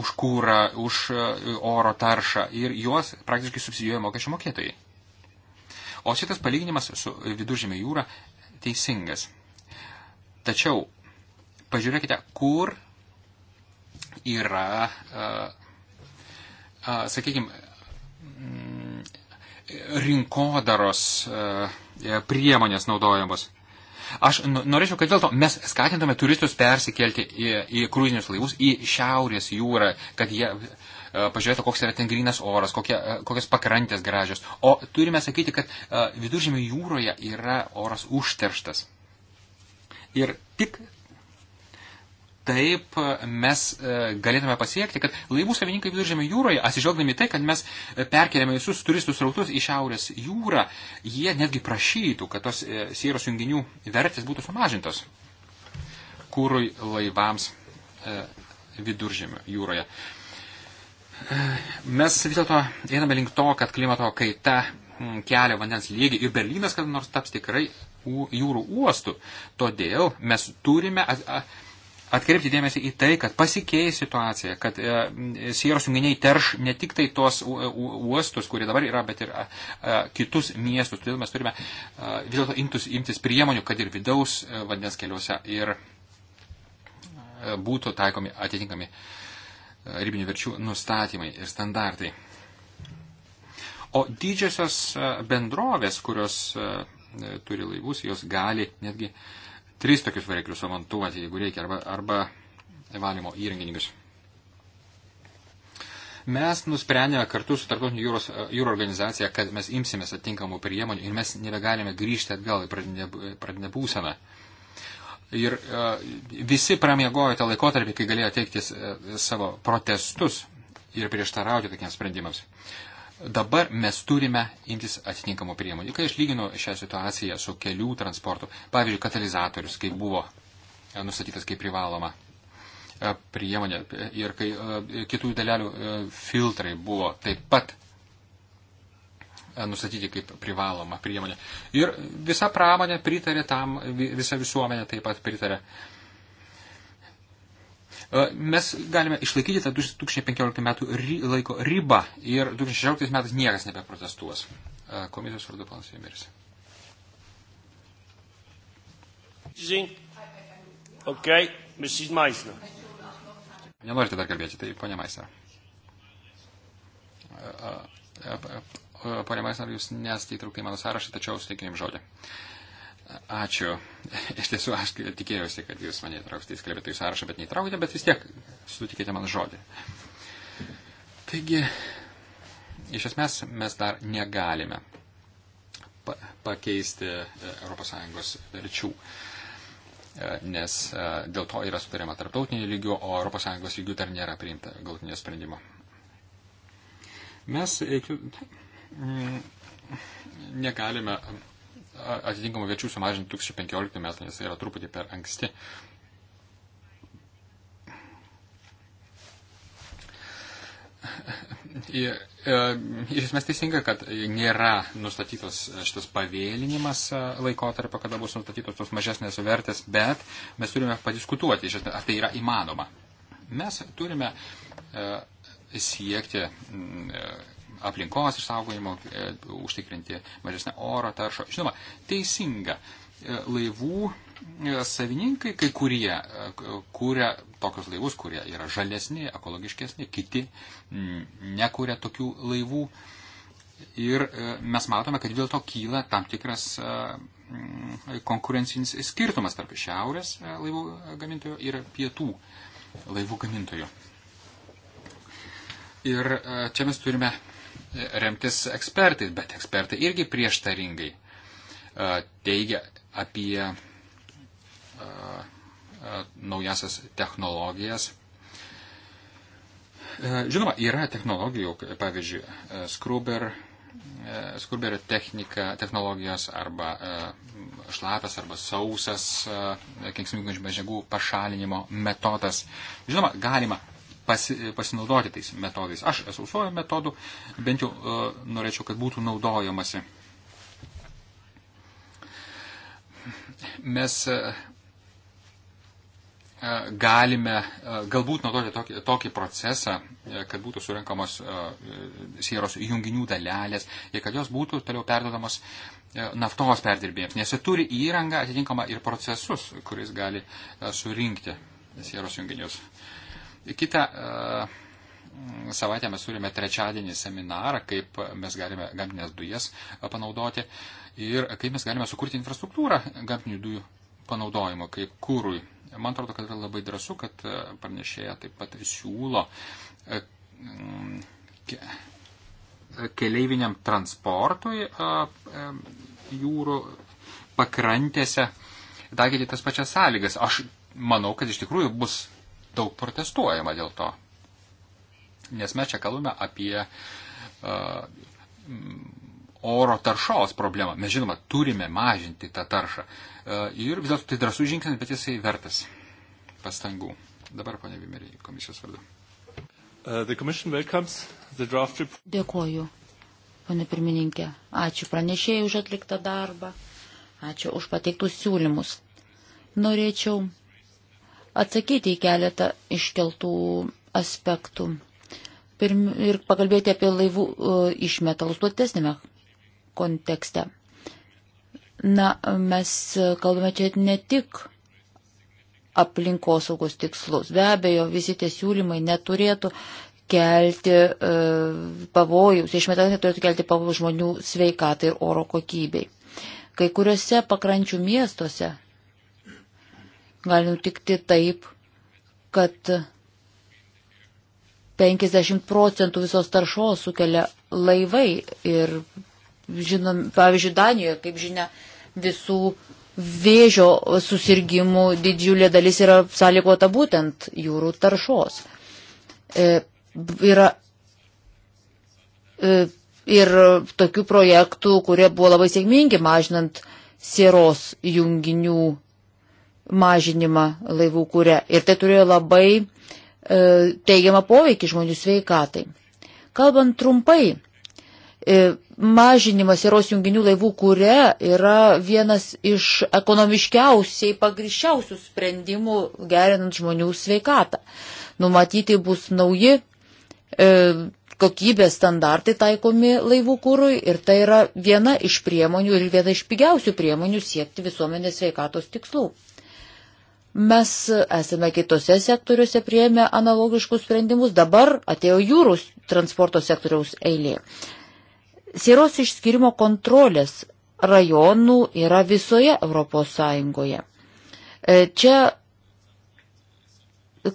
už kūrą, už oro taršą ir juos praktiškai subsidijuoja mokesčių mokėtojai. O šitas palyginimas su viduržėmė jūra teisingas. Tačiau pažiūrėkite, kur yra, sakykime, rinkodaros e, priemonės naudojamos. Aš norėčiau, kad dėl to mes skatintume turistus persikelti į, į kruizinius laivus, į šiaurės jūrą, kad jie e, pažiūrėtų, koks yra ten grinas oras, kokie, e, kokios pakrantės gražios. O turime sakyti, kad viduržėmio jūroje yra oras užterštas. Ir tik taip e, mes e, galėtume pasiekti, kad laivų savininkai viduržėme jūroje, atsižvelgdami tai, kad mes e, perkeliame visus turistų srautus į Šiaurės jūrą, jie netgi prašytų, kad tos sieros junginių vertės būtų sumažintos kūrui laivams viduržėme jūroje. Mes vis dėlto einame link to, kad klimato kaita kelia vandens lygį ir Berlynas kada nors taps tikrai jūrų uostų. Todėl mes turime. A, a, atkreipti dėmesį į tai, kad pasikeis situacija, kad e, sieros junginiai terš ne tik tai tos e, uostus, kurie dabar yra, bet ir a, a, kitus miestus. Todėl mes turime a, vis dėlto imtis, imtis priemonių, kad ir vidaus a, e, vandens keliuose ir a, e, būtų taikomi atitinkami ribinių verčių nustatymai ir standartai. O didžiosios bendrovės, kurios turi laivus, jos gali netgi uh, tris tokius variklius sumontuoti, jeigu reikia, arba, arba valymo įrenginius. Mes nusprendėme kartu su Tartautinė jūros, jūro organizacija, kad mes imsimės atinkamų priemonių ir mes nebegalime grįžti atgal į pradinę, pradinę būseną. Ir uh, visi pramiegojo tą laikotarpį, kai galėjo teikti uh, e, savo protestus ir prieštarauti tokiems sprendimams. Uh, Dabar mes turime imtis atitinkamų priemonių. Kai aš lyginu šią situaciją su kelių transportu, pavyzdžiui, katalizatorius, kai buvo e, nustatytas kaip privaloma e, priemonė ir kai e, kitų dalelių filtrai buvo taip pat nustatyti kaip privaloma priemonė. Ir visa pramonė pritarė tam, visa visuomenė taip pat pritarė. Uh, E, mes galime išlaikyti tą 2015 metų laiko ribą ir 2016 metais niekas nebeprotestuos. E, komisijos vardu panas Jėmiris. Okay, Mrs. Meisner. Nenorite dar kalbėti, tai ponia Meisner. E, ponia Meisner, jūs nesate įtraukai mano sąrašą, tačiau suteikiu jums žodį. Uh, Ačiū. Iš tiesų, aš tikėjausi, kad jūs mane įtrauksite į skalbėtojų sąrašą, bet neįtraukite, bet vis tiek sutikite man žodį. Taigi, iš esmės, mes dar negalime pa pakeisti ES verčių, e, nes e, dėl to yra sutariama tarptautinio lygio, o ES lygių dar nėra priimta galutinio sprendimo. Mes e, negalime atitinkamų viečių sumažinti 2015 metais, nes tai yra truputį per anksti. Ir, e, iš esmės teisinga, kad nėra nustatytas šitas pavėlinimas e, laikotarpio, kada bus nustatytos tos mažesnės vertės, bet mes turime padiskutuoti, iš esmės, ar tai yra įmanoma. Mes turime e, siekti aplinkos išsaugojimo, e, užtikrinti mažesnę oro taršą. Žinoma, teisinga. E, laivų e, savininkai, kai kurie kūrė tokius laivus, kurie yra žalesni, ekologiškesni, kiti mm, nekūrė tokių laivų. Ir mes matome, kad dėl to kyla tam tikras mm, konkurencinis skirtumas tarp šiaurės laivų gamintojų ir pietų laivų gamintojų. Ir čia mes turime remtis ekspertais, bet ekspertai irgi prieštaringai e, teigia apie e, e, naujasias technologijas. Žinoma, yra technologijų, pavyzdžiui, skruber, skruberio technika, technologijos arba šlapias arba sausas kenksmingų medžiagų pašalinimo metodas. Žinoma, galima pasi, pasinaudoti tais metodais. Aš esu savo metodų, bent jau uh, norėčiau, kad būtų naudojamasi. Mes uh, galime galbūt naudoti tokį, tokį procesą, kad būtų surinkamos sieros junginių dalelės ir kad jos būtų toliau perdodamos naftos perdirbėjams, nes jie turi įrangą atitinkamą ir procesus, kuris gali surinkti sieros junginius. Uh, Kita e, savaitę mes turime trečiadienį seminarą, kaip mes galime gamtinės dujas e, panaudoti ir kaip mes galime sukurti infrastruktūrą gamtinių dujų panaudojimo kaip kūrui. Man atrodo, kad yra labai drąsu, kad e, pranešėja taip pat siūlo keleiviniam transportui jūrų pakrantėse taikyti tas pačias sąlygas. Aš manau, kad iš tikrųjų bus daug protestuojama dėl to. Nes mes čia kalbame apie uh, mm, oro taršos problemą. Mes žinoma, turime mažinti tą taršą. Uh, ir vis dėlto tai drąsų žingsnis, bet jisai vertas pastangų. Dabar, ponia Vimeriai, komisijos vardu. Uh, Dėkoju, ponia pirmininkė. Ačiū pranešėjai už atliktą darbą. Ačiū už pateiktus siūlymus. Norėčiau atsakyti į keletą iškeltų aspektų Pirm, ir pakalbėti apie laivų uh, e, išmetalus platesnėme kontekste. Na, mes kalbame čia ne tik aplinkosaugos tikslus. Be abejo, visi tie siūlymai neturėtų kelti e, uh, pavojus, išmetalai neturėtų kelti pavojus žmonių sveikatai ir oro kokybei. Kai kuriuose pakrančių miestuose gali nutikti taip, kad 50 procentų visos taršos sukelia laivai ir, žinom, pavyzdžiui, Danijoje, kaip žinia, visų vėžio susirgymų didžiulė dalis yra sąlygota būtent jūrų taršos. E, yra e, ir tokių projektų, kurie buvo labai sėkmingi mažinant sieros junginių mažinimą laivų kūrę. Ir tai turėjo labai e, teigiamą poveikį žmonių sveikatai. Kalbant trumpai, e, mažinimas eros junginių laivų kūrė yra vienas iš ekonomiškiausiai pagriščiausių sprendimų gerinant žmonių sveikatą. Numatyti bus nauji e, kokybės standartai taikomi laivų kūrui ir tai yra viena iš priemonių ir viena iš pigiausių priemonių siekti visuomenės sveikatos tikslų. Mes esame kitose sektoriuose prieėmę analogiškus sprendimus, dabar atėjo jūrų transporto sektoriaus eilė. Sieros išskirimo kontrolės rajonų yra visoje Europos Sąjungoje. E, čia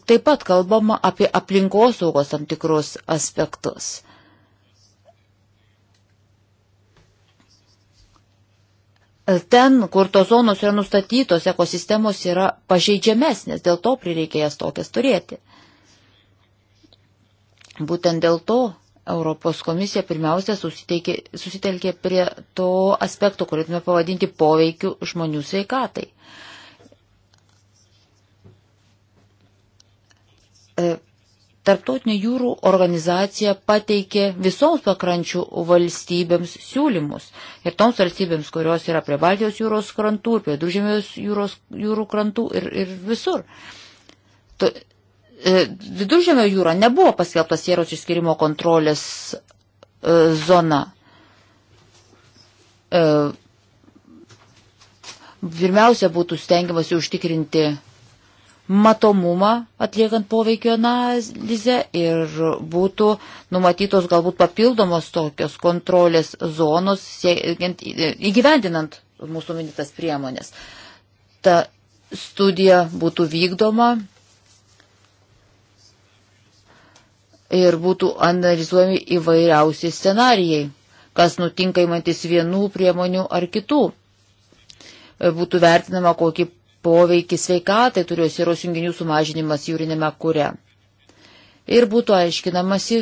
taip pat kalbama apie aplinkosaugos tam tikrus aspektus. ten, kur tos zonos yra nustatytos, ekosistemos yra pažeidžiamesnės, dėl to prireikia jas tokias turėti. Būtent dėl to Europos komisija pirmiausia susitelkė prie to aspekto, kurį turime pavadinti poveikiu žmonių sveikatai. E, Tarptautinė jūrų organizacija pateikė visoms pakrančių valstybėms siūlymus. Ir toms valstybėms, kurios yra prie Baltijos jūros krantų, prie Dužėmės jūros jūrų krantų ir, ir visur. To, e, Viduržėmio jūra nebuvo paskelbta sieros išskirimo kontrolės e, zona. E, pirmiausia, būtų stengiamasi užtikrinti matomumą atliekant poveikio analizę ir būtų numatytos galbūt papildomos tokios kontrolės zonos siekiant, įgyvendinant mūsų minėtas priemonės. Ta studija būtų vykdoma ir būtų analizuojami įvairiausi scenarijai, kas nutinka įmantis vienų priemonių ar kitų būtų vertinama, kokį poveikis sveikatai turiuosi ir osjunginių sumažinimas jūrinėme kūre. Ir būtų aiškinamasi,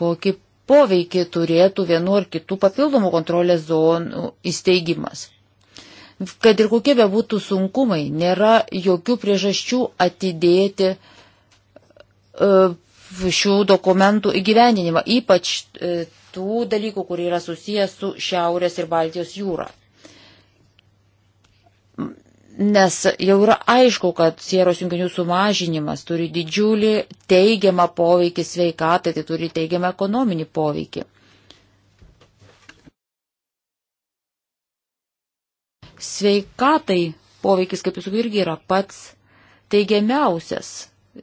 kokį poveikį turėtų vienu ar kitų papildomų kontrolės zonų įsteigimas. Kad ir kokie be būtų sunkumai, nėra jokių priežasčių atidėti uh, šių dokumentų įgyveninimą, ypač uh, tų dalykų, kurie yra susijęs su Šiaurės ir Baltijos jūra. Nes jau yra aišku, kad sieros junginių sumažinimas turi didžiulį teigiamą poveikį sveikatai, tai turi teigiamą ekonominį poveikį. Sveikatai poveikis, kaip jūs irgi yra pats teigiamiausias.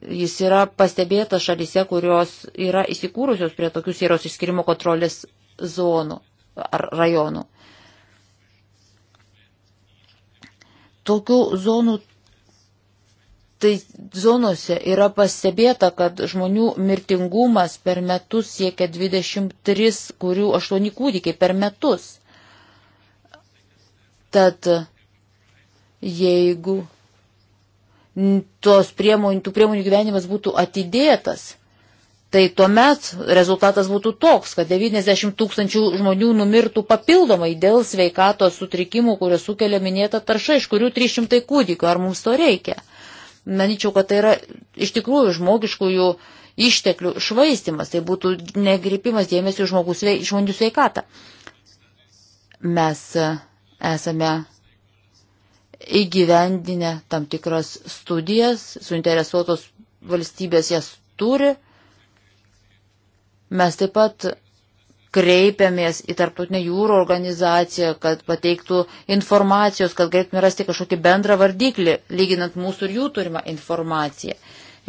Jis yra pastebėtas šalise, kurios yra įsikūrusios prie tokių sieros išskirimo kontrolės zonų ar rajonų. Tokių zonų, tai zonose yra pastebėta, kad žmonių mirtingumas per metus siekia 23, kurių 8 kūdikiai per metus. Tad jeigu tos priemonių, tų priemonių gyvenimas būtų atidėtas, tai tuomet rezultatas būtų toks, kad 90 tūkstančių žmonių numirtų papildomai dėl sveikatos sutrikimų, kurios sukelia minėta tarša, iš kurių 300 kūdikių. Ar mums to reikia? Manyčiau, kad tai yra iš tikrųjų žmogiškųjų išteklių švaistimas, tai būtų negripimas dėmesio žmogus, žmonių sveikatą. Mes e, esame įgyvendinę tam tikras studijas, suinteresuotos valstybės jas turi Mes taip pat kreipiamės į tarptautinę jūro organizaciją, kad pateiktų informacijos, kad galėtume rasti kažkokį bendrą vardiklį, lyginant mūsų ir jų turimą informaciją.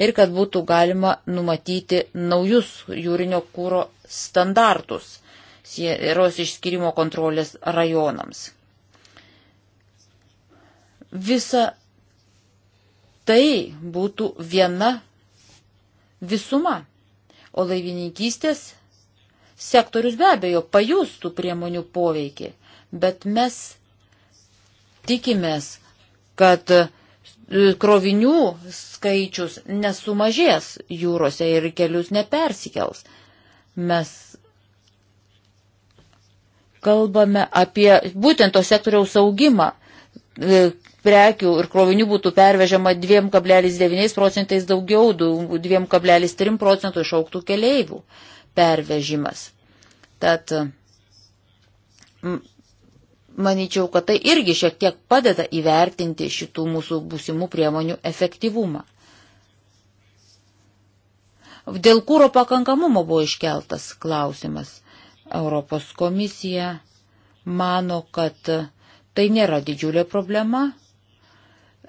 Ir kad būtų galima numatyti naujus jūrinio kūro standartus sieros išskirimo kontrolės rajonams. Visa tai būtų viena visuma O laivininkystės sektorius be abejo pajustų priemonių poveikį, bet mes tikimės, kad e, krovinių skaičius nesumažės jūrose ir kelius nepersikels. Mes kalbame apie būtent to sektoriaus augimą, e, prekių ir krovinių būtų pervežama 2,9 procentais daugiau, 2,3 procentų išauktų keleivių pervežimas. Tad manyčiau, kad tai irgi šiek tiek padeda įvertinti šitų mūsų būsimų priemonių efektyvumą. Dėl kūro pakankamumo buvo iškeltas klausimas. Europos komisija mano, kad tai nėra didžiulė problema,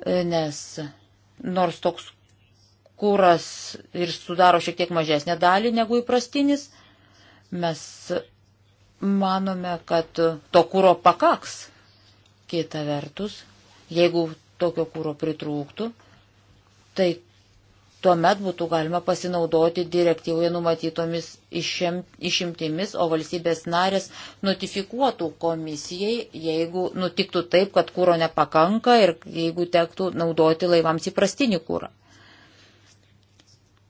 nes nors toks kūras ir sudaro šiek tiek mažesnę dalį negu įprastinis, mes manome, kad to kūro pakaks. Kita vertus, jeigu tokio kūro pritrūktų, tai tuomet būtų galima pasinaudoti direktyvoje numatytomis išim, išimtimis, o valstybės narės notifikuotų komisijai, jeigu nutiktų taip, kad kūro nepakanka ir jeigu tektų naudoti laivams įprastinį kūrą.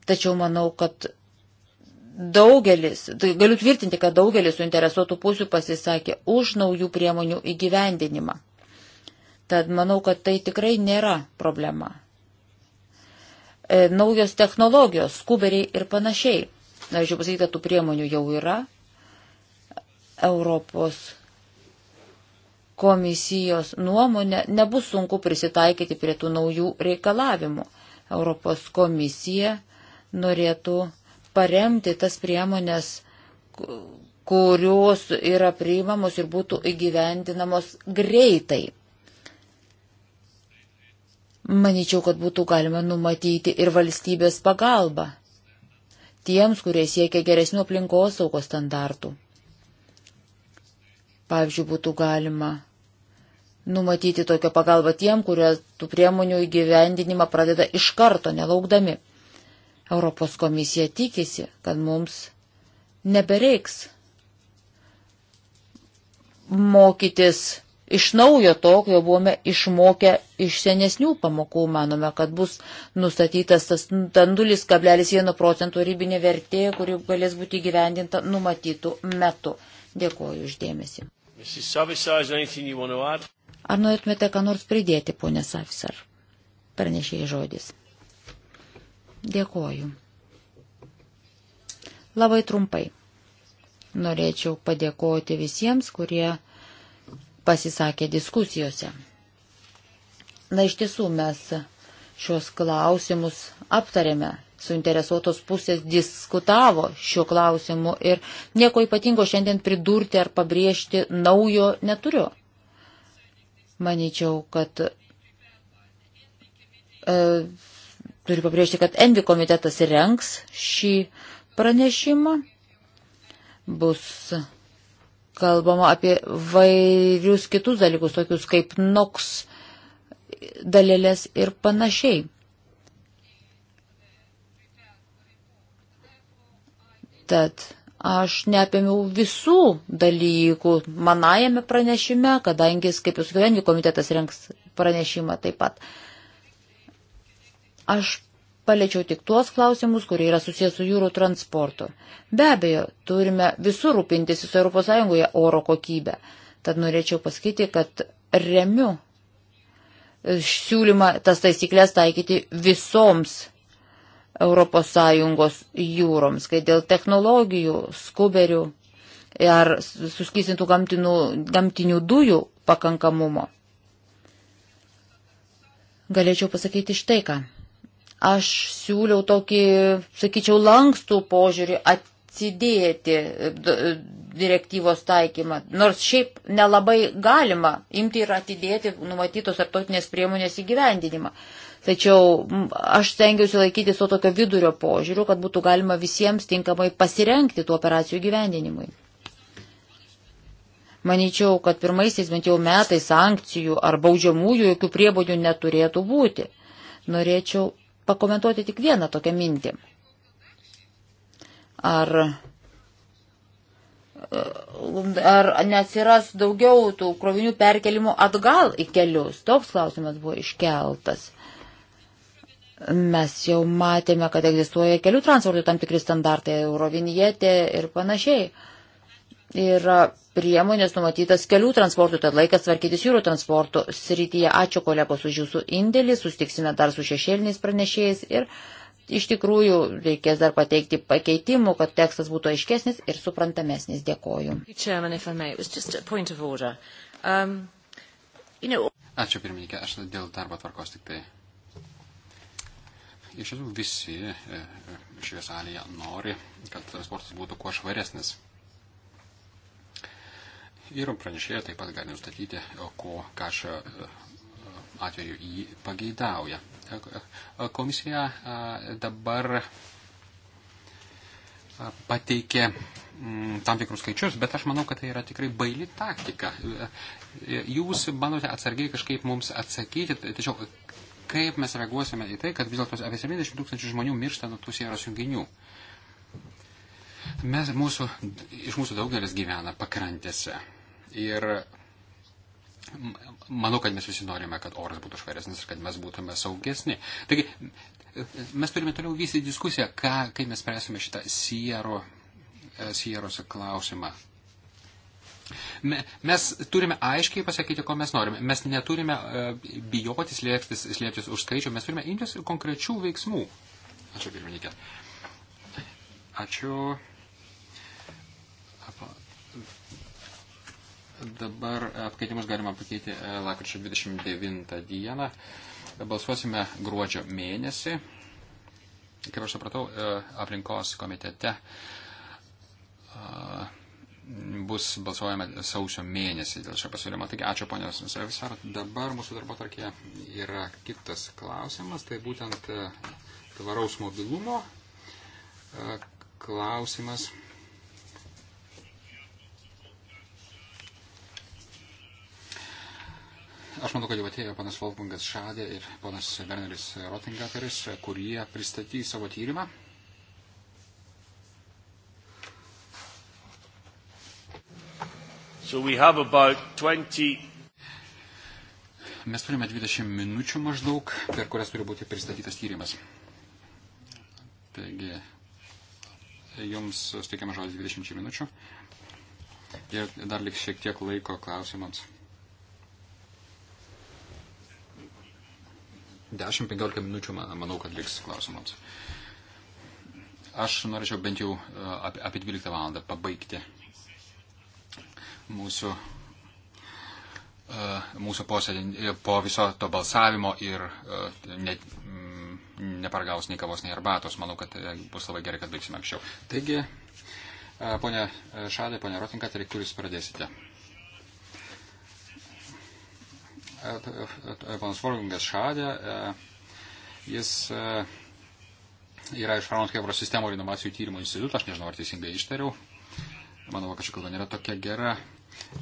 Tačiau manau, kad daugelis, tai galiu tvirtinti, kad daugelis suinteresuotų pusių pasisakė už naujų priemonių įgyvendinimą. Tad manau, kad tai tikrai nėra problema e, naujos technologijos, skuberiai ir panašiai. Norėčiau pasakyti, kad tų priemonių jau yra. Europos komisijos nuomonė nebus sunku prisitaikyti prie tų naujų reikalavimų. Europos komisija norėtų paremti tas priemonės, kurios yra priimamos ir būtų įgyvendinamos greitai. Maničiau, kad būtų galima numatyti ir valstybės pagalbą tiems, kurie siekia geresnių aplinkos saugos standartų. Pavyzdžiui, būtų galima numatyti tokią pagalbą tiem, kurie tų priemonių įgyvendinimą pradeda iš karto, nelaukdami. Europos komisija tikisi, kad mums nebereiks mokytis iš naujo to, kai jau buvome išmokę iš senesnių pamokų. Manome, kad bus nustatytas tas 0,1 procentų rybinė vertė, kuri galės būti gyvendinta numatytų metų. Dėkuoju uždėmesi. Ar norėtumėte ką nors pridėti, ponė Savisar? Pranešėjai žodis. Dėkuoju. Labai trumpai. Norėčiau padėkoti visiems, kurie pasisakė diskusijose. Na iš tiesų mes šios klausimus aptarėme, suinteresuotos pusės diskutavo šiuo klausimu ir nieko ypatingo šiandien pridurti ar pabrėžti naujo neturiu. Manyčiau, kad e, turiu pabrėžti, kad Envi komitetas renks šį pranešimą. Bus kalbama apie vairius kitus dalykus, tokius kaip NOX dalelės ir panašiai. Tad aš neapėmiau visų dalykų manajame pranešime, kadangi, kaip jūs gyvenį komitetas renks pranešimą taip pat. Aš paliečiau tik tuos klausimus, kurie yra susijęs su jūrų transportu. Be abejo, turime visur rūpintis viso ES oro kokybę. Tad norėčiau pasakyti, kad remiu e, siūlymą tas taisyklės taikyti visoms ES jūroms, kai dėl technologijų, skuberių ar suskysintų gamtinių, gamtinių dujų pakankamumo. Galėčiau pasakyti štai ką. Aš siūliau tokį, sakyčiau, lankstų požiūrį atsidėti e, e, direktyvos taikymą. Nors šiaip nelabai galima imti ir atidėti numatytos tarptautinės priemonės įgyvendinimą. Tačiau aš stengiuosi laikytis to tokio vidurio požiūrių, kad būtų galima visiems tinkamai pasirenkti tų operacijų gyvendinimui. Maničiau, kad pirmaisiais bent jau metais sankcijų ar baudžiamųjų jokių priebodžių neturėtų būti. Norėčiau pakomentuoti tik vieną tokią mintį. Ar, ar nesiras daugiau tų krovinių perkelimų atgal į kelius? Toks klausimas buvo iškeltas. Mes jau matėme, kad egzistuoja kelių transportų tam tikri standartai, eurovinjetė ir panašiai. Yra priemonės numatytas kelių transportų, tad laikas tvarkytis jūrų transporto srityje. Ačiū kolegos už jūsų indėlį, sustiksime dar su šešėliniais pranešėjais ir iš tikrųjų reikės dar pateikti pakeitimų, kad tekstas būtų aiškesnis ir suprantamesnis. Dėkoju. Um, Ačiū pirmininkė, aš dėl darbo tvarkos tik tai. Iš tiesų visi e, e, šioje salėje nori, kad transportas būtų kuo švaresnis. Ir pranešėja taip pat gali nustatyti, ko kašio e, atveju jį pageidauja. E, komisija e, dabar pateikė mm, tam tikrus skaičius, bet aš manau, kad tai yra tikrai baili taktika. Jūs bandote atsargiai kažkaip mums atsakyti, tačiau kaip mes reaguosime į tai, kad vis dėlto apie 70 tūkstančių žmonių miršta nuo tų sieros junginių. Uh, Mes, mūsų, iš mūsų daugelis gyvena pakrantėse. Ir manau, kad mes visi norime, kad oras būtų švaresnis ir kad mes būtume saugesni. Taigi, mes turime toliau vystyti diskusiją, ką, kaip mes spręsime šitą siero, e, sieros klausimą. Mes turime aiškiai pasakyti, ko mes norime. Mes neturime e, bijoti slėptis, slėptis už skaičių, mes turime imtis konkrečių veiksmų. Ačiū, pirmininkė. Ačiū. Dabar apskaitimus galima pakeiti e, lakryčio 29 dieną. Balsuosime gruodžio mėnesį. Kaip aš supratau, e, aplinkos komitete e, bus balsuojama sausio mėnesį dėl šio pasiūlymo. Taigi ačiū ponios Savisar. Dabar mūsų darbo tarkė yra kitas klausimas, tai būtent tvaraus mobilumo klausimas. Aš manau, kad jau atėjo panas Volfgangas Šadė ir panas Werneris Rotingateris, kurie pristatys savo tyrimą. So we have about 20... Mes turime 20 minučių maždaug, per kurias turi būti pristatytas tyrimas. Taigi, jums suteikiama žodis 20 minučių. Ir dar liks šiek tiek laiko klausimams. 10-15 minučių, manau, kad liks klausimams. Aš norėčiau bent jau e, apie, apie 12 valandą pabaigti mūsų, e, mūsų posėdį e, po viso to balsavimo ir net mm, nepargaus nei kavos, nei arbatos. Manau, kad bus labai gerai, kad baigsime anksčiau. Taigi, ponia Šadai, ponia Rotinkaterį, tai kuris pradėsite? panas Volgingas Šadė, e, jis e, yra iš Frankos Kevro sistemo ir inovacijų tyrimo instituto, aš nežinau, ar teisingai ištariau, mano vokiečių kalba nėra tokia gera.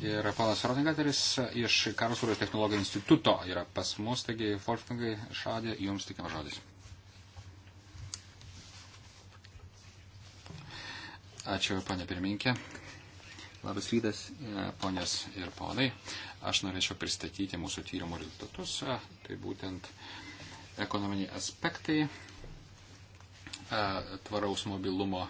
Ir panas Rodingateris iš Karlsrūdės technologijų instituto yra pas mus, taigi Volfgangai Šadė, jums tikim žodis. Ačiū, panė pirminkė. Labas rytas, e, ponios ir ponai. Aš norėčiau pristatyti mūsų tyrimo rezultatus. E, tai būtent ekonominiai aspektai e, tvaraus mobilumo.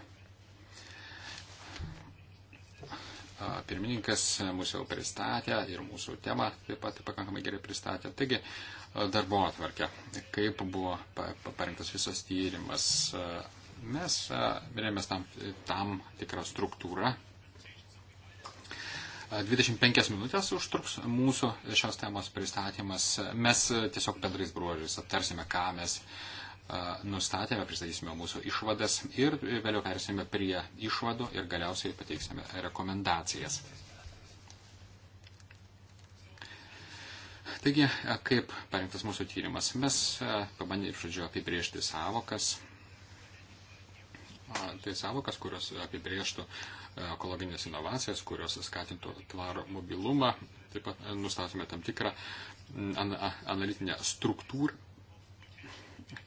Pirmininkas mūsų jau pristatė ir mūsų temą taip pat pakankamai gerai pristatė. Taigi, darbo atvarkė, kaip buvo parengtas visas tyrimas. Mes rėmės tam, tam tikrą struktūrą, 25 minutės užtruks mūsų šios temos pristatymas. Mes tiesiog bendrais bruožais aptarsime, ką mes nustatėme, pristatysime mūsų išvadas ir vėliau persime prie išvadų ir galiausiai pateiksime rekomendacijas. Taigi, kaip parinktas mūsų tyrimas? Mes pabandėme iš pradžių apibriežti savokas. Tai savokas, kurios apibriežtų uh, ekologinės inovacijas, kurios skatintų tvarų mobilumą. Taip pat e, nustatome tam tikrą analitinę struktūrą.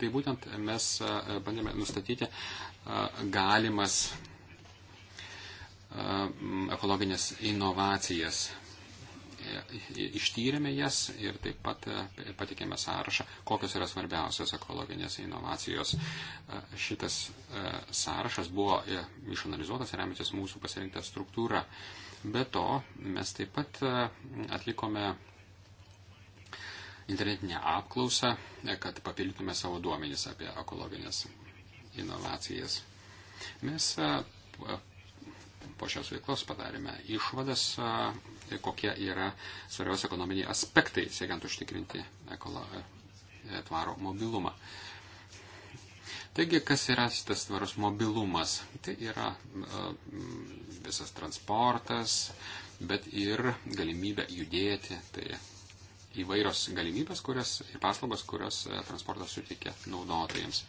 Tai būtent mes e, bandėme nustatyti e, galimas ekologinės inovacijas E, ištyrėme jas ir taip pat e, patikėme sąrašą, kokios yra svarbiausios ekologinės inovacijos. E, šitas sąrašas buvo išanalizuotas remiantis mūsų pasirinktą struktūrą. Be to, mes taip pat atlikome internetinę apklausą, kad papildytume savo duomenys apie ekologinės inovacijas. Mes po šios veiklos padarėme išvadas kokie yra svarbiausi ekonominiai aspektai, siekiant užtikrinti ekolo, e, tvaro mobilumą. Taigi, kas yra šitas tvarus mobilumas? Tai yra e, visas transportas, bet ir galimybė judėti. Tai įvairios galimybės kurias, ir paslaugos, kurias e, transportas suteikia naudotojams.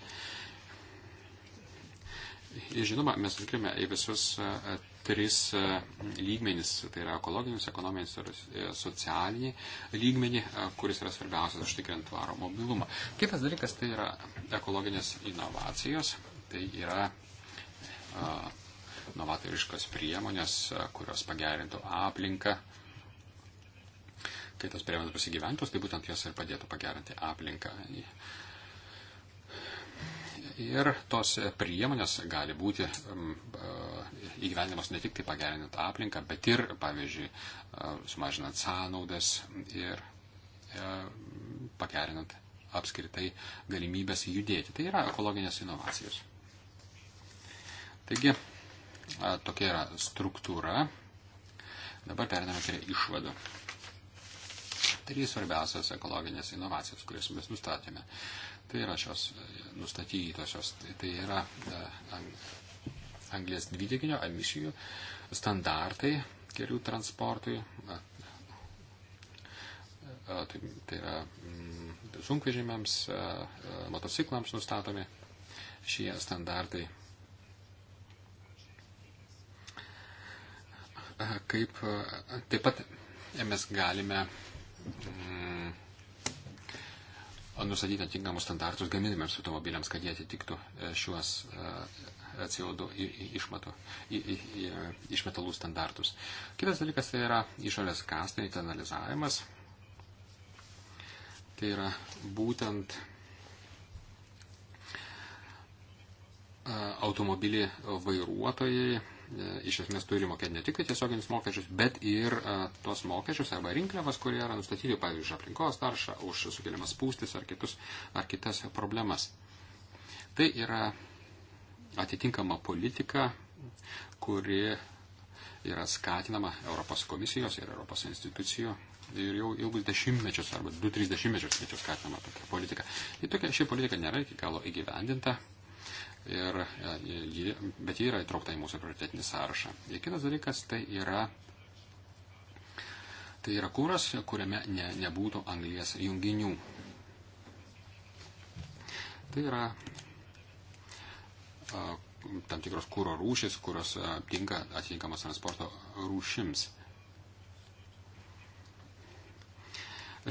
Žinoma, mes žiūrime į visus e, tris e, lygmenis, tai yra ekologinius, ekonominis ir e, socialinį lygmenį, kuris yra svarbiausias užtikrint tvarų mobilumą. Kitas dalykas tai yra ekologinės inovacijos, tai yra novatoriškos priemonės, kurios pagerintų aplinką. Kai tas priemonės bus įgyventos, tai būtent jos ir padėtų pagerinti aplinką ir tos priemonės gali būti mm, e, įgyvendinamos ne tik tai pagerinant aplinką, bet ir, pavyzdžiui, e, sumažinant sąnaudas ir e, pagerinant apskritai galimybės judėti. Tai yra ekologinės inovacijos. Taigi, tokia yra struktūra. Dabar periname prie išvadų. Trys svarbiausios ekologinės inovacijos, kurias mes nustatėme. Tai yra šios e, nustatytosios, tai, tai yra e, anglės dvideginio emisijų standartai kelių transportui. Tai, tai yra mm, sunkvežimiams, motociklams nustatomi šie standartai. Kaip taip pat mes galime mm, nustatyti atitinkamus standartus gaminimams automobiliams, kad jie atitiktų šiuos CO2 išmatų, išmetalų standartus. Kitas dalykas tai yra išorės kastai internalizavimas. Tai yra būtent automobilį vairuotojai E, iš esmės turi mokėti ne tik tai tiesioginius mokesčius, bet ir e, tos mokesčius arba rinkliavas, kurie yra nustatyti, pavyzdžiui, už aplinkos taršą, už sukeliamas pūstis ar, kitus, ar kitas problemas. Tai yra atitinkama politika, kuri yra skatinama Europos komisijos ir Europos institucijų. Ir jau ilgus dešimtmečius arba du, trys dešimtmečius skatinama tokia politika. Ir tai tokia ši politika nėra iki galo įgyvendinta ir, e, ji, bet ji yra įtraukta į mūsų prioritetinį sąrašą. Ir kitas dalykas tai yra, tai yra kūras, kuriame ne, nebūtų anglies junginių. Tai yra a, e, tam tikros kūro rūšis, kurios a, e, tinka atitinkamas transporto rūšims. A,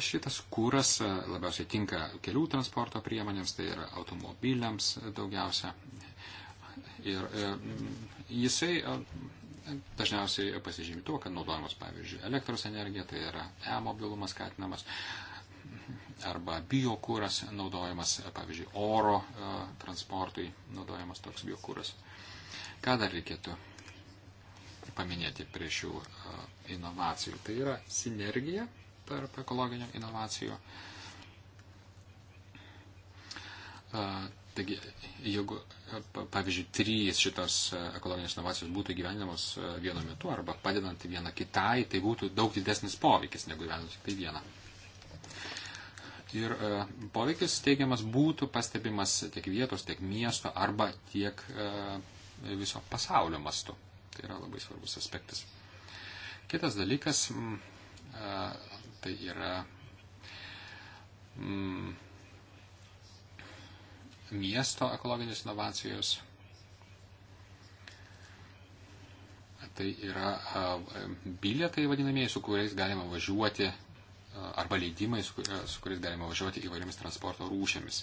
Šitas kūras e, labiausiai tinka kelių transporto priemonėms, tai yra automobiliams daugiausia. Ir e, jisai e, dažniausiai pasižymi tuo, kad naudojamos, pavyzdžiui, elektros energija, tai yra e-mobilumas skatinamas, arba biokūras naudojamas, pavyzdžiui, oro transportui naudojamas toks biokūras. Ką dar reikėtų paminėti prie šių inovacijų? Tai yra sinergija tarp ekologinių inovacijų. Taigi, jeigu, pavyzdžiui, trys šitos ekologinės inovacijos būtų gyvenamos vienu metu arba padedant vieną kitai, tai būtų daug didesnis poveikis negu gyvenant tik tai vieną. Ir poveikis teigiamas būtų pastebimas tiek vietos, tiek miesto arba tiek viso pasaulio mastu. Tai yra labai svarbus aspektas. Kitas dalykas Tai yra mm, miesto ekologinės inovacijos. Tai yra bilietai vadinamieji, su kuriais galima važiuoti, arba leidimai, su kuriais galima važiuoti įvairiomis transporto rūšėmis.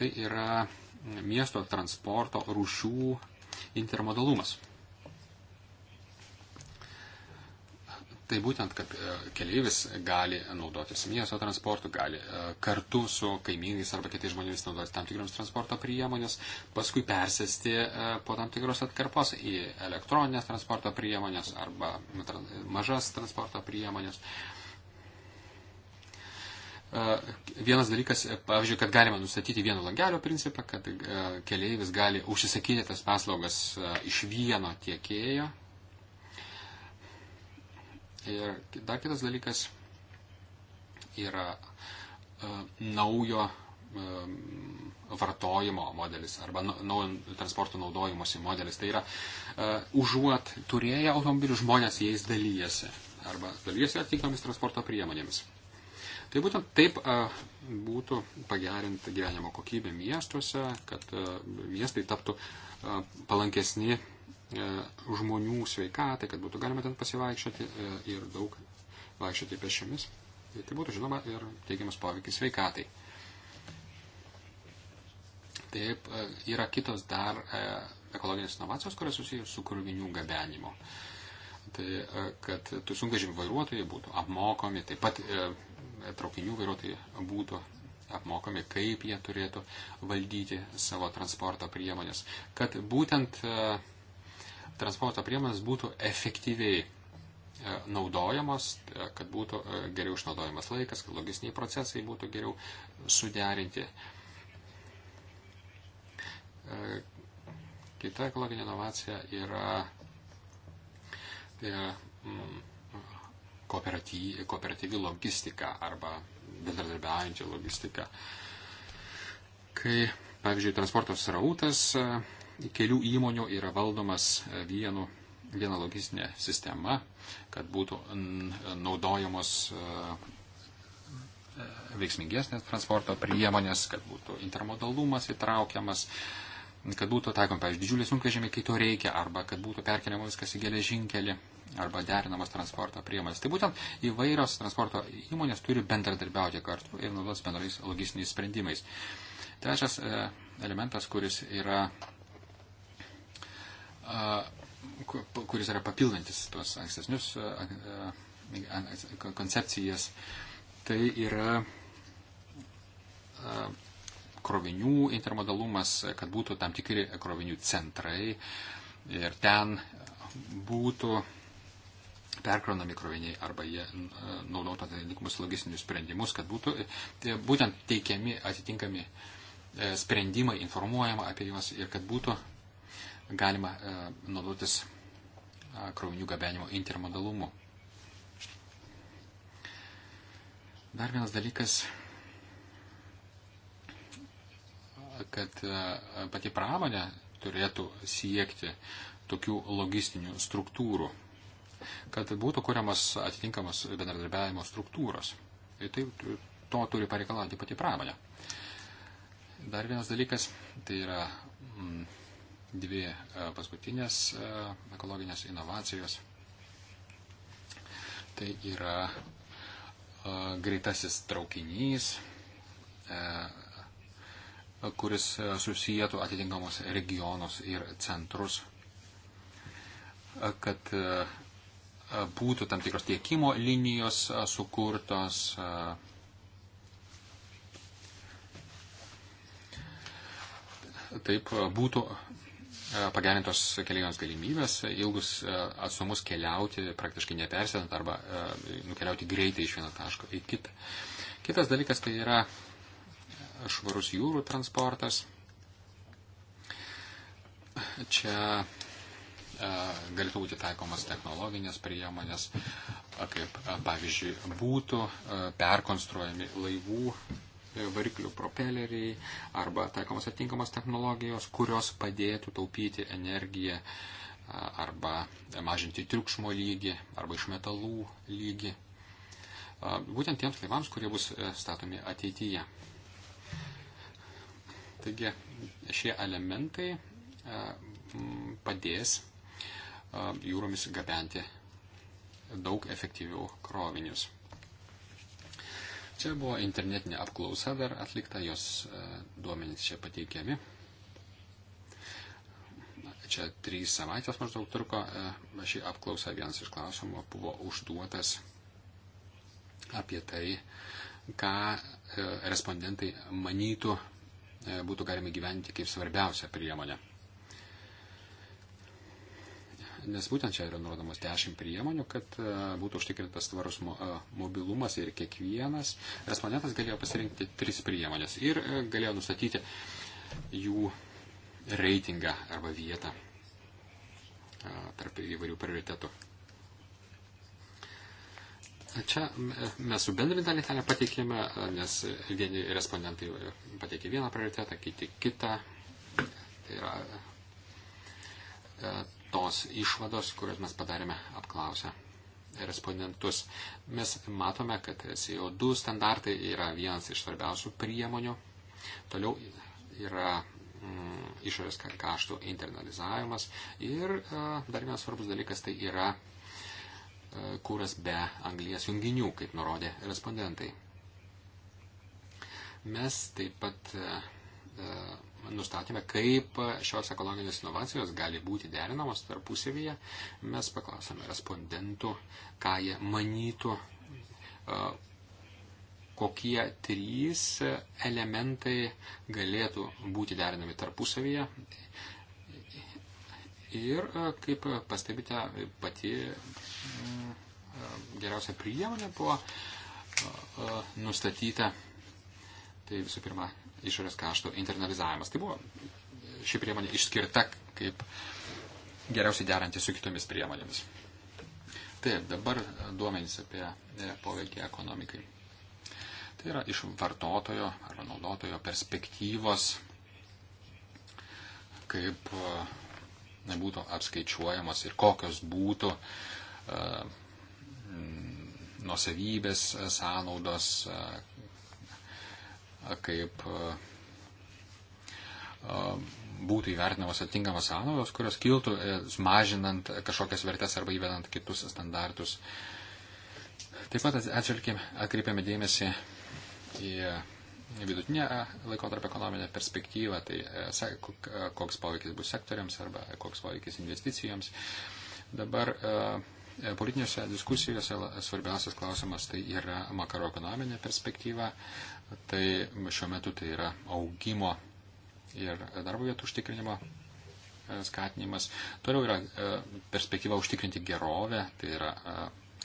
Tai yra miesto transporto rūšių intermodalumas. Tai būtent, kad e, keleivis gali naudotis miesto transportu, gali e, kartu su kaimynais arba kitais žmonėmis naudotis tam tikroms transporto priemonės, paskui persėsti e, po tam tikros atkarpos į elektroninės transporto priemonės arba mažas transporto priemonės. Vienas dalykas, pavyzdžiui, kad galima nustatyti vieno langelio principą, kad keleivis gali užsisakyti tas paslaugas iš vieno tiekėjo Ir dar kitas dalykas yra e, naujo e, vartojimo modelis arba naujo transporto naudojimosi modelis. Tai yra, e, užuot turėję automobilių žmonės jais dalyjasi arba dalyjasi atitinkamomis transporto priemonėmis. Tai būtent taip būtų pagerinti gyvenimo kokybę miestuose, kad miestai taptų palankesni E, žmonių sveikatai, kad būtų galima ten pasivaikščioti e, ir daug vaikščioti pešiomis. Ir tai, tai būtų, žinoma, ir teigiamas poveikis sveikatai. Taip, e, yra kitos dar ekologinės inovacijos, kurios susijusios su krovinių gabenimu. Tai, kad tų sunkvežimių vairuotojai būtų apmokomi, taip pat traukinių vairuotojai būtų apmokomi, kaip jie turėtų valdyti savo transporto priemonės. Kad būtent uh, transporto priemonės būtų efektyviai e, naudojamos, e, kad būtų e, geriau išnaudojamas laikas, kad logistiniai procesai būtų geriau suderinti. Kita ekologinė inovacija yra tai, mm, kooperatyvi, kooperatyvi logistika arba bendradarbiaujanti logistika. Kai, pavyzdžiui, transporto srautas kelių įmonių yra valdomas e, vienu, viena logistinė sistema, kad būtų naudojamos e, e, veiksmingesnės transporto priemonės, kad būtų intermodalumas įtraukiamas, kad būtų taikom, pavyzdžiui, didžiuliai sunkvežimiai, kai to reikia, arba kad būtų perkeliama viskas į geležinkelį, arba derinamos transporto priemonės. Tai būtent įvairios transporto įmonės turi bendradarbiauti kartu ir naudos bendrais logistiniais sprendimais. Trečias elementas, kuris yra kuris yra papildantis tuos ankstesnius koncepcijas, tai yra krovinių intermodalumas, kad būtų tam tikri krovinių centrai ir ten būtų perkraunami kroviniai arba jie naudotų atitinkamus logistinius sprendimus, kad būtų būtent teikiami atitinkami e, sprendimai, informuojama apie juos ir kad būtų galima e, naudotis e, krovinių gabenimo intermodalumu. Dar vienas dalykas, kad e, pati pramonė turėtų siekti tokių logistinių struktūrų, kad būtų kuriamas atitinkamos bendradarbiavimo struktūros. Ir tai to turi pareikalauti pati pramonė. Dar vienas dalykas, tai yra. Mm, dvi e, paskutinės e, ekologinės inovacijos. Tai yra e, greitasis traukinys, kuris susijėtų atitinkamos regionus ir centrus, kad būtų tam tikros tiekimo linijos sukurtos, taip būtų E, pagerintos kelionės galimybės, e, ilgus e, atstumus keliauti praktiškai nepersėdant arba nukeliauti greitai iš vieno taško į kitą. Kitas dalykas tai yra švarus jūrų transportas. Čia galėtų būti taikomas technologinės priemonės, kaip pavyzdžiui būtų perkonstruojami laivų variklių propeleriai arba taikomos atitinkamos technologijos, kurios padėtų taupyti energiją arba mažinti triukšmo lygį arba iš metalų lygį. Būtent tiems laivams, kurie bus e, statomi ateityje. Taigi šie elementai padės jūromis gabenti daug efektyviau krovinius. Čia buvo internetinė apklausa dar atlikta, jos e, duomenys čia pateikiami. Čia trys savaitės maždaug truko e, ši apklausa, vienas iš klausimų buvo užduotas apie tai, ką e, respondentai manytų būtų galima gyventi kaip svarbiausia priemonė nes būtent čia yra nurodomos dešimt priemonių, kad e, būtų užtikrintas tvarus e, mobilumas ir kiekvienas respondentas galėjo pasirinkti tris priemonės ir e, galėjo nustatyti jų reitingą arba vietą tarp įvairių prioritetų. Čia mes subendrintą lentelę pateikėme, nes vieni respondentai pateikė vieną prioritetą, kiti kitą. Tai yra tos išvados, kurias mes padarėme apklausę respondentus. Mes matome, kad CO2 standartai yra vienas iš svarbiausių priemonių. Toliau yra mm, išorės kaštų internalizavimas. Ir a, e, dar vienas svarbus dalykas tai yra a, e, kūras be anglijas junginių, kaip nurodė respondentai. Mes taip pat a, e, a, nustatėme, kaip šios ekologinės inovacijos gali būti derinamos tarpusavyje. Mes paklausėme respondentų, ką jie manytų, e, kokie trys elementai galėtų būti derinami tarpusavyje. Ir, e, kaip pastebite, pati mm, e, geriausia priemonė buvo nustatyta. Tai visų pirma, išorės kaštų internalizavimas. Tai buvo ši priemonė išskirta kaip geriausiai deranti su kitomis priemonėmis. Taip, dabar duomenys apie e, poveikį ekonomikai. Tai yra iš vartotojo ar naudotojo perspektyvos, kaip nebūtų apskaičiuojamos ir kokios būtų e, nuosavybės e, sąnaudos, kaip e, e, būtų įvertinamos atinkamos sąnaudos, kurios kiltų, e, mažinant kažkokias vertės arba įvedant kitus standartus. Taip pat atkreipiame dėmesį į vidutinę laikotarpio ekonominę perspektyvą, tai koks poveikis bus sektoriams arba koks poveikis investicijoms. Dabar politinėse diskusijose svarbiausias klausimas tai yra makroekonominė perspektyva, Tai šiuo metu tai yra augimo ir darbo vietų užtikrinimo e, skatinimas. Toliau yra e, perspektyva užtikrinti gerovę, tai yra e,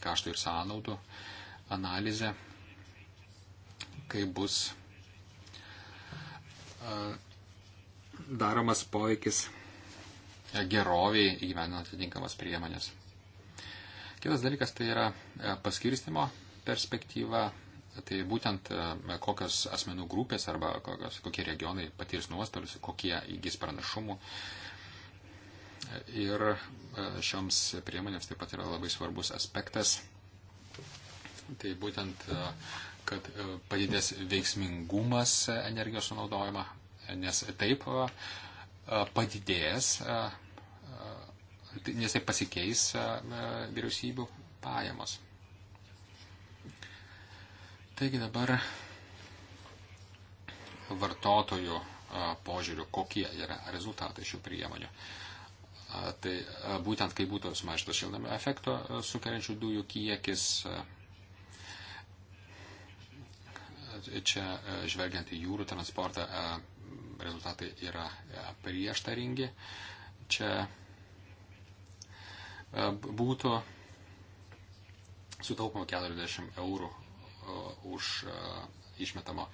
kaštų ir sąnaudų analizė, kai bus daromas poveikis geroviai įgyveninant atitinkamas priemonės. Kitas dalykas tai yra paskirstimo perspektyva tai būtent e, kokios asmenų grupės arba kokios, kokie regionai patirs nuostolius, kokie įgys pranašumų. Ir e, šioms priemonėms taip pat yra labai svarbus aspektas. Tai būtent, e, kad padidės veiksmingumas energijos sunaudojimą, nes taip padidės, nes taip pasikeis vyriausybių pajamos. Taigi dabar vartotojų požiūrių, kokie yra rezultatai šių priemonių. Tai būtent, kai būtų sumažintas šiltnamio efekto sukeliančių dujų kiekis, čia žvelgiant į jūrų transportą, rezultatai yra prieštaringi. Čia būtų sutaupama 40 eurų Uh, už uh, išmetamo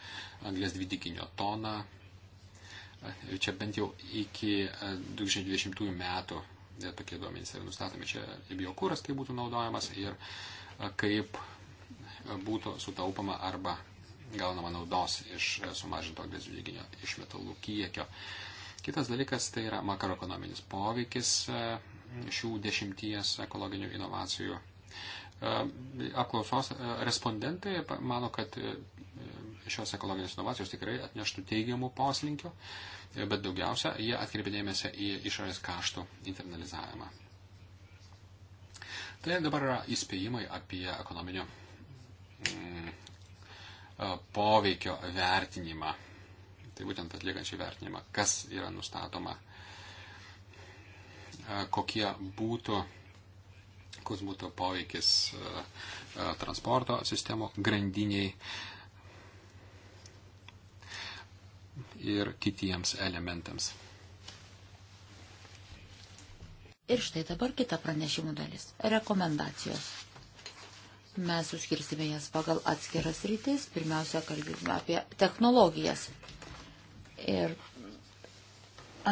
anglės dvideginio toną. Uh, čia bent jau iki 2020 metų e, tokie duomenys yra nustatomi. Čia biokūras, kaip būtų naudojamas ir kaip būtų sutaupama arba gaunama naudos iš sumažinto anglės dvideginio išmetalų kiekio. Kitas dalykas tai yra makroekonominis poveikis šių dešimties ekologinių inovacijų apklausos e, respondentai mano, kad e, šios ekologinės inovacijos tikrai atneštų teigiamų poslinkio, e, bet daugiausia jie atkreipinėmėsi į išorės kaštų internalizavimą. Tai dabar yra įspėjimai apie ekonominio mm, poveikio vertinimą. Tai būtent atliekančiai vertinimą, kas yra nustatoma, kokie būtų koks būtų poveikis e, e, transporto sistemo grandiniai ir kitiems elementams. Ir štai dabar kita pranešimų dalis - rekomendacijos. Mes suskirsime jas pagal atskiras rytis, pirmiausia, kalbėsime apie technologijas. Ir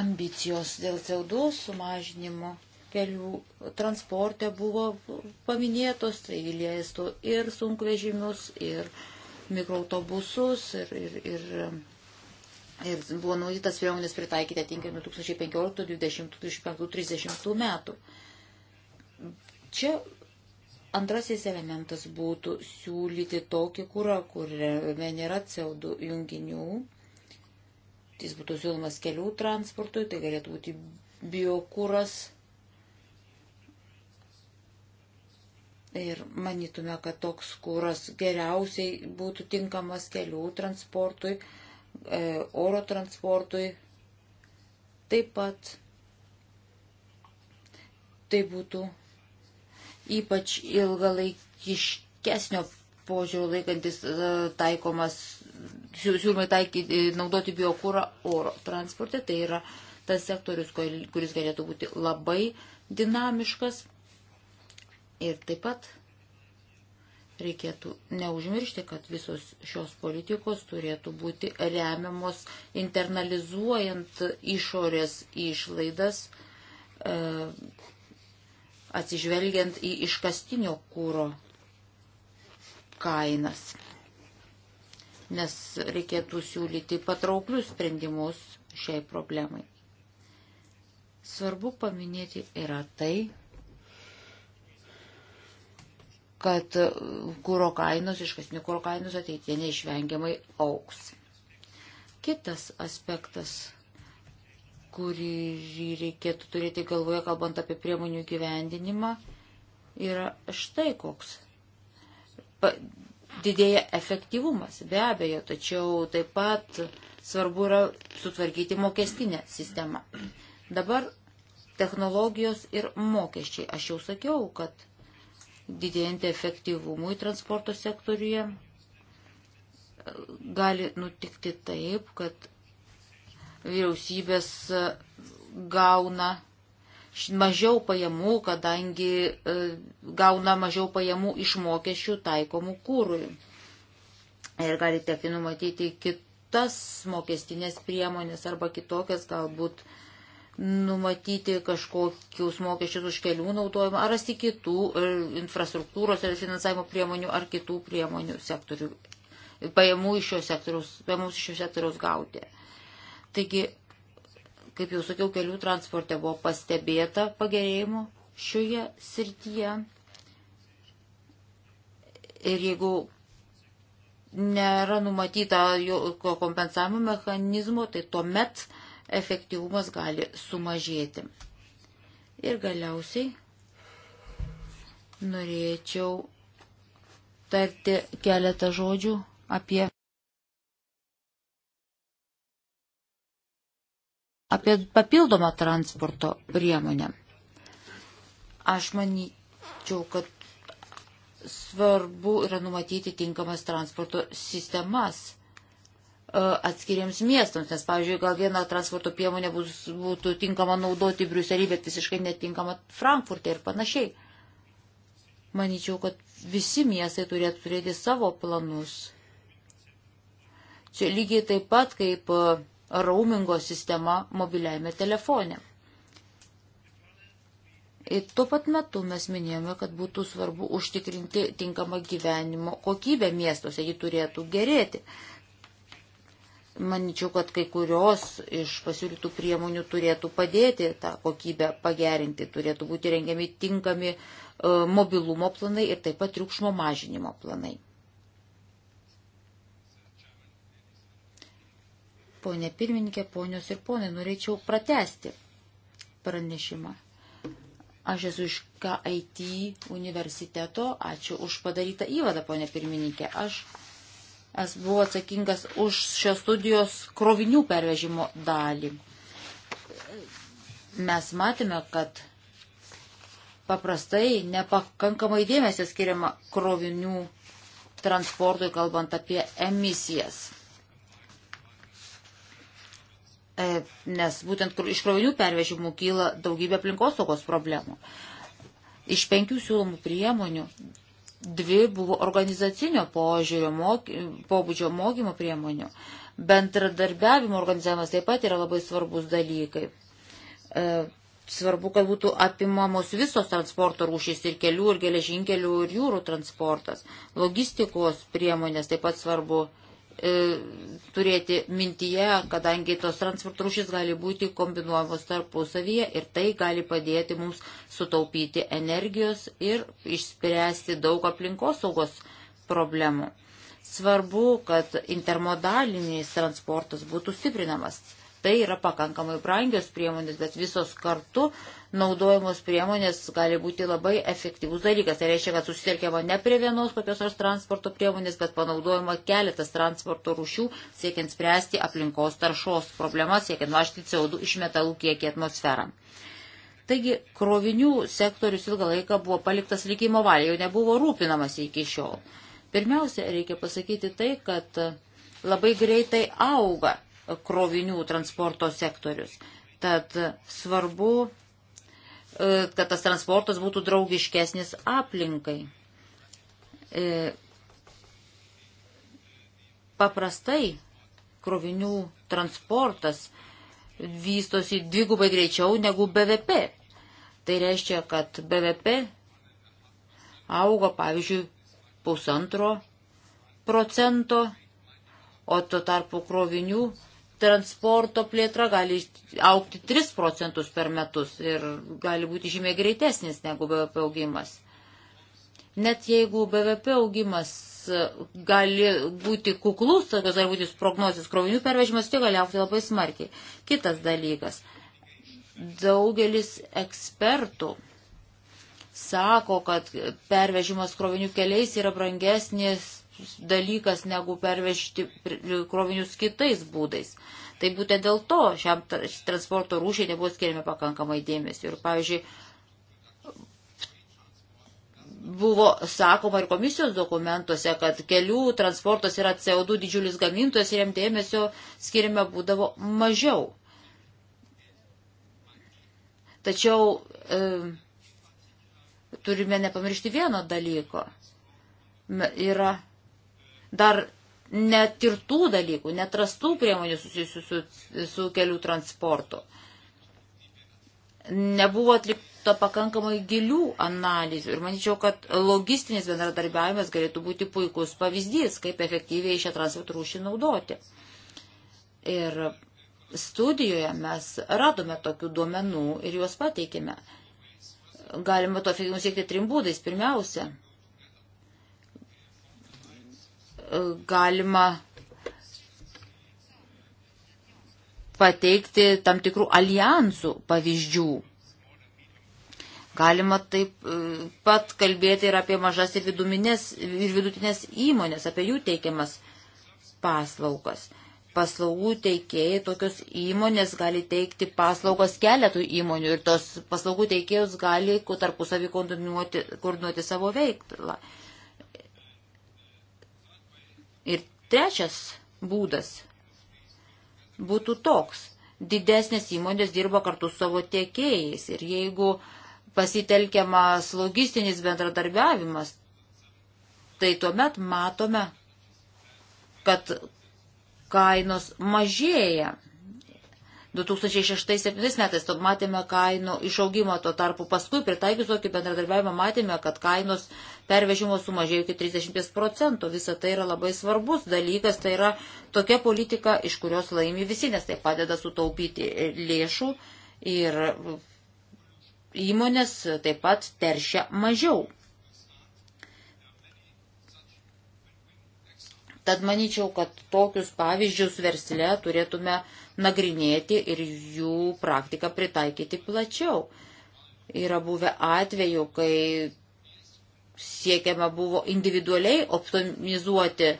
ambicijos dėl CO2 sumažinimo kelių transporte buvo paminėtos, tai liestų ir sunkvežimius, ir mikroautobusus, ir, ir, ir, ir buvo numatytas priemonės pritaikyti atitinkamai 2015, 2020, 2025, 2030 metų. Čia antrasis elementas būtų siūlyti tokį kūrą, kuriame nėra CO2 junginių. Jis būtų siūlomas kelių transportui, tai galėtų būti biokūras Ir manytume, kad toks kūras geriausiai būtų tinkamas kelių transportui, e, oro transportui. Taip pat tai būtų ypač ilgalaikiškesnio požiūrio laikantis e, taikomas, siūlymai taikyti, naudoti biokūrą oro transporte. Tai yra tas sektorius, kuris galėtų būti labai dinamiškas Ir taip pat reikėtų neužmiršti, kad visos šios politikos turėtų būti remiamos internalizuojant išorės išlaidas, e, atsižvelgiant į iškastinio kūro kainas. Nes reikėtų siūlyti patrauklius sprendimus šiai problemai. Svarbu paminėti yra tai, kad kūro kainos, iškasnių kūro kainos ateitie neišvengiamai auks. Kitas aspektas, kurį reikėtų turėti galvoje, kalbant apie priemonių gyvendinimą, yra štai koks. Pa, didėja efektyvumas, be abejo, tačiau taip pat svarbu yra sutvarkyti mokestinę sistemą. Dabar technologijos ir mokesčiai. Aš jau sakiau, kad didėjant efektyvumui transporto sektoriuje, gali nutikti taip, kad vyriausybės gauna mažiau pajamų, kadangi e, gauna mažiau pajamų iš mokesčių taikomų kūrui. Ir gali tekti numatyti kitas mokestinės priemonės arba kitokias galbūt uh, numatyti kažkokius mokesčius už kelių naudojimą, ar rasti kitų e, infrastruktūros ir finansavimo priemonių, ar kitų priemonių sektorių, pajamų iš šio sektoriaus, pajamų iš šio sektoriaus gauti. Taigi, kaip jau sakiau, kelių transporte buvo pastebėta pagerėjimo šioje srityje. Ir jeigu nėra numatyta jo kompensavimo mechanizmo, tai tuomet met efektyvumas gali sumažėti. Ir galiausiai norėčiau tarti keletą žodžių apie, apie papildomą transporto priemonę. Aš manyčiau, kad svarbu yra numatyti tinkamas transporto sistemas E, atskiriams miestams, nes, pavyzdžiui, gal viena transporto priemonė bus, būtų tinkama naudoti Briuselį, bet visiškai netinkama Frankfurtė ir panašiai. Manyčiau, kad visi miestai turėtų turėti savo planus. Čia lygiai taip pat kaip e, roamingo sistema mobiliajame telefone. Ir tuo pat metu mes minėjome, kad būtų svarbu užtikrinti tinkamą gyvenimo kokybę miestuose, ji turėtų gerėti. Maničiau, kad kai kurios iš pasiūlytų priemonių turėtų padėti tą kokybę pagerinti, turėtų būti rengiami tinkami e, mobilumo planai ir taip pat triukšmo mažinimo planai. Pone pirmininkė, ponios ir ponai, norėčiau pratesti pranešimą. Aš esu iš KIT universiteto. Ačiū už padarytą įvadą, ponė pirmininkė. Aš Aš buvau atsakingas už šios studijos krovinių pervežimo dalį. Mes matėme, kad paprastai nepakankamai dėmesio skiriama krovinių transportui, kalbant apie emisijas. E, nes būtent iš krovinių pervežimų kyla daugybė aplinkosaugos problemų. Iš penkių siūlomų priemonių dvi buvo organizacinio požiūrio moky, pobūdžio mokymo priemonių. Bendradarbiavimo organizavimas taip pat yra labai svarbus dalykai. E, svarbu, kad būtų apimamos visos transporto rūšys ir kelių, ir geležinkelių, ir jūrų transportas. Logistikos priemonės taip pat svarbu e, turėti mintyje, kadangi tos transporto rūšys gali būti kombinuojamos tarpusavyje ir tai gali padėti mums sutaupyti energijos ir išspręsti daug aplinkosaugos problemų. Svarbu, kad intermodalinis transportas būtų stiprinamas tai yra pakankamai brangios priemonės, bet visos kartu naudojamos priemonės gali būti labai efektyvus dalykas. Tai reiškia, kad susitelkiama ne prie vienos kokios nors transporto priemonės, bet panaudojama keletas transporto rūšių, siekiant spręsti aplinkos taršos problemas, siekiant mažinti CO2 iš metalų kiekį atmosferą. Taigi krovinių sektorius ilgą laiką buvo paliktas likimo valiai, jau nebuvo rūpinamas iki šiol. Pirmiausia, reikia pasakyti tai, kad labai greitai auga krovinių transporto sektorius. Tad svarbu, e, kad tas transportas būtų draugiškesnis aplinkai. E, paprastai krovinių transportas vystosi dvigubai greičiau negu BVP. Tai reiškia, kad BVP auga, pavyzdžiui, pusantro procento, o tuo tarpu krovinių transporto plėtra gali aukti 3 procentus per metus ir gali būti žymiai greitesnis negu BVP augimas. Net jeigu BVP augimas e, gali būti kuklus, tokios gali būti prognozijos krovinių pervežimas, tai gali aukti labai smarkiai. Kitas dalykas. Daugelis ekspertų sako, kad pervežimas krovinių keliais yra brangesnis dalykas, negu pervežti krovinius kitais būdais. Tai būtent dėl to šiam transporto rūšiai nebuvo skiriami pakankamai dėmesio. Ir, pavyzdžiui, buvo sakoma ir komisijos dokumentuose, kad kelių transportas yra CO2 didžiulis gamintojas ir jam dėmesio skirime būdavo mažiau. Tačiau e, turime nepamiršti vieno dalyko. Yra dar net ir tų dalykų, netrastų priemonių susijusių su, su kelių transportu. Nebuvo atlikta pakankamai gilių analizių ir manyčiau, kad logistinis bendradarbiavimas galėtų būti puikus pavyzdys, kaip efektyviai šią transporto rūšį naudoti. Ir studijoje mes radome tokių duomenų ir juos pateikėme. Galima to efektyvumo siekti trim būdais. Pirmiausia, galima pateikti tam tikrų alijansų pavyzdžių. Galima taip e, pat kalbėti ir apie mažas ir, ir vidutinės įmonės, apie jų teikiamas paslaugas. Paslaugų teikėjai, tokios įmonės gali teikti paslaugas keletų įmonių ir tos paslaugų teikėjus gali tarpusavį koordinuoti, koordinuoti savo veiklą. Uh, Trečias būdas būtų toks. Didesnės įmonės dirba kartu su savo tiekėjais ir jeigu pasitelkiamas logistinis bendradarbiavimas, tai tuomet matome, kad kainos mažėja. 2006-2007 metais to matėme kainų išaugimą, tuo tarpu paskui pritaikius tokį bendradarbiavimą matėme, kad kainos pervežimo sumažėjo iki 30 procentų. Visa tai yra labai svarbus dalykas, tai yra tokia politika, iš kurios laimi visi, nes tai padeda sutaupyti lėšų ir įmonės taip pat teršia mažiau. Tad manyčiau, kad tokius pavyzdžius versle turėtume nagrinėti ir jų praktiką pritaikyti plačiau. Yra buvę atvejų, kai siekiama buvo individualiai optimizuoti e,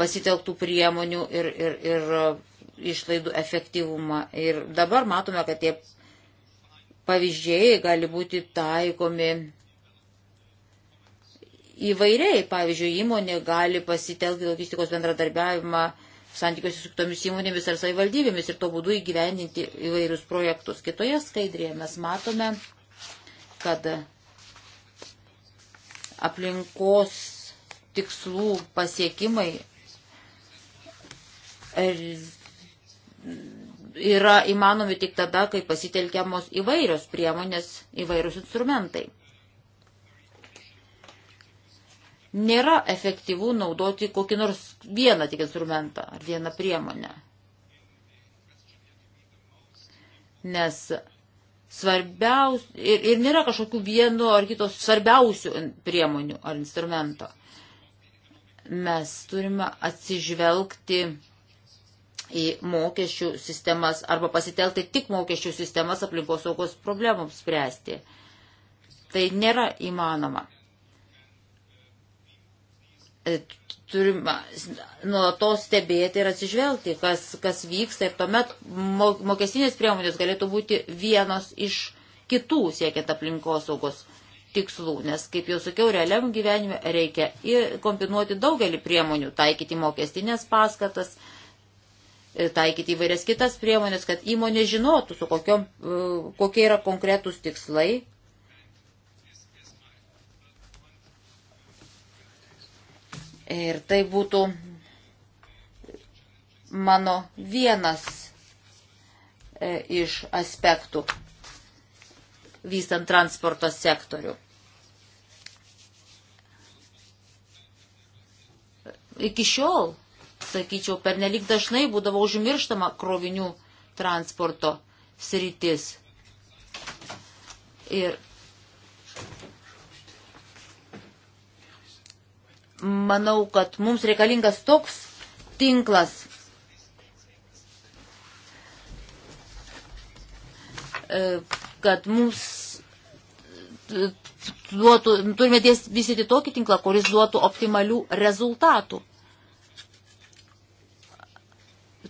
pasitelktų priemonių ir, ir, ir e, išlaidų efektyvumą. Ir dabar matome, kad tie pavyzdžiai gali būti taikomi įvairiai. Pavyzdžiui, įmonė gali pasitelkti logistikos bendradarbiavimą santykiuose su kitomis įmonėmis ar savivaldybėmis ir to būdu įgyvendinti įvairius projektus. Kitoje skaidrėje mes matome, kad aplinkos tikslų pasiekimai er, yra įmanomi tik tada, kai pasitelkiamos įvairios priemonės, įvairūs instrumentai. nėra efektyvų naudoti kokį nors vieną tik instrumentą ar vieną priemonę. Nes svarbiausių ir, ir nėra kažkokių vieno ar kitos svarbiausių priemonių ar instrumento. Mes turime atsižvelgti į mokesčių sistemas arba pasitelkti tik mokesčių sistemas aplinkosaugos problemams spręsti. Tai nėra įmanoma. E, turime nuolatos stebėti ir atsižvelgti, kas, kas vyksta ir tuomet mokestinės priemonės galėtų būti vienos iš kitų siekiant aplinkosaugos tikslų, nes, kaip jau sakiau, realiam gyvenime reikia ir kombinuoti daugelį priemonių, taikyti mokestinės paskatas, e, taikyti įvairias kitas priemonės, kad įmonė žinotų, su kokio, e, kokie yra konkretūs tikslai Ir tai būtų mano vienas e, iš aspektų vystant transporto sektorių. Iki šiol, sakyčiau, pernelik dažnai būdavo užmirštama krovinių transporto sritis. Ir manau, kad mums reikalingas toks tinklas. E, kad mums e, duotų, turime vystyti tokį tinklą, kuris duotų optimalių rezultatų.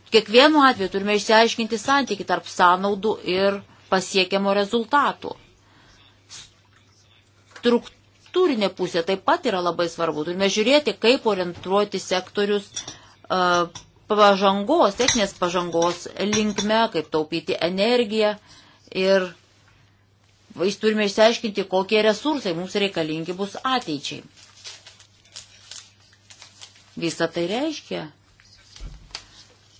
Kiekvienu atveju turime išsiaiškinti santyki tarp sąnaudų ir pasiekiamo rezultatų. Struktūra struktūrinė pusė taip pat yra labai svarbu. Turime žiūrėti, kaip orientuoti sektorius uh, pažangos, techninės pažangos linkme, kaip taupyti energiją ir vis turime išsiaiškinti, kokie resursai mums reikalingi bus ateičiai. Visą tai reiškia,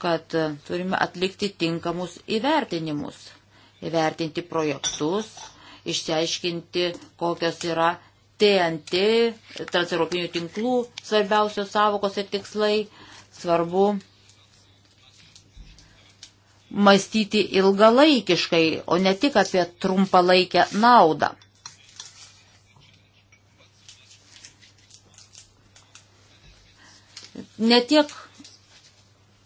kad turime atlikti tinkamus įvertinimus, įvertinti projektus, išsiaiškinti, kokios yra TNT, transeuropinių tinklų svarbiausios savokos ir tikslai. Svarbu mąstyti ilgalaikiškai, o ne tik apie trumpalaikę naudą. Ne tiek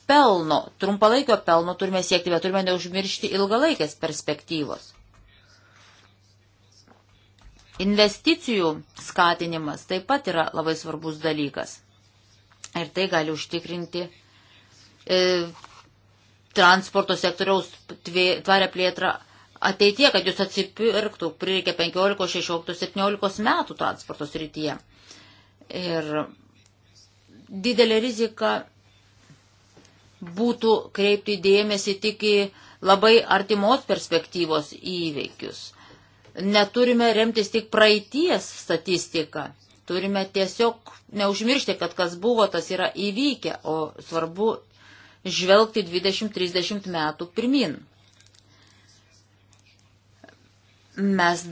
pelno, trumpalaikio pelno turime siekti, bet turime neužmiršti ilgalaikės perspektyvos. Investicijų skatinimas taip pat yra labai svarbus dalykas. Ir tai gali užtikrinti e, transporto sektoriaus tvarę plėtrą ateitie, kad jūs atsipirktų, prireikia 15, 16, 17 metų transporto srityje. Ir didelė rizika būtų kreipti dėmesį tik į labai artimos perspektyvos įveikius neturime remtis tik praeities statistiką. Turime tiesiog neužmiršti, kad kas buvo, tas yra įvykę, o svarbu žvelgti 20-30 metų pirmin. Mes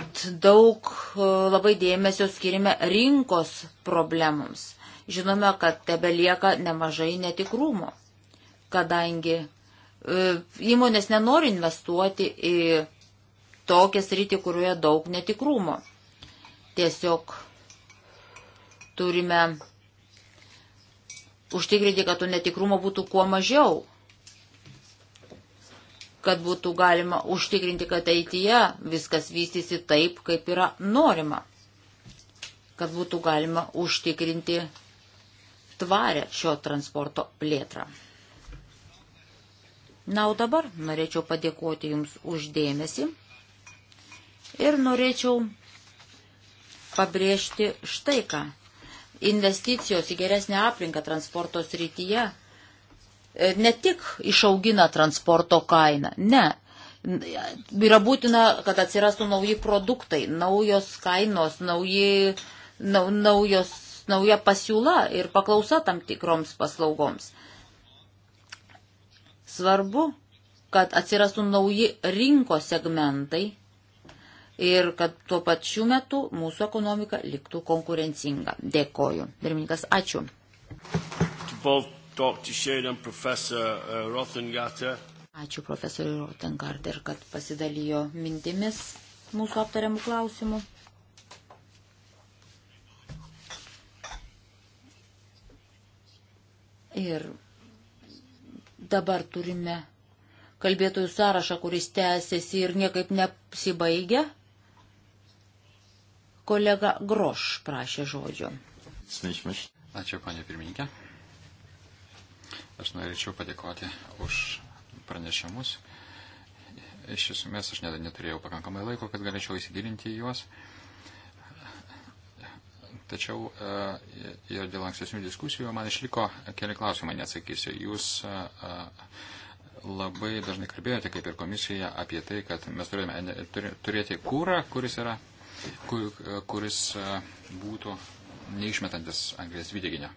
daug e, labai dėmesio skirime rinkos problemams. Žinome, kad tebe lieka nemažai netikrumo, kadangi e, įmonės nenori investuoti į tokią sritį, kurioje daug netikrumo. Tiesiog turime užtikrinti, kad to netikrumo būtų kuo mažiau, kad būtų galima užtikrinti, kad ateityje viskas vystysi taip, kaip yra norima, kad būtų galima užtikrinti tvarę šio transporto plėtrą. Na, o dabar norėčiau padėkoti Jums uždėmesi. Ir norėčiau pabrėžti štai ką. Investicijos į geresnę aplinką transporto srityje e, ne tik išaugina transporto kainą, ne. Yra būtina, kad atsirastų nauji produktai, naujos kainos, nauji, nau, naujos, nauja pasiūla ir paklausa tam tikroms paslaugoms. Svarbu, kad atsirastų nauji rinkos segmentai ir kad tuo pačiu metu mūsų ekonomika liktų konkurencinga. Dėkoju. Pirmininkas, ačiū. Uh, ačiū profesoriui Rotengarter, kad pasidalijo mintimis mūsų aptariamų klausimų. Ir dabar turime kalbėtojų sąrašą, kuris tęsiasi ir niekaip nesibaigia. Kolega Groš prašė žodžio. Sveikmiš. Ačiū, panė pirmininkė. Aš norėčiau padėkoti už pranešimus. Iš esmės aš neturėjau pakankamai laiko, kad galėčiau įsigilinti į juos. Tačiau e, ir dėl ankstesnių diskusijų man išliko keli klausimai, neatsakysiu. Jūs e, labai dažnai kalbėjote, kaip ir komisija, apie tai, kad mes turime turėti kūrą, kuris yra kuris e, būtų neišmetantis anglės dvideginio.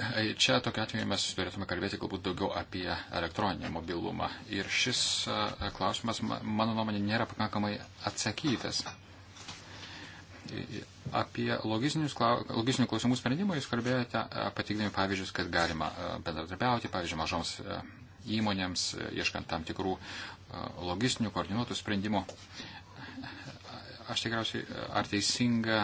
E, čia tokia atveju mes turėtume kalbėti galbūt daugiau apie elektroninį mobilumą. Ir šis e, klausimas, mano nuomonė, nėra pakankamai atsakytas. Apie logistinius klausimų sprendimą jūs kalbėjote, patikdami pavyzdžius, kad galima bendradarbiauti, pavyzdžiui, mažoms įmonėms, ieškant tam tikrų logistinių koordinuotų sprendimų aš tikriausiai, ar teisinga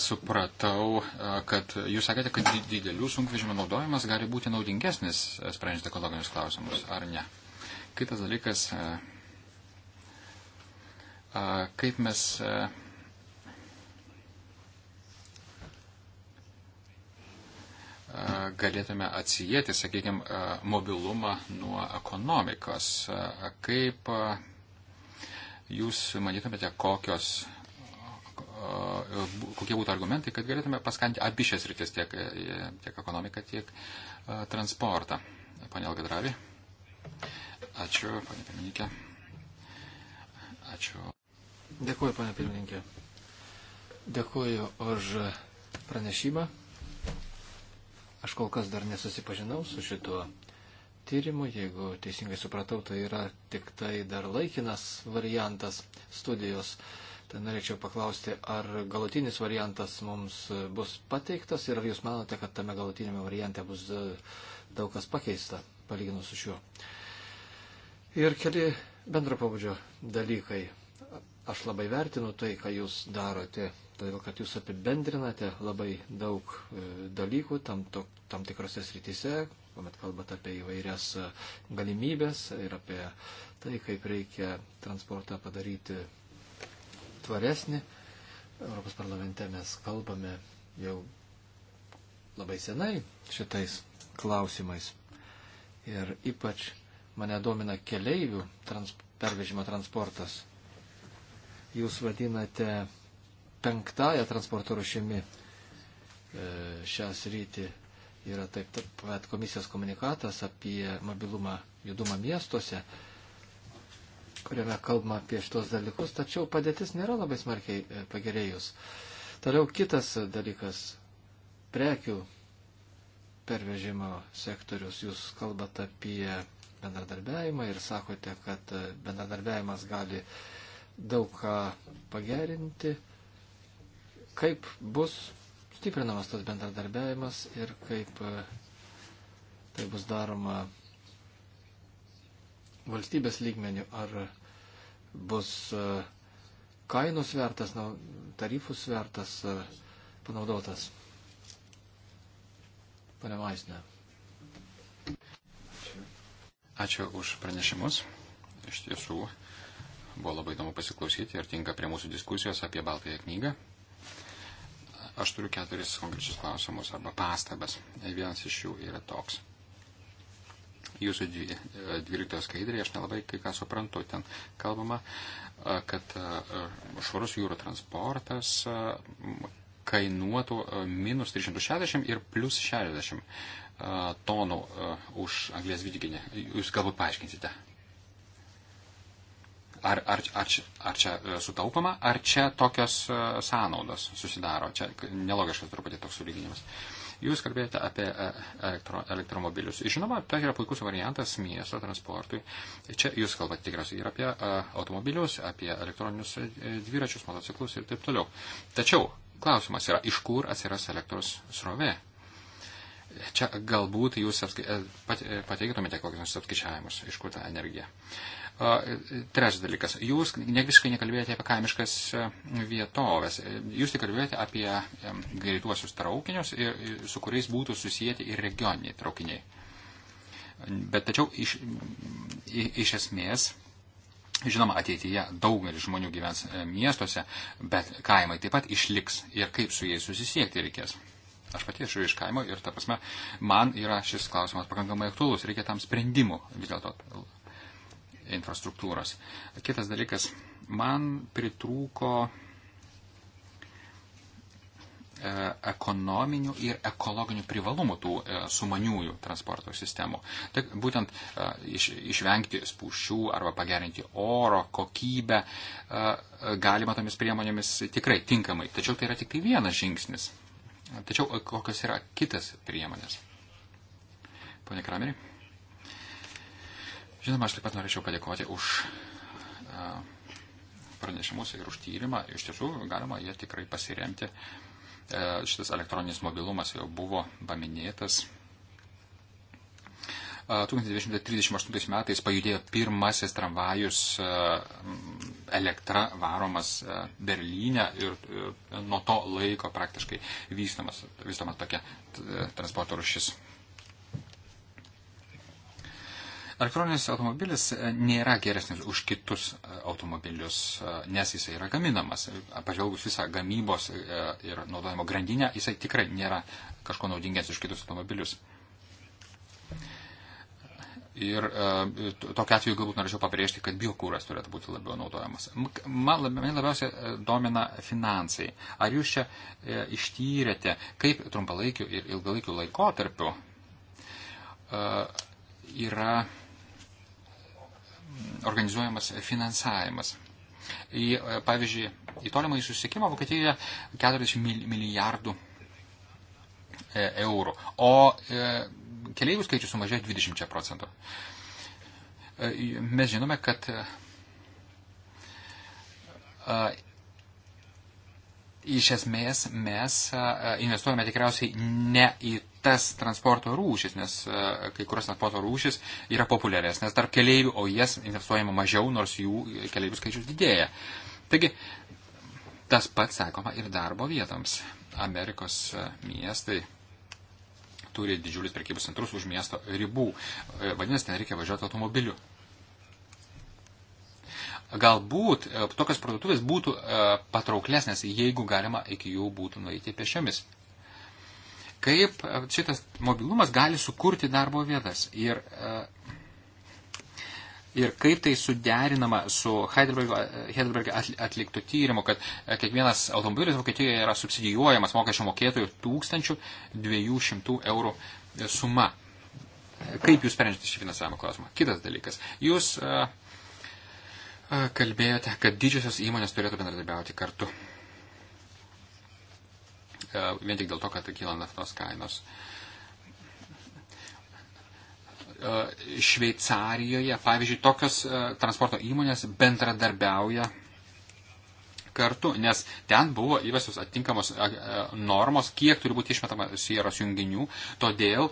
supratau, kad jūs sakėte, kad didelių sunkvežimių naudojimas gali būti naudingesnis sprendžiant ekologinius klausimus, ar ne? Kitas dalykas, kaip mes. galėtume atsijėti, sakykime, mobilumą nuo ekonomikos. Kaip jūs manytumėte, kokios e, kokie būtų argumentai, kad galėtume paskanti abi šias rytis, tiek, e, tiek ekonomiką, tiek e, transportą. Pane Algadravi. Ačiū, pane pirmininkė. Ačiū. Dėkuoju, pane pirmininkė. Dėkuoju už pranešimą. Aš kol kas dar nesusipažinau su šituo tyrimų, jeigu teisingai supratau, tai yra tik tai dar laikinas variantas studijos. Tai norėčiau paklausti, ar galutinis variantas mums bus pateiktas ir ar jūs manote, kad tame galutinėme variante bus e, daug kas pakeista, palyginus su šiuo. Ir keli bendro pabudžio dalykai. Aš labai vertinu tai, ką jūs darote, todėl kad jūs apibendrinate labai daug e, dalykų tam, to, tam tikrose srityse, kuomet kalbate apie įvairias e, galimybės ir apie tai, kaip reikia transportą padaryti tvaresnį. Europos parlamente mes kalbame jau labai senai šitais klausimais. Ir ypač mane domina keleivių trans, pervežimo transportas. Jūs vadinate penktąją transporto rušimi e, šią sritį yra taip, taip pat komisijos komunikatas apie mobilumą, judumą miestuose, kuriame kalbama apie šitos dalykus, tačiau padėtis nėra labai smarkiai e, pagerėjus. Toliau kitas dalykas - prekių pervežimo sektorius. Jūs kalbate apie bendradarbiavimą ir sakote, kad e, bendradarbiavimas gali daug ką pagerinti. Kaip bus stiprinamas tas bendradarbiavimas ir kaip e, tai bus daroma valstybės lygmenių, ar bus e, kainų svertas, tarifų svertas e, panaudotas. Pane Maisne. Ačiū už pranešimus. Iš tiesų, buvo labai įdomu pasiklausyti ir tinka prie mūsų diskusijos apie Baltąją knygą. Aš turiu keturis konkrečius klausimus arba pastabas. Vienas iš jų yra toks. Jūsų 12 e, skaidrėje aš nelabai kai ką suprantu. Ten kalbama, e, kad e, švarus jūrų transportas kainuotų minus 360 ir plus 60 tonų už anglės dvideginį. Jūs galbūt paaiškinsite, Ar, ar, ar, čia, ar čia e, sutaupama, ar čia tokios e, sąnaudos susidaro? Čia nelogiškas truputį toks sulyginimas. Jūs kalbėjote apie e, elektro, elektromobilius. Žinoma, tai yra puikus variantas miesto transportui. Čia jūs kalbate tikriausiai ir apie automobilius, apie elektroninius dviračius, motociklus ir taip toliau. Tačiau klausimas yra, iš kur atsiras elektros srovė? Čia galbūt jūs pateiktumėte kokius nors apskaičiavimus, iš kur ta energija. Uh, Trečias dalykas. Jūs negviškai nekalbėjote apie kaimiškas e, vietovės. E, jūs tik kalbėjote apie greituosius traukinius, ir, ir, su kuriais būtų susijęti ir regioniniai traukiniai. Bet tačiau iš, iš esmės, žinoma, ateityje daugelis žmonių gyvens e, miestuose, bet kaimai taip pat išliks ir kaip su jais susisiekti reikės. Aš pati esu iš kaimo ir, ta prasme, man yra šis klausimas pakankamai aktuolus, reikia tam sprendimų vis dėlto infrastruktūros. Kitas dalykas, man pritrūko e, ekonominių ir ekologinių privalumų tų e, sumaniųjų transporto sistemų. Tik būtent e, iš, išvengti spūščių arba pagerinti oro kokybę galima tomis priemonėmis tikrai tinkamai. Tačiau tai yra tik tai vienas žingsnis. Tačiau kokios yra kitas priemonės? Pone Krameri. Žinoma, aš taip pat norėčiau padėkoti už e, pranešimus ir už tyrimą. Iš tiesų, galima jie tikrai pasiremti. E, šitas elektroninis mobilumas jau buvo paminėtas. 1938 e, metais pajudėjo pirmasis tramvajus elektra varomas Berlyne ir nuo to laiko praktiškai vystomas, vystomas tokia transporto rušis. Elektroninis automobilis e, nėra geresnis už kitus e, automobilius, e, nes jisai yra gaminamas. Pažvelgus visą gamybos ir naudojimo grandinę, jisai tikrai nėra kažko naudingesnis už kitus automobilius. Ir e, tokia atveju galbūt norėčiau pabrėžti, kad biokūras turėtų būti labiau naudojamas. Man, lab, man labiausiai domina finansai. Ar jūs čia e, ištyrėte, kaip trumpalaikiu ir ilgalaikiu laikotarpiu e, yra organizuojamas finansavimas. Į, e, pavyzdžiui, į tolimą į susisiekimą Vokietijoje 40 milijardų e, eurų, o e, keliaivių skaičius sumažėjo 20 procentų. Mes žinome, kad iš esmės mes e, investuojame tikriausiai ne į tas transporto rūšis, nes e, kai kurios transporto rūšis yra populiaresnės tarp keleivių, o jas investuojama mažiau, nors jų keleivių skaičius didėja. Taigi, tas pats sakoma ir darbo vietoms. Amerikos e, miestai turi didžiulius prekybos centrus už miesto ribų. Vadinasi, ten reikia važiuoti automobiliu. Galbūt e, tokios parduotuvės būtų e, patrauklesnės, jeigu galima iki jų būtų nueiti pešiomis. Kaip e, šitas mobilumas gali sukurti darbo vietas ir, ir kaip tai suderinama su Heidelbergo, Heidelbergo atliktų tyrimu, kad kiekvienas automobilis Vokietijoje yra subsidijuojamas mokesčio mokėtojų 1200 eurų suma. Kaip jūs sprendžiate šį finansavimo klausimą? Kitas dalykas. Jūs uh, kalbėjote, kad didžiosios įmonės turėtų bendradarbiauti kartu. Vien tik dėl to, kad kyla naftos kainos. Šveicarijoje, pavyzdžiui, tokios transporto įmonės bendradarbiauja kartu, nes ten buvo įvestos atitinkamos normos, kiek turi būti išmetama sieros junginių, todėl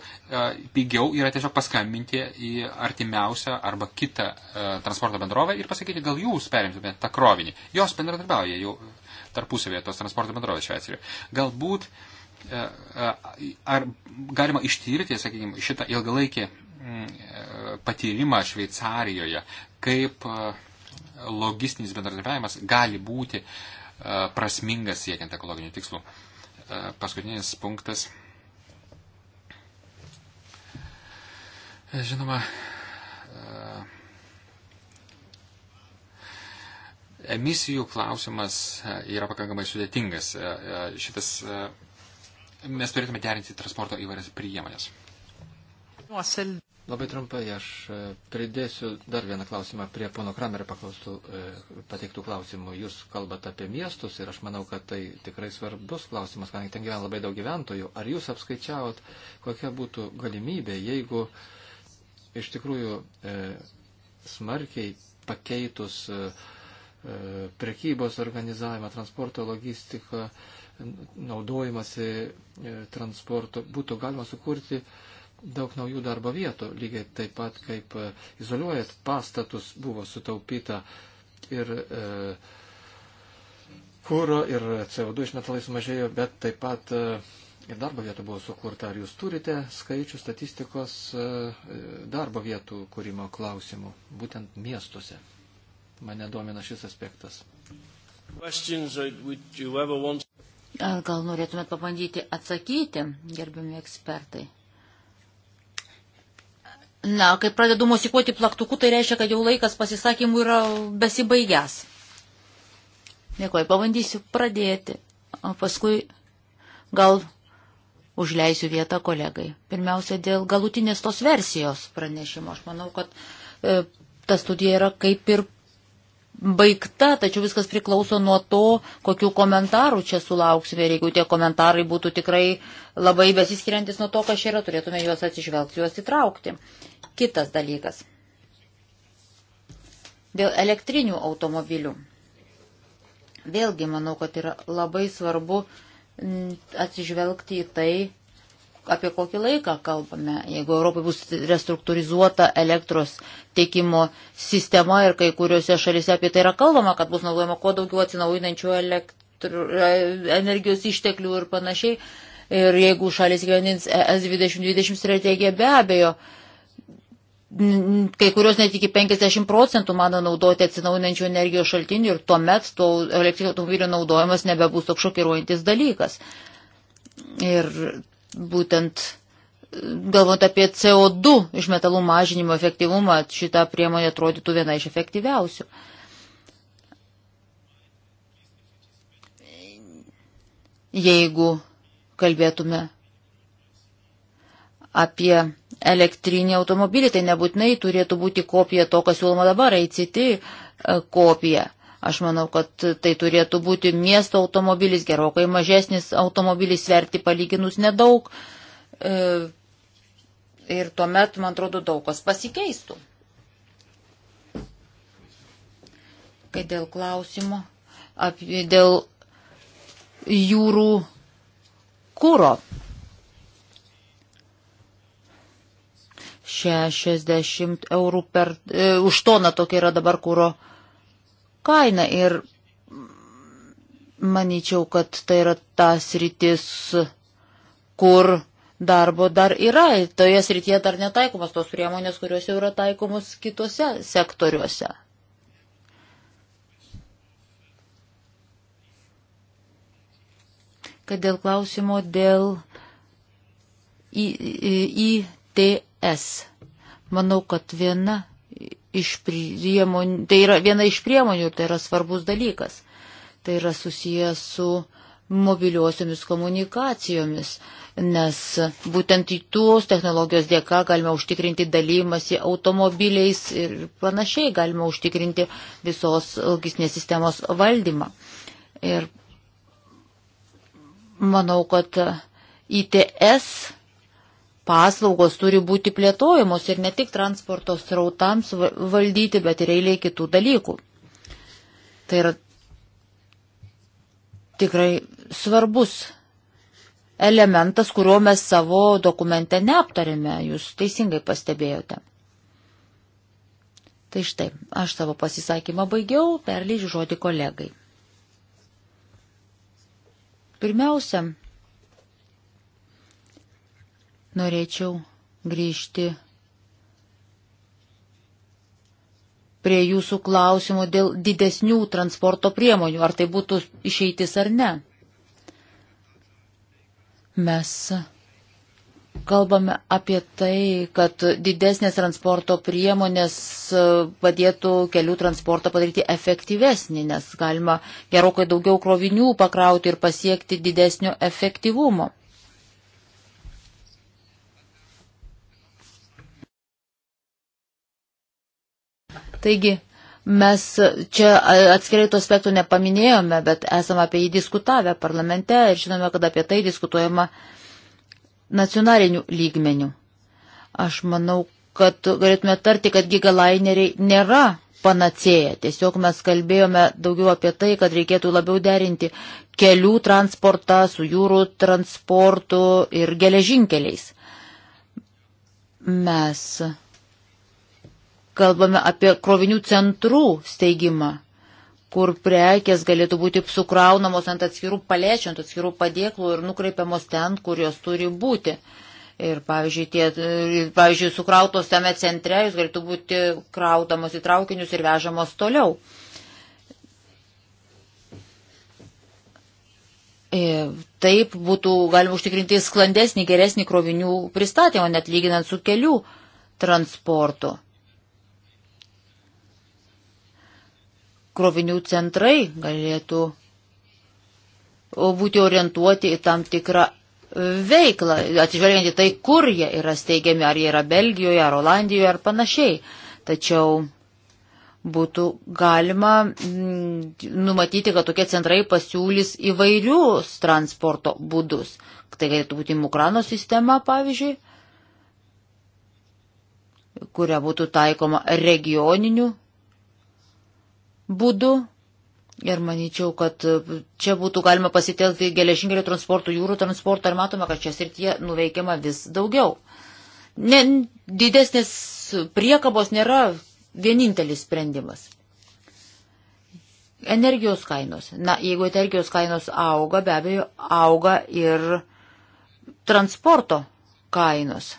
pigiau yra tiesiog paskambinti į artimiausią arba kitą transporto bendrovę ir pasakyti, gal jūs perimtumėte tą krovinį. Jos bendradarbiauja jau tarpusavėje tos transporto bendrovės Šveicarijoje. Galbūt ar galima ištirti, sakykime, šitą ilgalaikį mm, e, patyrimą Šveicarijoje, kaip logistinis bendradarbiavimas gali būti e, prasmingas siekiant ekologinių tikslų. E, paskutinis punktas. Žinoma, e, emisijų klausimas yra pakankamai sudėtingas. Šitas mes turėtume derinti transporto įvairias priemonės. Labai trumpai aš e, pridėsiu dar vieną klausimą prie pono Kramerio paklaustų, e, pateiktų klausimų. Jūs kalbate apie miestus ir aš manau, kad tai tikrai svarbus klausimas, kadangi ten gyvena labai daug gyventojų. Ar jūs apskaičiavot, kokia būtų galimybė, jeigu iš tikrųjų e, smarkiai pakeitus e, e prekybos organizavimą, transporto logistiką, naudojimasi e, transportu, būtų galima sukurti e, daug naujų darbo vietų, lygiai taip pat kaip e, izoliuojant pastatus buvo sutaupyta ir e, kūro ir CO2 išmetalai sumažėjo, bet taip pat e, ir darbo vietų buvo sukurta. Ar jūs turite skaičių statistikos e, darbo vietų kūrimo klausimų, būtent miestuose? Mane domina šis aspektas. Gal norėtumėt pabandyti atsakyti, gerbiami ekspertai? Na, kai pradedu mosikuoti plaktuku, tai reiškia, kad jau laikas pasisakymų yra besibaigęs. Dėkuoju, pabandysiu pradėti, o paskui gal užleisiu vietą kolegai. Pirmiausia, dėl galutinės tos versijos pranešimo. Aš manau, kad e, ta studija yra kaip ir baigta, tačiau viskas priklauso nuo to, kokių komentarų čia sulauksime. Ir jeigu tie komentarai būtų tikrai labai besiskiriantis nuo to, kas čia yra, turėtume juos atsižvelgti, juos įtraukti. E, Kitas dalykas. Dėl elektrinių automobilių. Vėlgi manau, kad yra labai svarbu atsižvelgti į tai, apie kokį laiką kalbame. Jeigu Europai bus restruktūrizuota elektros tiekimo sistema ir kai kuriuose šalise apie tai yra kalbama, kad bus naudojama kuo daugiau atsinaujinančių elektro, energijos išteklių ir panašiai. Ir jeigu šalis gyvenins ES 2020 strategiją, be abejo, uh, kai kurios net iki 50 procentų mano naudoti atsinaujinančių energijos šaltinių ir tuomet to elektrinio automobilio naudojimas nebebūs toks šokiruojantis dalykas. Ir būtent e, galvant apie CO2 išmetalų mažinimo efektyvumą, šita priemonė atrodytų viena iš efektyviausių. Jeigu kalbėtume apie elektrinį automobilį, tai nebūtinai turėtų būti kopija to, kas siūloma dabar, ICT e, kopija. Aš manau, kad tai turėtų būti miesto automobilis, gerokai mažesnis automobilis, sverti palyginus nedaug. E, ir tuomet, man atrodo, daug kas pasikeistų. Kai dėl klausimo, apie, dėl jūrų kūro 60 eurų per, e, už toną tokia yra dabar kūro kaina ir manyčiau, kad tai yra tas rytis, kur darbo dar yra, toje srityje dar netaikomas tos priemonės, kurios jau yra taikomos kitose sektoriuose. Kad dėl klausimo dėl ITS ES. Manau, kad viena iš priemonių, tai yra viena iš priemonių, tai yra svarbus dalykas. Tai yra susijęs su mobiliosiomis komunikacijomis, nes būtent į tuos technologijos dėka galime užtikrinti dalymasi automobiliais ir panašiai galime užtikrinti visos logistinės sistemos valdymą. Ir manau, kad ITS paslaugos turi būti plėtojamos ir ne tik transporto srautams valdyti, bet ir eiliai kitų dalykų. Tai yra tikrai svarbus elementas, kurio mes savo dokumente neaptarėme, jūs teisingai pastebėjote. Tai štai, aš savo pasisakymą baigiau, perlyžiu žodį kolegai. Pirmiausia, Norėčiau grįžti prie jūsų klausimų dėl didesnių transporto priemonių, ar tai būtų išeitis ar ne. Mes kalbame apie tai, kad didesnės transporto priemonės padėtų kelių transportą padaryti efektyvesnį, nes galima gerokai daugiau krovinių pakrauti ir pasiekti didesnio efektyvumo. Taigi, mes čia atskirai to aspektų nepaminėjome, bet esame apie jį diskutavę parlamente ir žinome, kad apie tai diskutuojama nacionalinių lygmenių. Aš manau, kad galėtume tarti, kad gigalaineriai nėra panacėja. Tiesiog mes kalbėjome daugiau apie tai, kad reikėtų labiau derinti kelių transportą su jūrų transportu ir geležinkeliais. Mes kalbame apie krovinių centrų steigimą, kur prekės galėtų būti sukraunamos ant atskirų palėčių, ant atskirų padėklų ir nukreipiamos ten, kur jos turi būti. Ir pavyzdžiui, tie, pavyzdžiui, sukrautos tame centre jūs galėtų būti krautamos į traukinius ir vežamos toliau. Ir e, taip būtų galima užtikrinti sklandesnį, geresnį krovinių pristatymą, net lyginant su kelių transportu. krovinių centrai galėtų būti orientuoti į tam tikrą e, veiklą, atsižvelgiant į tai, kur jie yra steigiami, ar jie yra Belgijoje, ar Olandijoje, ar panašiai. Tačiau būtų galima mm, numatyti, kad tokie centrai pasiūlys įvairius transporto būdus. Tai galėtų būti Mukrano sistema, pavyzdžiui, kuria būtų taikoma regioninių būdu. Ir manyčiau, kad čia būtų galima pasitelkti geležinkelio transportų, jūrų transportą ir matome, kad čia srityje nuveikiama vis daugiau. Ne, didesnės priekabos nėra vienintelis sprendimas. Energijos kainos. Na, jeigu energijos kainos auga, be abejo, auga ir transporto kainos.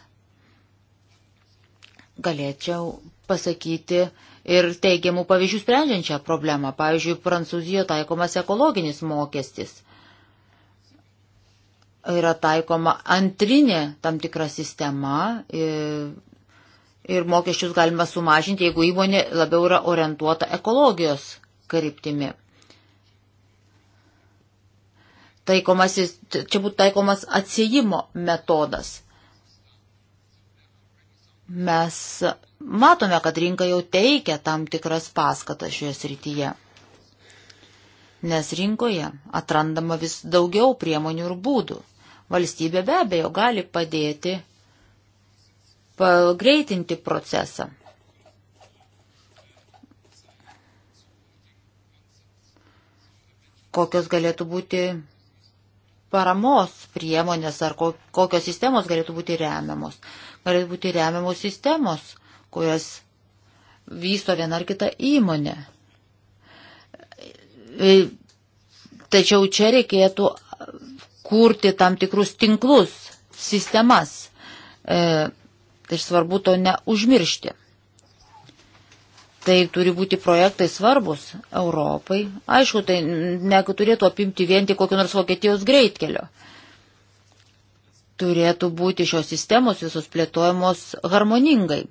Galėčiau pasakyti, ir teigiamų pavyzdžių sprendžiančią problemą. Pavyzdžiui, Prancūzijoje taikomas ekologinis mokestis. Yra taikoma antrinė tam tikra sistema ir, ir mokesčius galima sumažinti, jeigu įmonė labiau yra orientuota ekologijos kryptimi. Taikomas, čia būtų taikomas atsijimo metodas. Mes matome, kad rinka jau teikia tam tikras paskatas šioje srityje. Nes rinkoje atrandama vis daugiau priemonių ir būdų. Valstybė be abejo gali padėti pagreitinti procesą. Kokios galėtų būti paramos priemonės ar kokios sistemos galėtų būti remiamos. Galėtų būti remiamos sistemos kurias vysto viena ar kita įmonė. E, tačiau čia reikėtų kurti tam tikrus tinklus, sistemas. E, tai svarbu to neužmiršti. Tai turi būti projektai svarbus Europai. Aišku, tai neturėtų apimti vien tik kokio nors Vokietijos greitkelio. Turėtų būti šios sistemos visos plėtojamos harmoningai.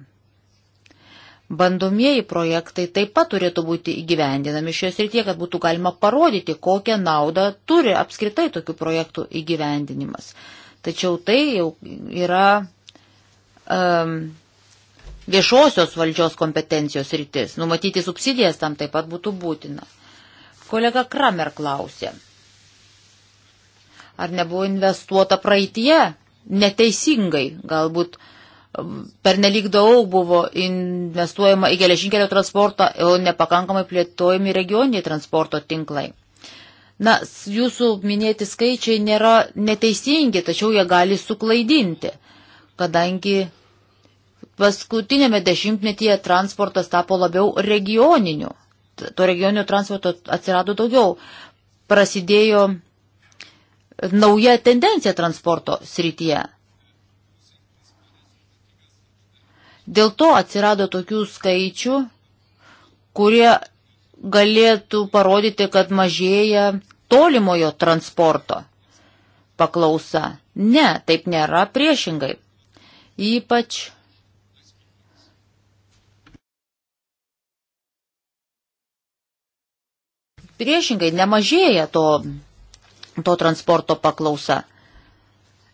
Bandomieji projektai taip pat turėtų būti įgyvendinami šios rytie, kad būtų galima parodyti, kokią naudą turi apskritai tokių projektų įgyvendinimas. Tačiau tai jau yra um, viešosios valdžios kompetencijos rytis. Numatyti subsidijas tam taip pat būtų būtina. Kolega Kramer klausė, ar nebuvo investuota praeitie neteisingai, galbūt uh, per nelik daug buvo investuojama į geležinkelio transportą, o nepakankamai plėtojami regioniniai transporto tinklai. Na, jūsų minėti skaičiai nėra neteisingi, tačiau jie gali suklaidinti, kadangi paskutinėme dešimtmetyje transportas tapo labiau regioniniu. To regioninio transporto atsirado daugiau. Prasidėjo nauja tendencija transporto srityje. Dėl to atsirado tokių skaičių, kurie galėtų parodyti, kad mažėja tolimojo transporto paklausa. Ne, taip nėra priešingai. Ypač priešingai nemažėja to, to transporto paklausa.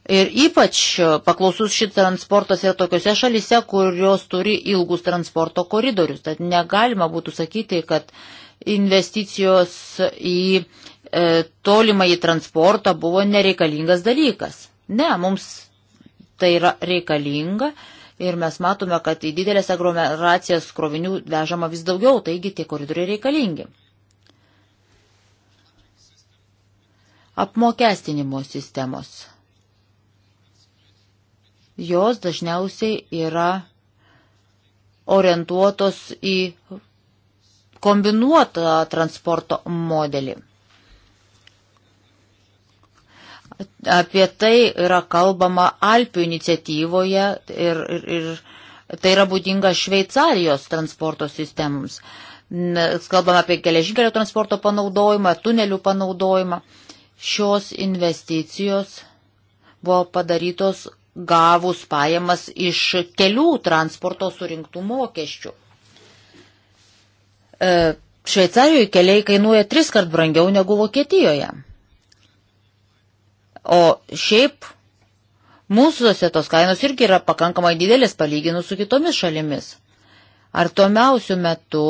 Ir ypač paklausus šit transportas yra tokiuose šalise, kurios turi ilgus transporto koridorius. Tad negalima būtų sakyti, kad investicijos į e, tolimą į transportą buvo nereikalingas dalykas. Ne, mums tai yra reikalinga ir mes matome, kad į didelės aglomeracijas krovinių vežama vis daugiau, taigi tie koridoriai reikalingi. Apmokestinimo sistemos jos dažniausiai yra orientuotos į kombinuotą transporto modelį. Apie tai yra kalbama Alpių iniciatyvoje ir, ir, ir tai yra būdinga Šveicarijos transporto sistemams. Kalbame apie geležinkelio transporto panaudojimą, tunelių panaudojimą. Šios investicijos buvo padarytos gavus pajamas iš kelių transporto surinktų mokesčių. E, Šveicarijoje keliai kainuoja tris kart brangiau negu Vokietijoje. O šiaip mūsųse tos kainos irgi yra pakankamai didelis palyginus su kitomis šalimis. Ar tuomiausių metų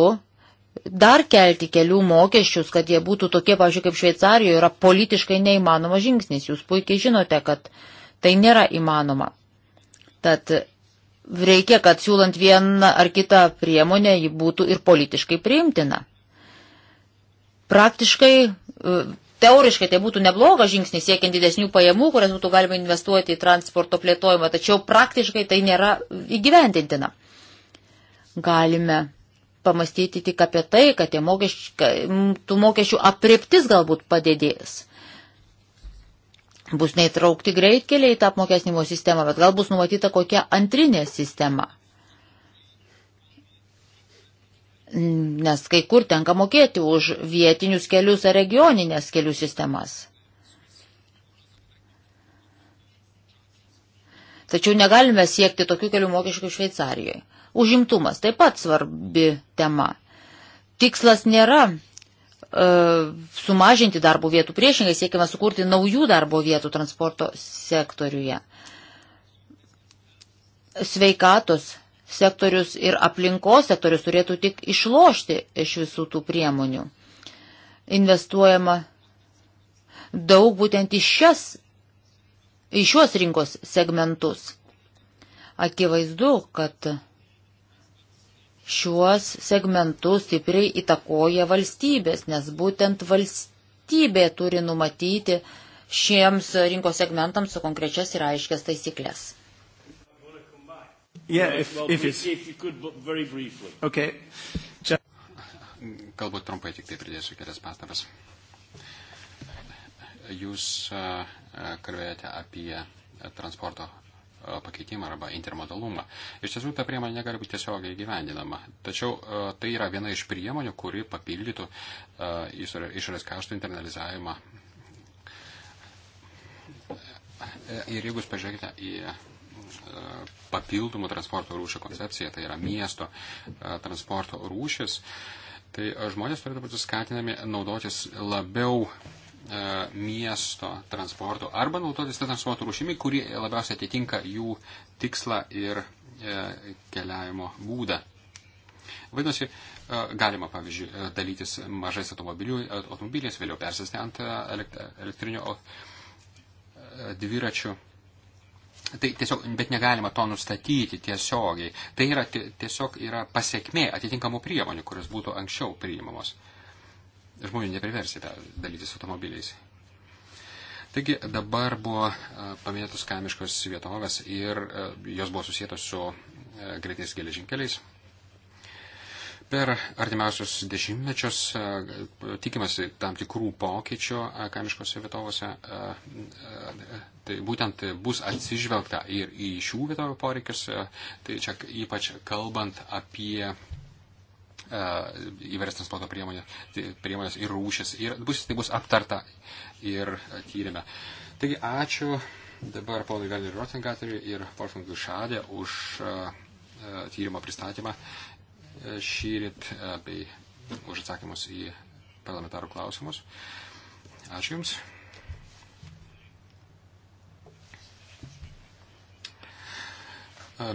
dar kelti kelių mokesčius, kad jie būtų tokie, pavyzdžiui, kaip Šveicarijoje, yra politiškai neįmanoma žingsnis. Jūs puikiai žinote, kad uh, Tai nėra įmanoma. Tad reikia, kad siūlant vieną ar kitą priemonę, ji būtų ir politiškai priimtina. Praktiškai, e, teoriškai tai būtų neblogas žingsnis siekiant didesnių pajamų, kurias būtų galima investuoti į transporto plėtojimą, tačiau praktiškai tai nėra įgyvendintina. Galime pamastyti tik apie tai, kad mokesčių, tų mokesčių apriptis galbūt padėdės bus neįtraukti greitkeliai į tą apmokesnimo sistemą, bet gal bus numatyta kokia antrinė sistema. Nes kai kur tenka mokėti už vietinius kelius ar regioninės kelių sistemas. Tačiau negalime siekti tokių kelių mokesčių kaip Šveicarijoje. Užimtumas taip pat svarbi tema. Tikslas nėra E, sumažinti darbo vietų. Priešingai siekime sukurti naujų darbo vietų transporto sektoriuje. Sveikatos sektorius ir aplinkos sektorius turėtų tik išlošti iš visų tų priemonių. Investuojama daug būtent į šias, į šios rinkos segmentus. Akivaizdu, kad šiuos segmentus stipriai įtakoja valstybės, nes būtent valstybė turi numatyti šiems rinkos segmentams su konkrečias ir aiškias taisyklės. Yeah, if, if okay. Čia... Galbūt trumpai tik tai pridėsiu kelias pastabas. Jūs uh, uh, kalbėjote apie transporto E, pakeitimą arba intermodalumą. Iš tiesų, ta priemonė negali būti tiesiogiai gyvendinama, tačiau e, tai yra viena iš priemonių, kuri papildytų e, išorės kaštų internalizavimą. Ir jeigu jūs pažiūrėkite į papildomų transporto rūšių koncepciją, tai yra miesto transporto rūšis, tai žmonės turėtų būti skatinami naudotis labiau E, miesto transportu arba naudotis tą transporto rūšimi, kuri labiausiai atitinka jų tikslą ir e, keliavimo būdą. Vadinasi, e, galima, pavyzdžiui, dalytis mažais automobiliais, vėliau persėsti ant elektrinio dviračių. Tai tiesiog, bet negalima to nustatyti tiesiogiai. Tai yra, tiesiog yra pasiekmė atitinkamų priemonių, kurios būtų anksčiau priimamos žmonių nepriversi dalytis automobiliais. Taigi dabar buvo e, paminėtos kaimiškos vietovės ir e, jos buvo susijętos su e, greitais geležinkeliais. Per artimiausius dešimtmečius tikimasi tam tikrų pokyčių kaimiškose vietovose. Tai būtent bus atsižvelgta ir į šių vietovių poreikius. Tai čia ypač kalbant apie E, įvairias transporto priemonės, tai priemonės ir rūšis. Ir bus, tai bus aptarta ir tyrime. Taigi ačiū dabar ponui Galniui Rotengateriui ir Volfgangui Šadė už e, e, tyrimo pristatymą šyrit bei už atsakymus į parlamentarų klausimus. Ačiū Jums.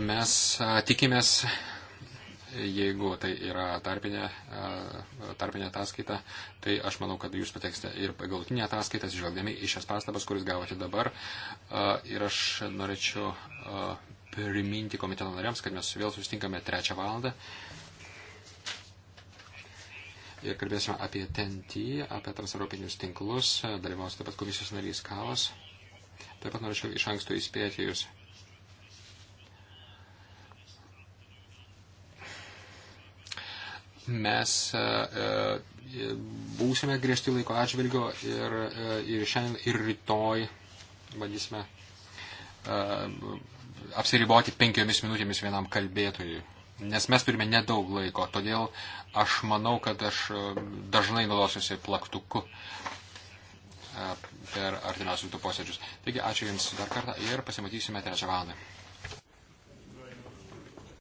Mes tikimės jeigu tai yra tarpinė, e, tarpinė ataskaita, tai aš manau, kad jūs pateksite ir galutinį ataskaitą, žvelgdami į šias pastabas, kuris gavote dabar. E, ir aš norėčiau e, priminti komiteto nariams, kad mes vėl susitinkame trečią valandą. Ir kalbėsime apie TNT, apie transeuropinius tinklus, dalyvaus taip pat komisijos narys Kalas. Taip pat norėčiau iš anksto įspėti jūs mes e, e, būsime griežti laiko atžvilgio ir, e, ir šiandien ir rytoj bandysime apsiriboti penkiomis minutėmis vienam kalbėtojui. Nes mes turime nedaug laiko, todėl aš manau, kad aš dažnai naudosiuosi plaktuku per artimiausius du posėdžius. Taigi ačiū Jums dar kartą ir pasimatysime trečią valandą.